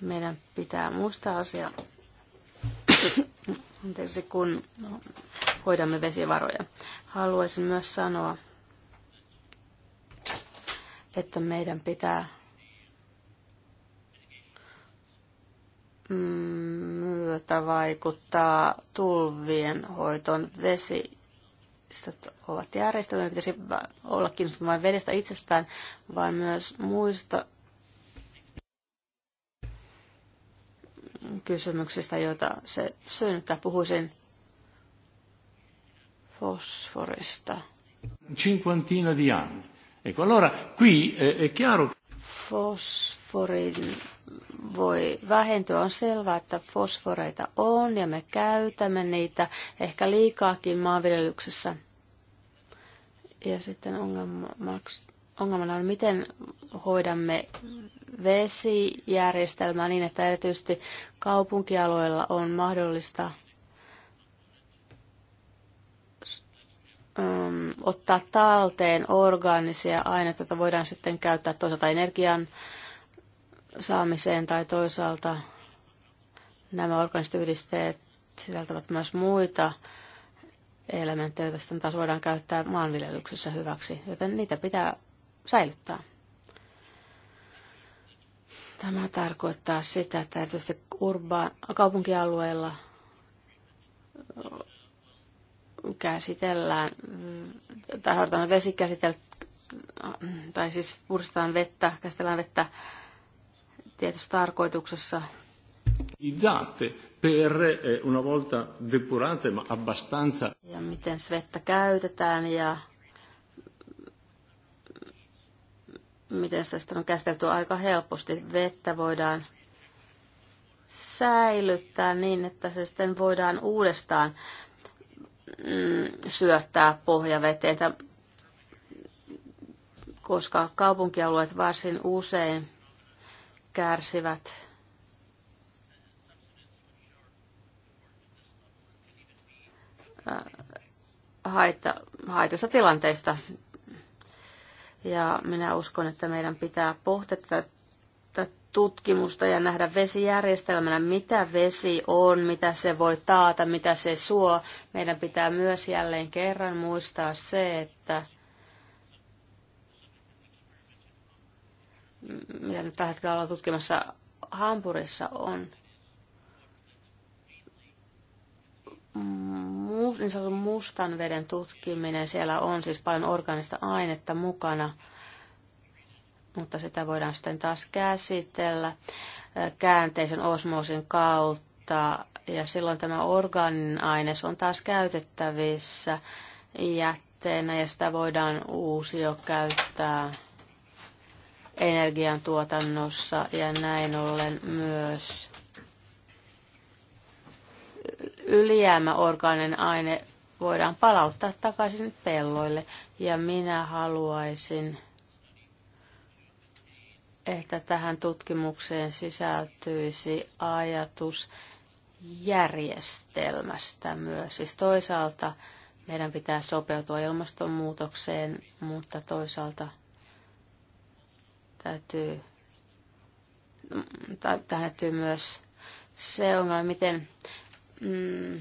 Meidän pitää muistaa asia, anteeksi, kun hoidamme vesivaroja. Haluaisin myös sanoa, että meidän pitää mm, myötä vaikuttaa tulvien hoitoon vesi ovat järjestelmiä, pitäisi olla vain vedestä itsestään, vaan myös muista kysymyksistä, joita se synnyttää. Puhuisin fosforista. Cinquantina di anni. Ecco, allora qui eh, è chiaro... Fosforin voi vähentyä. On selvää, että fosforeita on ja me käytämme niitä ehkä liikaakin maanviljelyksessä. Ja sitten ongelmaksi ongelmana on, miten hoidamme vesijärjestelmää niin, että erityisesti kaupunkialueilla on mahdollista ähm, ottaa talteen orgaanisia aineita, joita voidaan sitten käyttää toisaalta energian saamiseen tai toisaalta nämä orgaaniset yhdisteet sisältävät myös muita elementtejä, joita sitten taas voidaan käyttää maanviljelyksessä hyväksi, joten niitä pitää säilyttää. Tämä tarkoittaa sitä, että erityisesti urbaan, kaupunkialueella käsitellään, tai hartaan vesi tai siis puristetaan vettä, käsitellään vettä tietyssä tarkoituksessa. per eh, una volta depurate, ma abbastanza. Ja miten vettä käytetään ja miten tästä on käsitelty aika helposti. Vettä voidaan säilyttää niin, että se sitten voidaan uudestaan mm, syöttää pohjaveteen, koska kaupunkialueet varsin usein kärsivät haitta, haitoista tilanteista ja minä uskon, että meidän pitää pohtia tätä tutkimusta ja nähdä vesijärjestelmänä, mitä vesi on, mitä se voi taata, mitä se suo. Meidän pitää myös jälleen kerran muistaa se, että mitä nyt tällä hetkellä ollaan tutkimassa Hampurissa on niin sanotun mustan veden tutkiminen. Siellä on siis paljon organista ainetta mukana, mutta sitä voidaan sitten taas käsitellä käänteisen osmoosin kautta. Ja silloin tämä orgaanin aines on taas käytettävissä jätteenä ja sitä voidaan uusio käyttää energiantuotannossa ja näin ollen myös orgaaninen aine voidaan palauttaa takaisin pelloille. Ja minä haluaisin, että tähän tutkimukseen sisältyisi ajatus järjestelmästä myös. Siis toisaalta meidän pitää sopeutua ilmastonmuutokseen, mutta toisaalta täytyy, täytyy myös se ongelma, miten mm,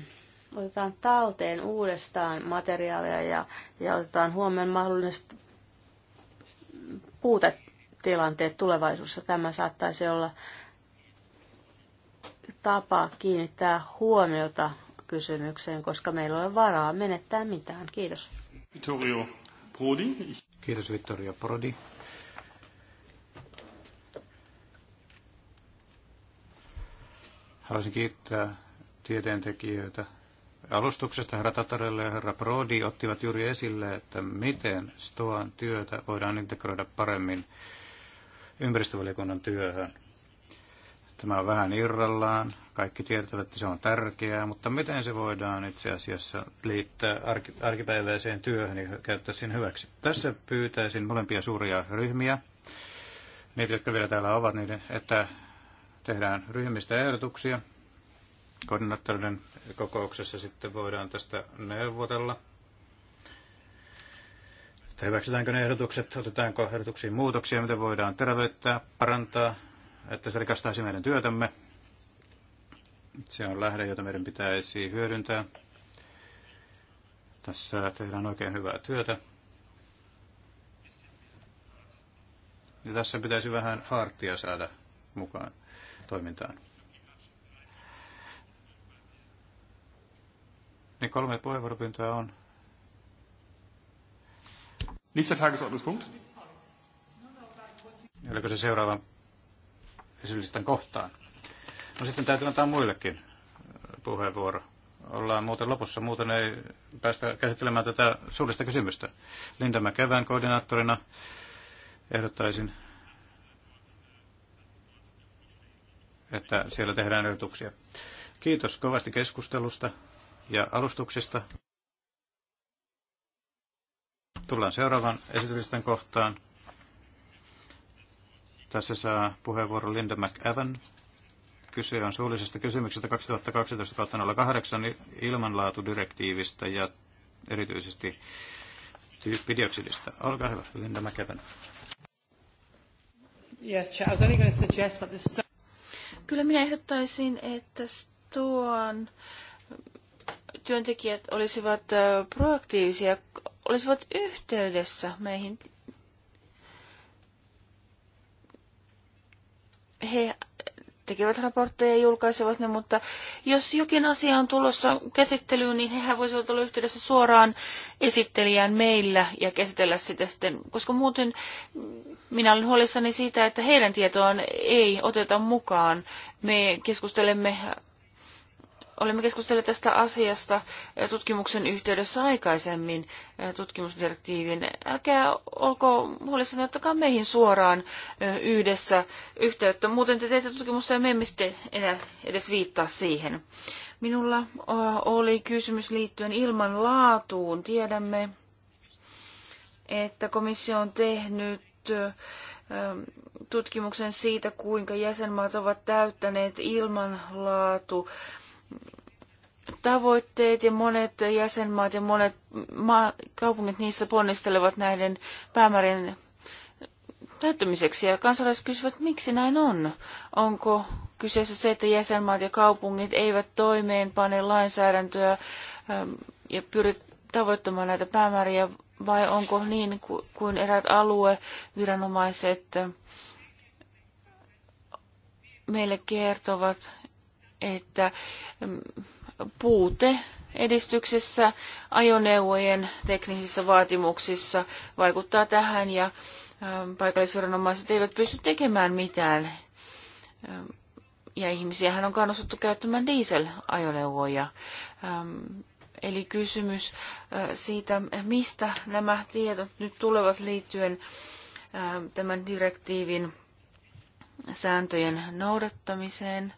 otetaan talteen uudestaan materiaalia ja, ja otetaan huomioon mahdolliset puutetilanteet tulevaisuudessa. Tämä saattaisi olla tapa kiinnittää huomiota kysymykseen, koska meillä ei ole varaa menettää mitään. Kiitos. Vittorio Prodi. Kiitos Vittorio Prodi. Haluaisin kiittää tieteentekijöitä. Alustuksesta herra Tatarelle ja herra Prodi ottivat juuri esille, että miten STOAN työtä voidaan integroida paremmin ympäristövaliokunnan työhön. Tämä on vähän irrallaan. Kaikki tietävät, että se on tärkeää, mutta miten se voidaan itse asiassa liittää arkipäiväiseen työhön ja käyttää sen hyväksi. Tässä pyytäisin molempia suuria ryhmiä, niitä, jotka vielä täällä ovat, niin, että tehdään ryhmistä ehdotuksia koordinaattoreiden kokouksessa sitten voidaan tästä neuvotella. Että hyväksytäänkö ne ehdotukset, otetaanko ehdotuksiin muutoksia, miten voidaan terveyttää, parantaa, että se rikastaisi meidän työtämme. Se on lähde, jota meidän pitäisi hyödyntää. Tässä tehdään oikein hyvää työtä. Ja tässä pitäisi vähän hartia saada mukaan toimintaan. Ne kolme puheenvuoropyyntöä on. Missä Tagesordnungspunkt. Oliko se seuraava esillistän kohtaan? No sitten täytyy antaa muillekin puheenvuoro. Ollaan muuten lopussa, muuten ei päästä käsittelemään tätä suurista kysymystä. Linda Mäkevän koordinaattorina ehdottaisin, että siellä tehdään ehdotuksia. Kiitos kovasti keskustelusta ja alustuksista. Tullaan seuraavan esityksen kohtaan. Tässä saa puheenvuoro Linda McEvan. Kyse on suullisesta kysymyksestä 2012-08 ilmanlaatudirektiivistä ja erityisesti tyyppidioksidista. Olkaa hyvä, Linda McEvan. Yes, I was only going to suggest that Kyllä minä ehdottaisin, että tuon työntekijät olisivat proaktiivisia, olisivat yhteydessä meihin. He tekevät raportteja ja julkaisevat ne, mutta jos jokin asia on tulossa käsittelyyn, niin hehän voisivat olla yhteydessä suoraan esittelijään meillä ja käsitellä sitä sitten, koska muuten minä olen huolissani siitä, että heidän tietoaan ei oteta mukaan. Me keskustelemme Olemme keskustelleet tästä asiasta eh, tutkimuksen yhteydessä aikaisemmin eh, tutkimusdirektiivin. Älkää olko huolissanne, ottakaa meihin suoraan eh, yhdessä yhteyttä. Muuten te teette tutkimusta ja me emme sitten enää edes viittaa siihen. Minulla oli kysymys liittyen ilmanlaatuun. Tiedämme, että komissio on tehnyt tutkimuksen siitä, kuinka jäsenmaat ovat täyttäneet ilmanlaatu tavoitteet ja monet jäsenmaat ja monet maa, kaupungit niissä ponnistelevat näiden päämäärien täyttämiseksi. Ja kansalaiset kysyvät, miksi näin on? Onko kyseessä se, että jäsenmaat ja kaupungit eivät toimeenpane lainsäädäntöä ähm, ja pyri tavoittamaan näitä päämääriä, vai onko niin kuin erät alueviranomaiset äh, meille kertovat, että ähm, puute edistyksessä ajoneuvojen teknisissä vaatimuksissa vaikuttaa tähän ja ähm, paikallisviranomaiset eivät pysty tekemään mitään. Ähm, ja ihmisiähän on kannustettu käyttämään dieselajoneuvoja. Ähm, eli kysymys äh, siitä, mistä nämä tiedot nyt tulevat liittyen tämän direktiivin sääntöjen noudattamiseen.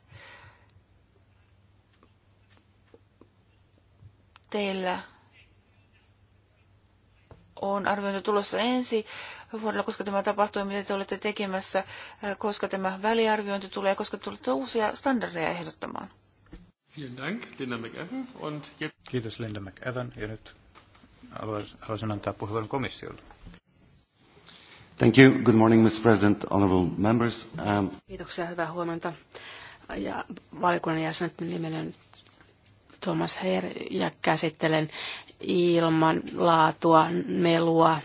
teillä on arviointi tulossa ensi vuodella, koska tämä tapahtuu, mitä te olette tekemässä, äh, koska tämä väliarviointi tulee, koska tulette uusia standardeja ehdottamaan. Kiitos Linda McEvan ja nyt haluaisin antaa puheenvuoron komissiolle. Thank you. Good morning, Mr. President, honorable members. Um... Kiitoksia, hyvää huomenta. Ja valiokunnan jäsenet nimenen niin Thomas Heer ja käsittelen ilman laatua, melua,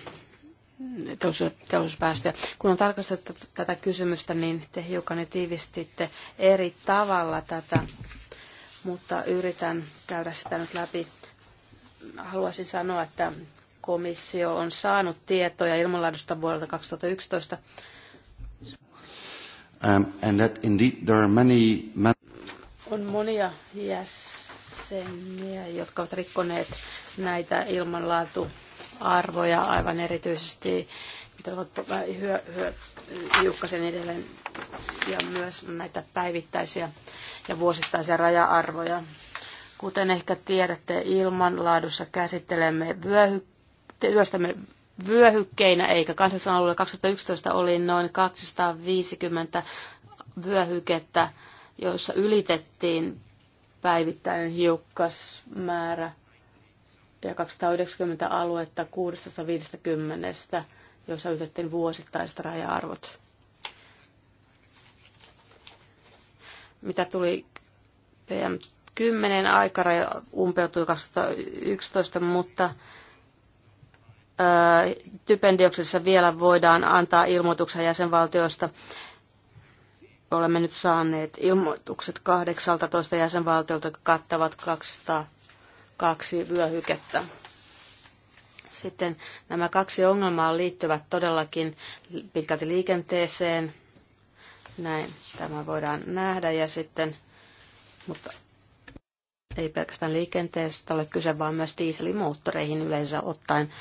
teollisuuspäästöjä. Kun on tarkastettu tätä kysymystä, niin te hiukan tiivistitte eri tavalla tätä, mutta yritän käydä sitä nyt läpi. Haluaisin sanoa, että komissio on saanut tietoja ilmanlaadusta vuodelta 2011. Um, and that indeed there are many... On monia yes jäseniä, jotka ovat rikkoneet näitä ilmanlaatuarvoja aivan erityisesti hyö, hyö, hiukkasen edelleen ja myös näitä päivittäisiä ja vuosittaisia raja-arvoja. Kuten ehkä tiedätte, ilmanlaadussa käsittelemme vyöhy, työstämme vyöhykkeinä eikä kansallisen alueella. 2011 oli noin 250 vyöhykettä, joissa ylitettiin päivittäinen hiukkasmäärä ja 290 aluetta 650, joissa ylitettiin vuosittaiset raja-arvot. Mitä tuli PM10 aikaraja umpeutui 2011, mutta typendioksissa vielä voidaan antaa ilmoituksen jäsenvaltioista olemme nyt saaneet ilmoitukset 18 jäsenvaltiolta, jotka kattavat 202 vyöhykettä. Sitten nämä kaksi ongelmaa liittyvät todellakin pitkälti liikenteeseen. Näin tämä voidaan nähdä ja sitten, mutta ei pelkästään liikenteestä ole kyse, vaan myös dieselimoottoreihin yleensä ottaen.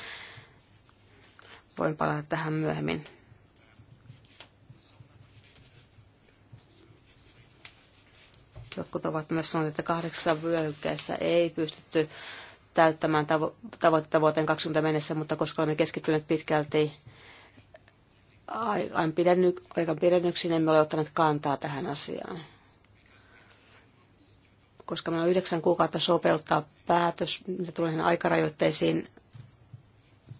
Voin palata tähän myöhemmin Jotkut ovat myös sanoneet, että kahdeksassa vyöhykkeessä ei pystytty täyttämään tavo- tavoitetta vuoteen 20 mennessä, mutta koska olemme keskittyneet pitkälti aikaan pidenny- pidennyksiin, emme ole ottaneet kantaa tähän asiaan. Koska meillä on yhdeksän kuukautta sopeuttaa päätös, mitä tulee aikarajoitteisiin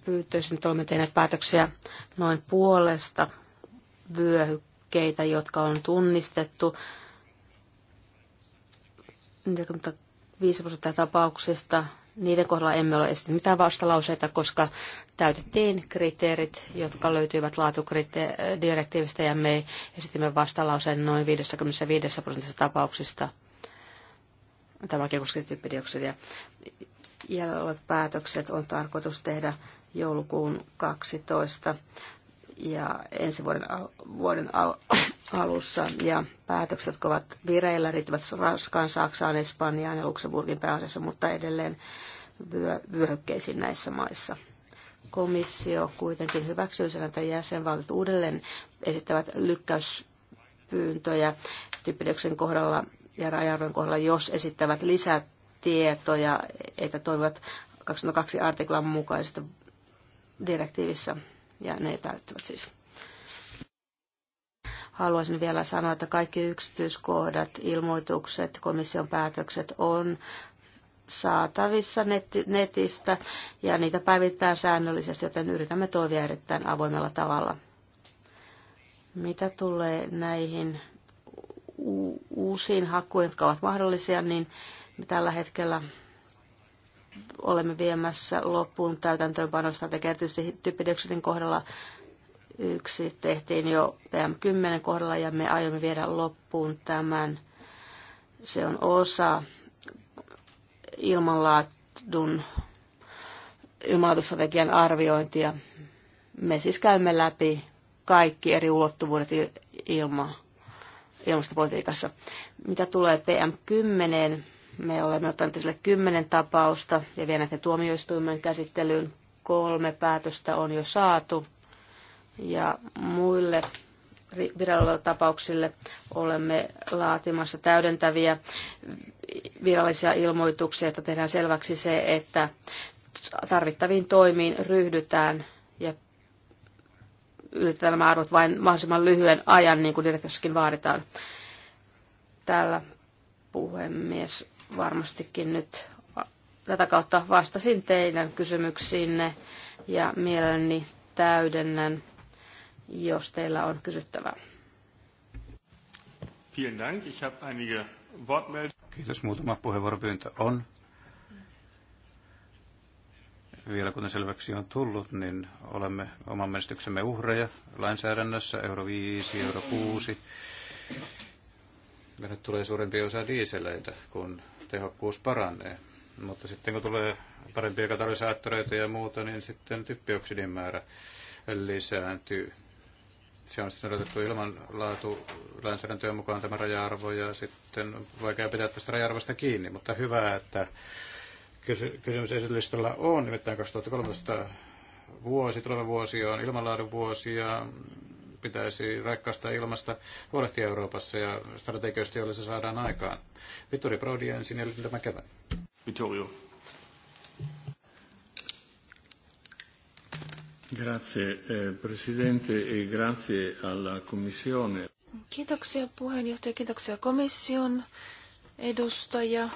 pyytöisin, että olemme tehneet päätöksiä noin puolesta vyöhykkeitä, jotka on tunnistettu 45 prosenttia tapauksista, niiden kohdalla emme ole esittäneet mitään vastalauseita, koska täytettiin kriteerit, jotka löytyivät laatudirektiivistä ja me esitimme vastalauseen noin 55 prosentissa tapauksista. on koskee typpidioksidia. Jäljellä olevat päätökset on tarkoitus tehdä joulukuun 12 ja ensi vuoden, al- vuoden al- alussa ja päätökset, jotka ovat vireillä, riittävät Ranskaan, Saksaan, Espanjaan ja Luxemburgin pääasiassa, mutta edelleen vyö, vyöhykkeisiin näissä maissa. Komissio kuitenkin hyväksyy sen, että jäsenvaltiot uudelleen esittävät lykkäyspyyntöjä typpidioksen kohdalla ja rajarven kohdalla, jos esittävät lisätietoja, että toivat 22 artiklan mukaisesti direktiivissä, ja ne täyttyvät siis. Haluaisin vielä sanoa, että kaikki yksityiskohdat, ilmoitukset, komission päätökset on saatavissa netistä ja niitä päivitetään säännöllisesti, joten yritämme toimia erittäin avoimella tavalla. Mitä tulee näihin uusiin hakuihin, jotka ovat mahdollisia, niin tällä hetkellä olemme viemässä loppuun täytäntöönpanosta, ja erityisesti typpidioksidin kohdalla Yksi tehtiin jo PM10 kohdalla ja me aiomme viedä loppuun tämän. Se on osa ilmanlaadun ilmanlaatustrategian arviointia. Me siis käymme läpi kaikki eri ulottuvuudet ilma, ilmastopolitiikassa. Mitä tulee PM10, me olemme ottaneet sille kymmenen tapausta ja vieneet ne tuomioistuimen käsittelyyn. Kolme päätöstä on jo saatu ja muille virallisille tapauksille olemme laatimassa täydentäviä virallisia ilmoituksia, että tehdään selväksi se, että tarvittaviin toimiin ryhdytään ja yritetään nämä arvot vain mahdollisimman lyhyen ajan, niin kuin direktiivissäkin vaaditaan. Täällä puhemies varmastikin nyt tätä kautta vastasin teidän kysymyksiinne ja mielelläni täydennän jos teillä on kysyttävää. Vielen Dank. Ich habe einige Wortmeldungen. Kiitos. Muutama puheenvuoropyyntö on. Vielä kuten selväksi on tullut, niin olemme oman menestyksemme uhreja lainsäädännössä, euro 5, euro 6. Meille tulee suurempi osa diiseleitä, kun tehokkuus paranee. Mutta sitten kun tulee parempia katalysaattoreita ja muuta, niin sitten typpioksidin määrä lisääntyy. Se on sitten odotettu ilman laatu lainsäädäntöön mukaan tämä raja-arvo ja sitten vaikea pitää tästä raja-arvosta kiinni, mutta hyvä, että kysy- kysymys esitellistalla on, nimittäin 2013 vuosi, tuleva vuosi on ilmanlaadun vuosi ja pitäisi rakkaasta ilmasta huolehtia Euroopassa ja strategioista, jolla se saadaan aikaan. Vittori Brodi ensin eli tämä kevään. Vittorio. Grazie, eh, presidente, e grazie alla commissione. Kiitoksia puheenjohtaja, kiitoksia komission edustaja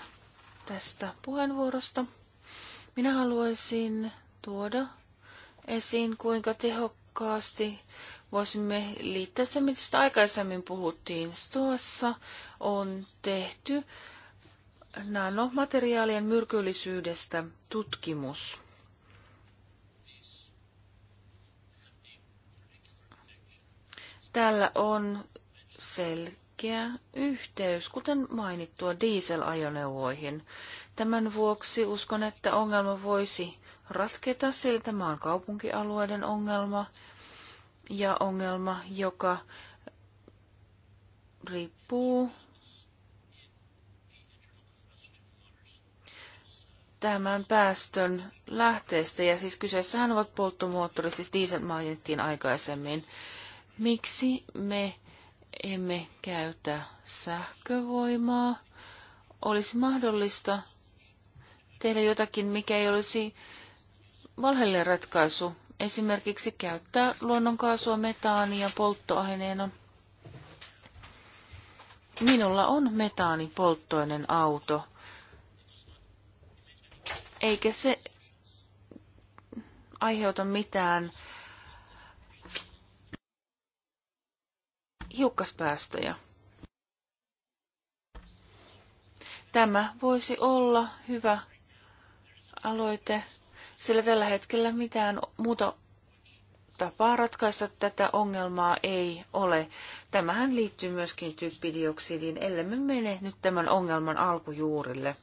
tästä puheenvuorosta. Minä haluaisin tuoda esiin, kuinka tehokkaasti voisimme liittää se, mistä aikaisemmin puhuttiin. Tuossa on tehty nanomateriaalien myrkyllisyydestä tutkimus. Tällä on selkeä yhteys, kuten mainittua, dieselajoneuvoihin. Tämän vuoksi uskon, että ongelma voisi ratketa, sillä tämä on kaupunkialueiden ongelma ja ongelma, joka riippuu tämän päästön lähteestä. Ja siis kyseessähän ovat polttomoottorit, siis diesel mainittiin aikaisemmin. Miksi me emme käytä sähkövoimaa? Olisi mahdollista tehdä jotakin, mikä ei olisi valheellinen ratkaisu. Esimerkiksi käyttää luonnonkaasua, metaania polttoaineena. Minulla on metaanipolttoinen auto. Eikä se aiheuta mitään hiukkaspäästöjä. Tämä voisi olla hyvä aloite, sillä tällä hetkellä mitään muuta tapaa ratkaista tätä ongelmaa ei ole. Tämähän liittyy myöskin typpidioksidin, ellemme mene nyt tämän ongelman alkujuurille.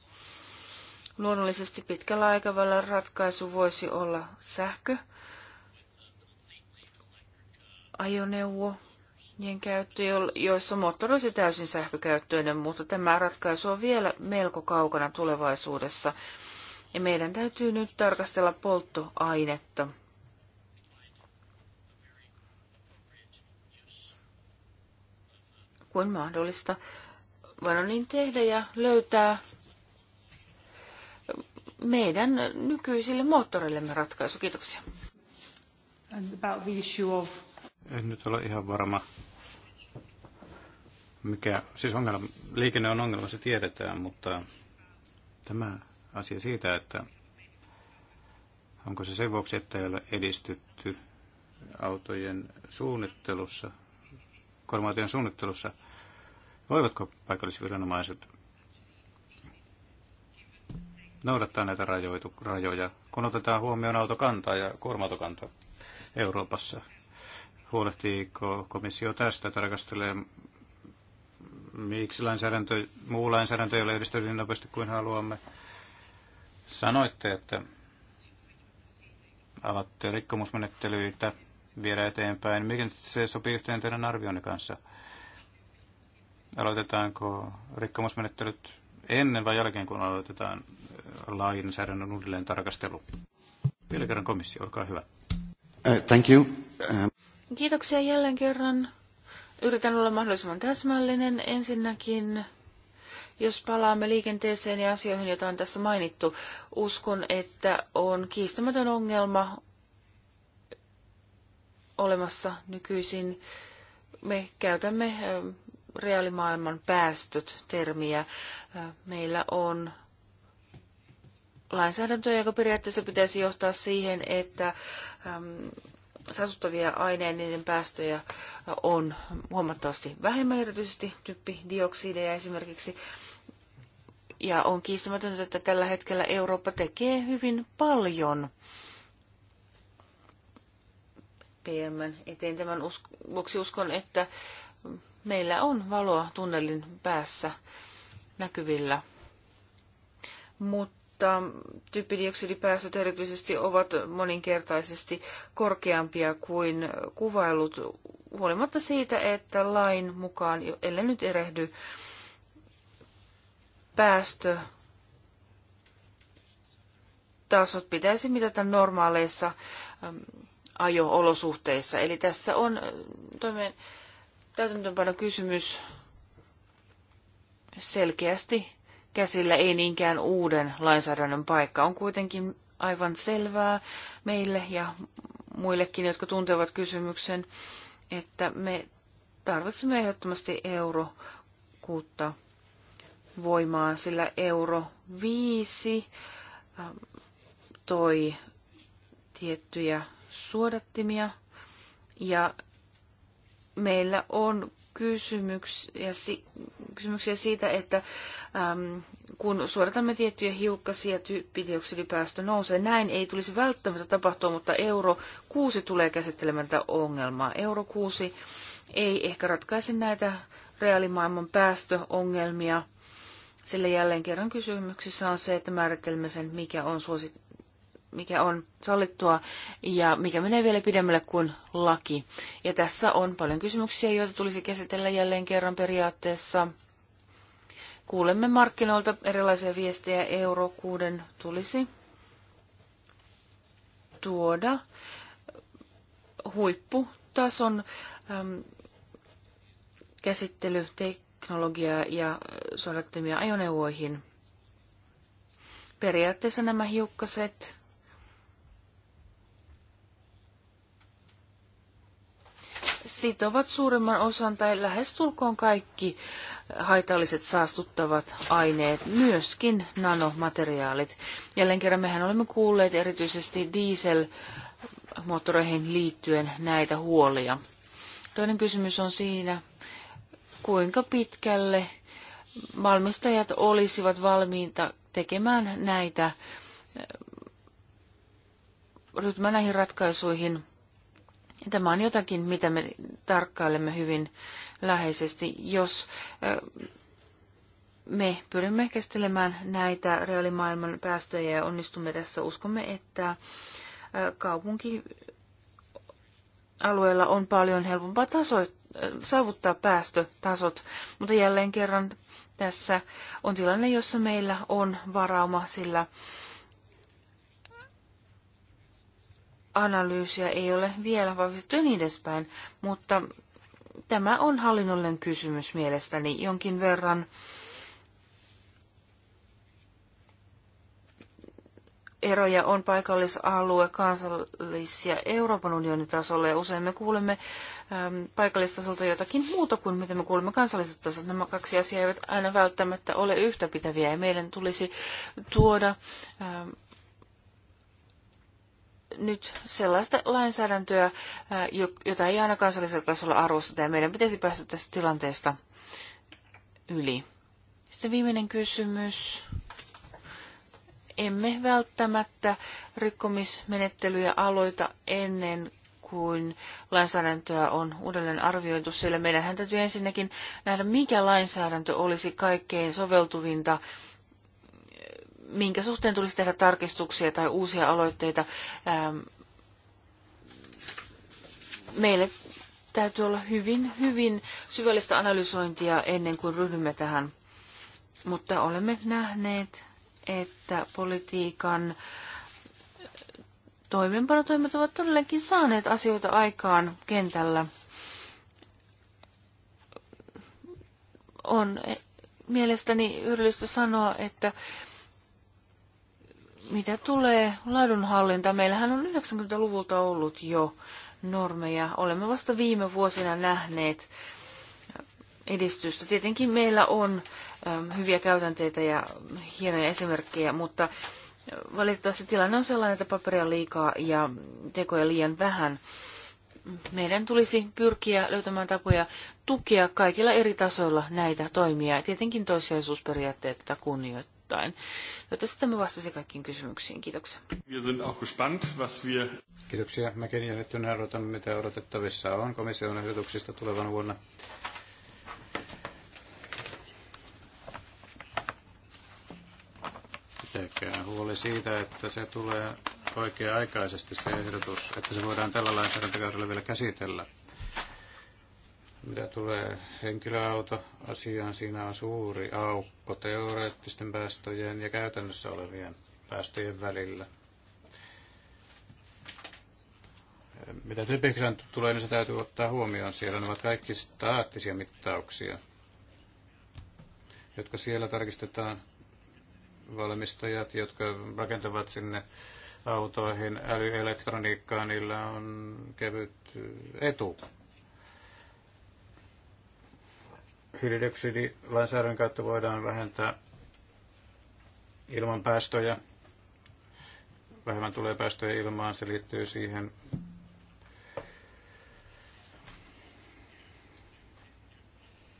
Luonnollisesti pitkällä aikavälillä ratkaisu voisi olla sähkö, ajoneuvo, niin käyttö, joissa moottori olisi täysin sähkökäyttöinen, mutta tämä ratkaisu on vielä melko kaukana tulevaisuudessa. Ja meidän täytyy nyt tarkastella polttoainetta. Kuin mahdollista, voidaan niin tehdä ja löytää meidän nykyisille moottoreillemme ratkaisu. Kiitoksia. En nyt ole ihan varma mikä, siis ongelma, liikenne on ongelma, se tiedetään, mutta tämä asia siitä, että onko se sen vuoksi, että ei ole edistytty autojen suunnittelussa, kuorma suunnittelussa, voivatko paikallisviranomaiset noudattaa näitä rajoitu, rajoja, kun otetaan huomioon autokantaa ja kuorma-autokanta Euroopassa? Huolehtiiko komissio tästä, tarkastelee miksi lainsäädäntö, muu lainsäädäntö ei ole edistynyt niin nopeasti kuin haluamme. Sanoitte, että alatte rikkomusmenettelyitä viedä eteenpäin. Miten se sopii yhteen teidän arvioinnin kanssa? Aloitetaanko rikkomusmenettelyt ennen vai jälkeen, kun aloitetaan äh, lainsäädännön uudelleen tarkastelu? Vielä kerran komissio, olkaa hyvä. Uh, thank you. Uh, Kiitoksia jälleen kerran Yritän olla mahdollisimman täsmällinen. Ensinnäkin, jos palaamme liikenteeseen ja asioihin, joita on tässä mainittu, uskon, että on kiistämätön ongelma olemassa nykyisin. Me käytämme reaalimaailman päästöt-termiä. Meillä on lainsäädäntöä, joka periaatteessa pitäisi johtaa siihen, että satuttavia aineiden niiden päästöjä on huomattavasti vähemmän, erityisesti typpidioksideja esimerkiksi. Ja on kiistämätöntä, että tällä hetkellä Eurooppa tekee hyvin paljon PM eteen. Tämän vuoksi uskon, että meillä on valoa tunnelin päässä näkyvillä. Mutta mutta typpidioksidipäästöt erityisesti ovat moninkertaisesti korkeampia kuin kuvailut, huolimatta siitä, että lain mukaan, ellei nyt erehdy, päästö tasot pitäisi mitata normaaleissa ähm, ajo-olosuhteissa. Eli tässä on äh, toimeen täytäntöönpano kysymys selkeästi käsillä, ei niinkään uuden lainsäädännön paikka. On kuitenkin aivan selvää meille ja muillekin, jotka tuntevat kysymyksen, että me tarvitsemme ehdottomasti eurokuutta voimaa, sillä euro 5 ähm, toi tiettyjä suodattimia ja meillä on kysymyksiä, kysymyksiä siitä, että äm, kun suoritamme tiettyjä hiukkasia, typpidioksidipäästö nousee. Näin ei tulisi välttämättä tapahtua, mutta euro 6 tulee käsittelemään tätä ongelmaa. Euro 6 ei ehkä ratkaise näitä reaalimaailman päästöongelmia, sillä jälleen kerran kysymyksessä on se, että määrittelemme sen, mikä on suosittu mikä on sallittua ja mikä menee vielä pidemmälle kuin laki. Ja tässä on paljon kysymyksiä, joita tulisi käsitellä jälleen kerran periaatteessa. Kuulemme markkinoilta erilaisia viestejä. Euro 6 tulisi tuoda huipputason äm, käsittelyteknologiaa ja sodattomia ajoneuvoihin. Periaatteessa nämä hiukkaset sitovat suurimman osan tai lähestulkoon kaikki haitalliset saastuttavat aineet, myöskin nanomateriaalit. Jälleen kerran mehän olemme kuulleet erityisesti dieselmoottoreihin liittyen näitä huolia. Toinen kysymys on siinä, kuinka pitkälle valmistajat olisivat valmiita tekemään näitä eh, ryhtymään näihin ratkaisuihin – tämä on jotakin, mitä me tarkkailemme hyvin läheisesti, jos me pyrimme käsittelemään näitä reaalimaailman päästöjä ja onnistumme tässä. Uskomme, että kaupunki alueella on paljon helpompaa taso, saavuttaa päästötasot, mutta jälleen kerran tässä on tilanne, jossa meillä on varauma, sillä analyysiä ei ole vielä vahvistettu ja niin edespäin, mutta tämä on hallinnollinen kysymys mielestäni jonkin verran. Eroja on paikallisalue, kansallis- ja Euroopan unionin tasolla, ja usein me kuulemme äm, paikallistasolta jotakin muuta kuin mitä me kuulemme kansalliselta tasolta. Nämä kaksi asiaa eivät aina välttämättä ole yhtäpitäviä, ja meidän tulisi tuoda äm, nyt sellaista lainsäädäntöä, jota ei aina kansallisella tasolla arvosteta, ja meidän pitäisi päästä tästä tilanteesta yli. Sitten viimeinen kysymys. Emme välttämättä rikkomismenettelyjä aloita ennen kuin lainsäädäntöä on uudelleen arvioitu, sillä meidän täytyy ensinnäkin nähdä, mikä lainsäädäntö olisi kaikkein soveltuvinta äh, minkä suhteen tulisi tehdä tarkistuksia tai uusia aloitteita. Ähm, meille täytyy olla hyvin, hyvin syvällistä analysointia ennen kuin ryhdymme tähän. Mutta olemme nähneet, että politiikan toimenpanotoimet ovat todellakin saaneet asioita aikaan kentällä. On mielestäni hyödyllistä sanoa, että mitä tulee laadunhallinta, meillähän on 90-luvulta ollut jo normeja. Olemme vasta viime vuosina nähneet edistystä. Tietenkin meillä on ähm, hyviä käytänteitä ja hienoja esimerkkejä, mutta äh, valitettavasti tilanne on sellainen, että paperia liikaa ja tekoja liian vähän. Meidän tulisi pyrkiä löytämään tapoja tukea kaikilla eri tasoilla näitä toimia, tietenkin toissijaisuusperiaatteita kunnioittaa vuosittain. Toivottavasti tämä vastasi kaikkiin kysymyksiin. Kiitoksia. Wir sind auch gespannt, was wir... Kiitoksia. Mäkin jännittynä odotan, mitä odotettavissa on komission ehdotuksista tulevan vuonna. pitäkää huoli siitä, että se tulee oikea-aikaisesti se ehdotus, että se voidaan tällä lainsäädäntökaudella vielä käsitellä. Mitä tulee henkilöautoasiaan, siinä on suuri aukko teoreettisten päästöjen ja käytännössä olevien päästöjen välillä. Mitä typiksään tulee, niin se täytyy ottaa huomioon. Siellä ne ovat kaikki staattisia mittauksia, jotka siellä tarkistetaan valmistajat, jotka rakentavat sinne autoihin, älyelektroniikkaa, niillä on kevyt etu hiilidioksidilainsäädännön kautta voidaan vähentää ilman päästöjä. Vähemmän tulee päästöjä ilmaan, se liittyy siihen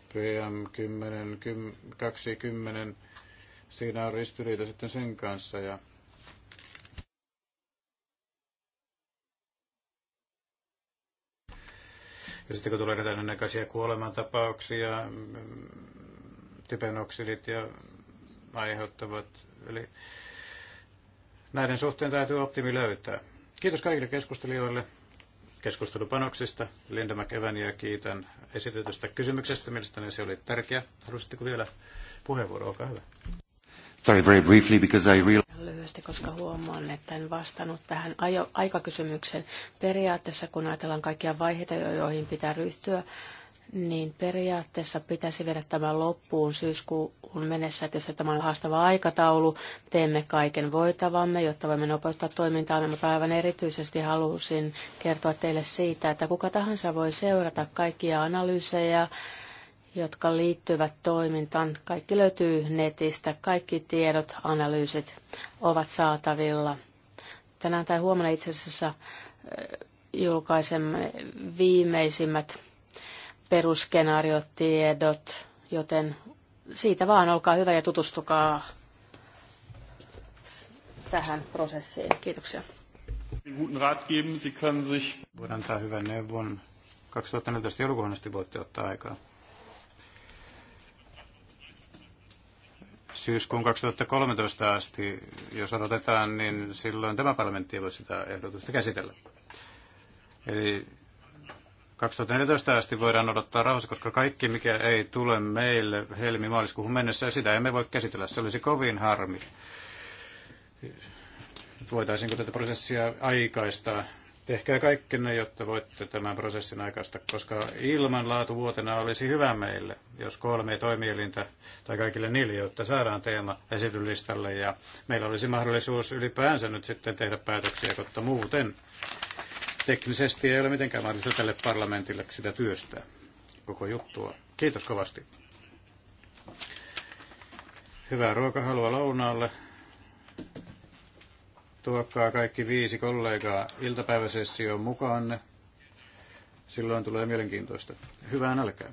PM10, 20, siinä on ristiriita sitten sen kanssa ja Ja sitten kun tulee näitä ennenäköisiä kuolemantapauksia, typenoksidit ja aiheuttavat. Eli näiden suhteen täytyy optimi löytää. Kiitos kaikille keskustelijoille keskustelupanoksista. Linda McEvania kiitän esitetystä kysymyksestä. Mielestäni se oli tärkeä. Haluaisitteko vielä puheenvuoro? Olkaa hyvä. Sorry, very briefly because I real lyhyesti, koska huomaan, että en vastannut tähän ajo- aikakysymykseen. Periaatteessa, kun ajatellaan kaikkia vaiheita, joihin pitää ryhtyä, niin periaatteessa pitäisi viedä tämä loppuun syyskuun mennessä, että jos tämä on haastava aikataulu, teemme kaiken voitavamme, jotta voimme nopeuttaa toimintaamme, mutta aivan erityisesti halusin kertoa teille siitä, että kuka tahansa voi seurata kaikkia analyysejä, jotka liittyvät toimintaan. Kaikki löytyy netistä, kaikki tiedot, analyysit ovat saatavilla. Tänään tai huomenna itse asiassa äh, julkaisemme viimeisimmät perusskenaariotiedot, joten siitä vaan olkaa hyvä ja tutustukaa tähän prosessiin. Kiitoksia. Voidaan antaa hyvän neuvon. 2014 joulukuunnasti voitte ottaa aikaa. syyskuun 2013 asti, jos odotetaan, niin silloin tämä parlamentti ei voi sitä ehdotusta käsitellä. Eli 2014 asti voidaan odottaa rauhassa, koska kaikki, mikä ei tule meille helmi-maaliskuuhun mennessä, sitä emme voi käsitellä. Se olisi kovin harmi. Voitaisiinko tätä prosessia aikaistaa Tehkää kaikkenne, jotta voitte tämän prosessin aikaista, koska ilman vuotena olisi hyvä meille, jos kolme toimielintä tai kaikille niille, jotta saadaan teema esitylistalle ja meillä olisi mahdollisuus ylipäänsä nyt sitten tehdä päätöksiä, koska muuten teknisesti ei ole mitenkään mahdollista tälle parlamentille sitä työstää koko juttua. Kiitos kovasti. Hyvää ruokahalua lounaalle. Tuokkaa kaikki viisi kollegaa iltapäiväsessioon mukaanne. Silloin tulee mielenkiintoista. Hyvää nälkää.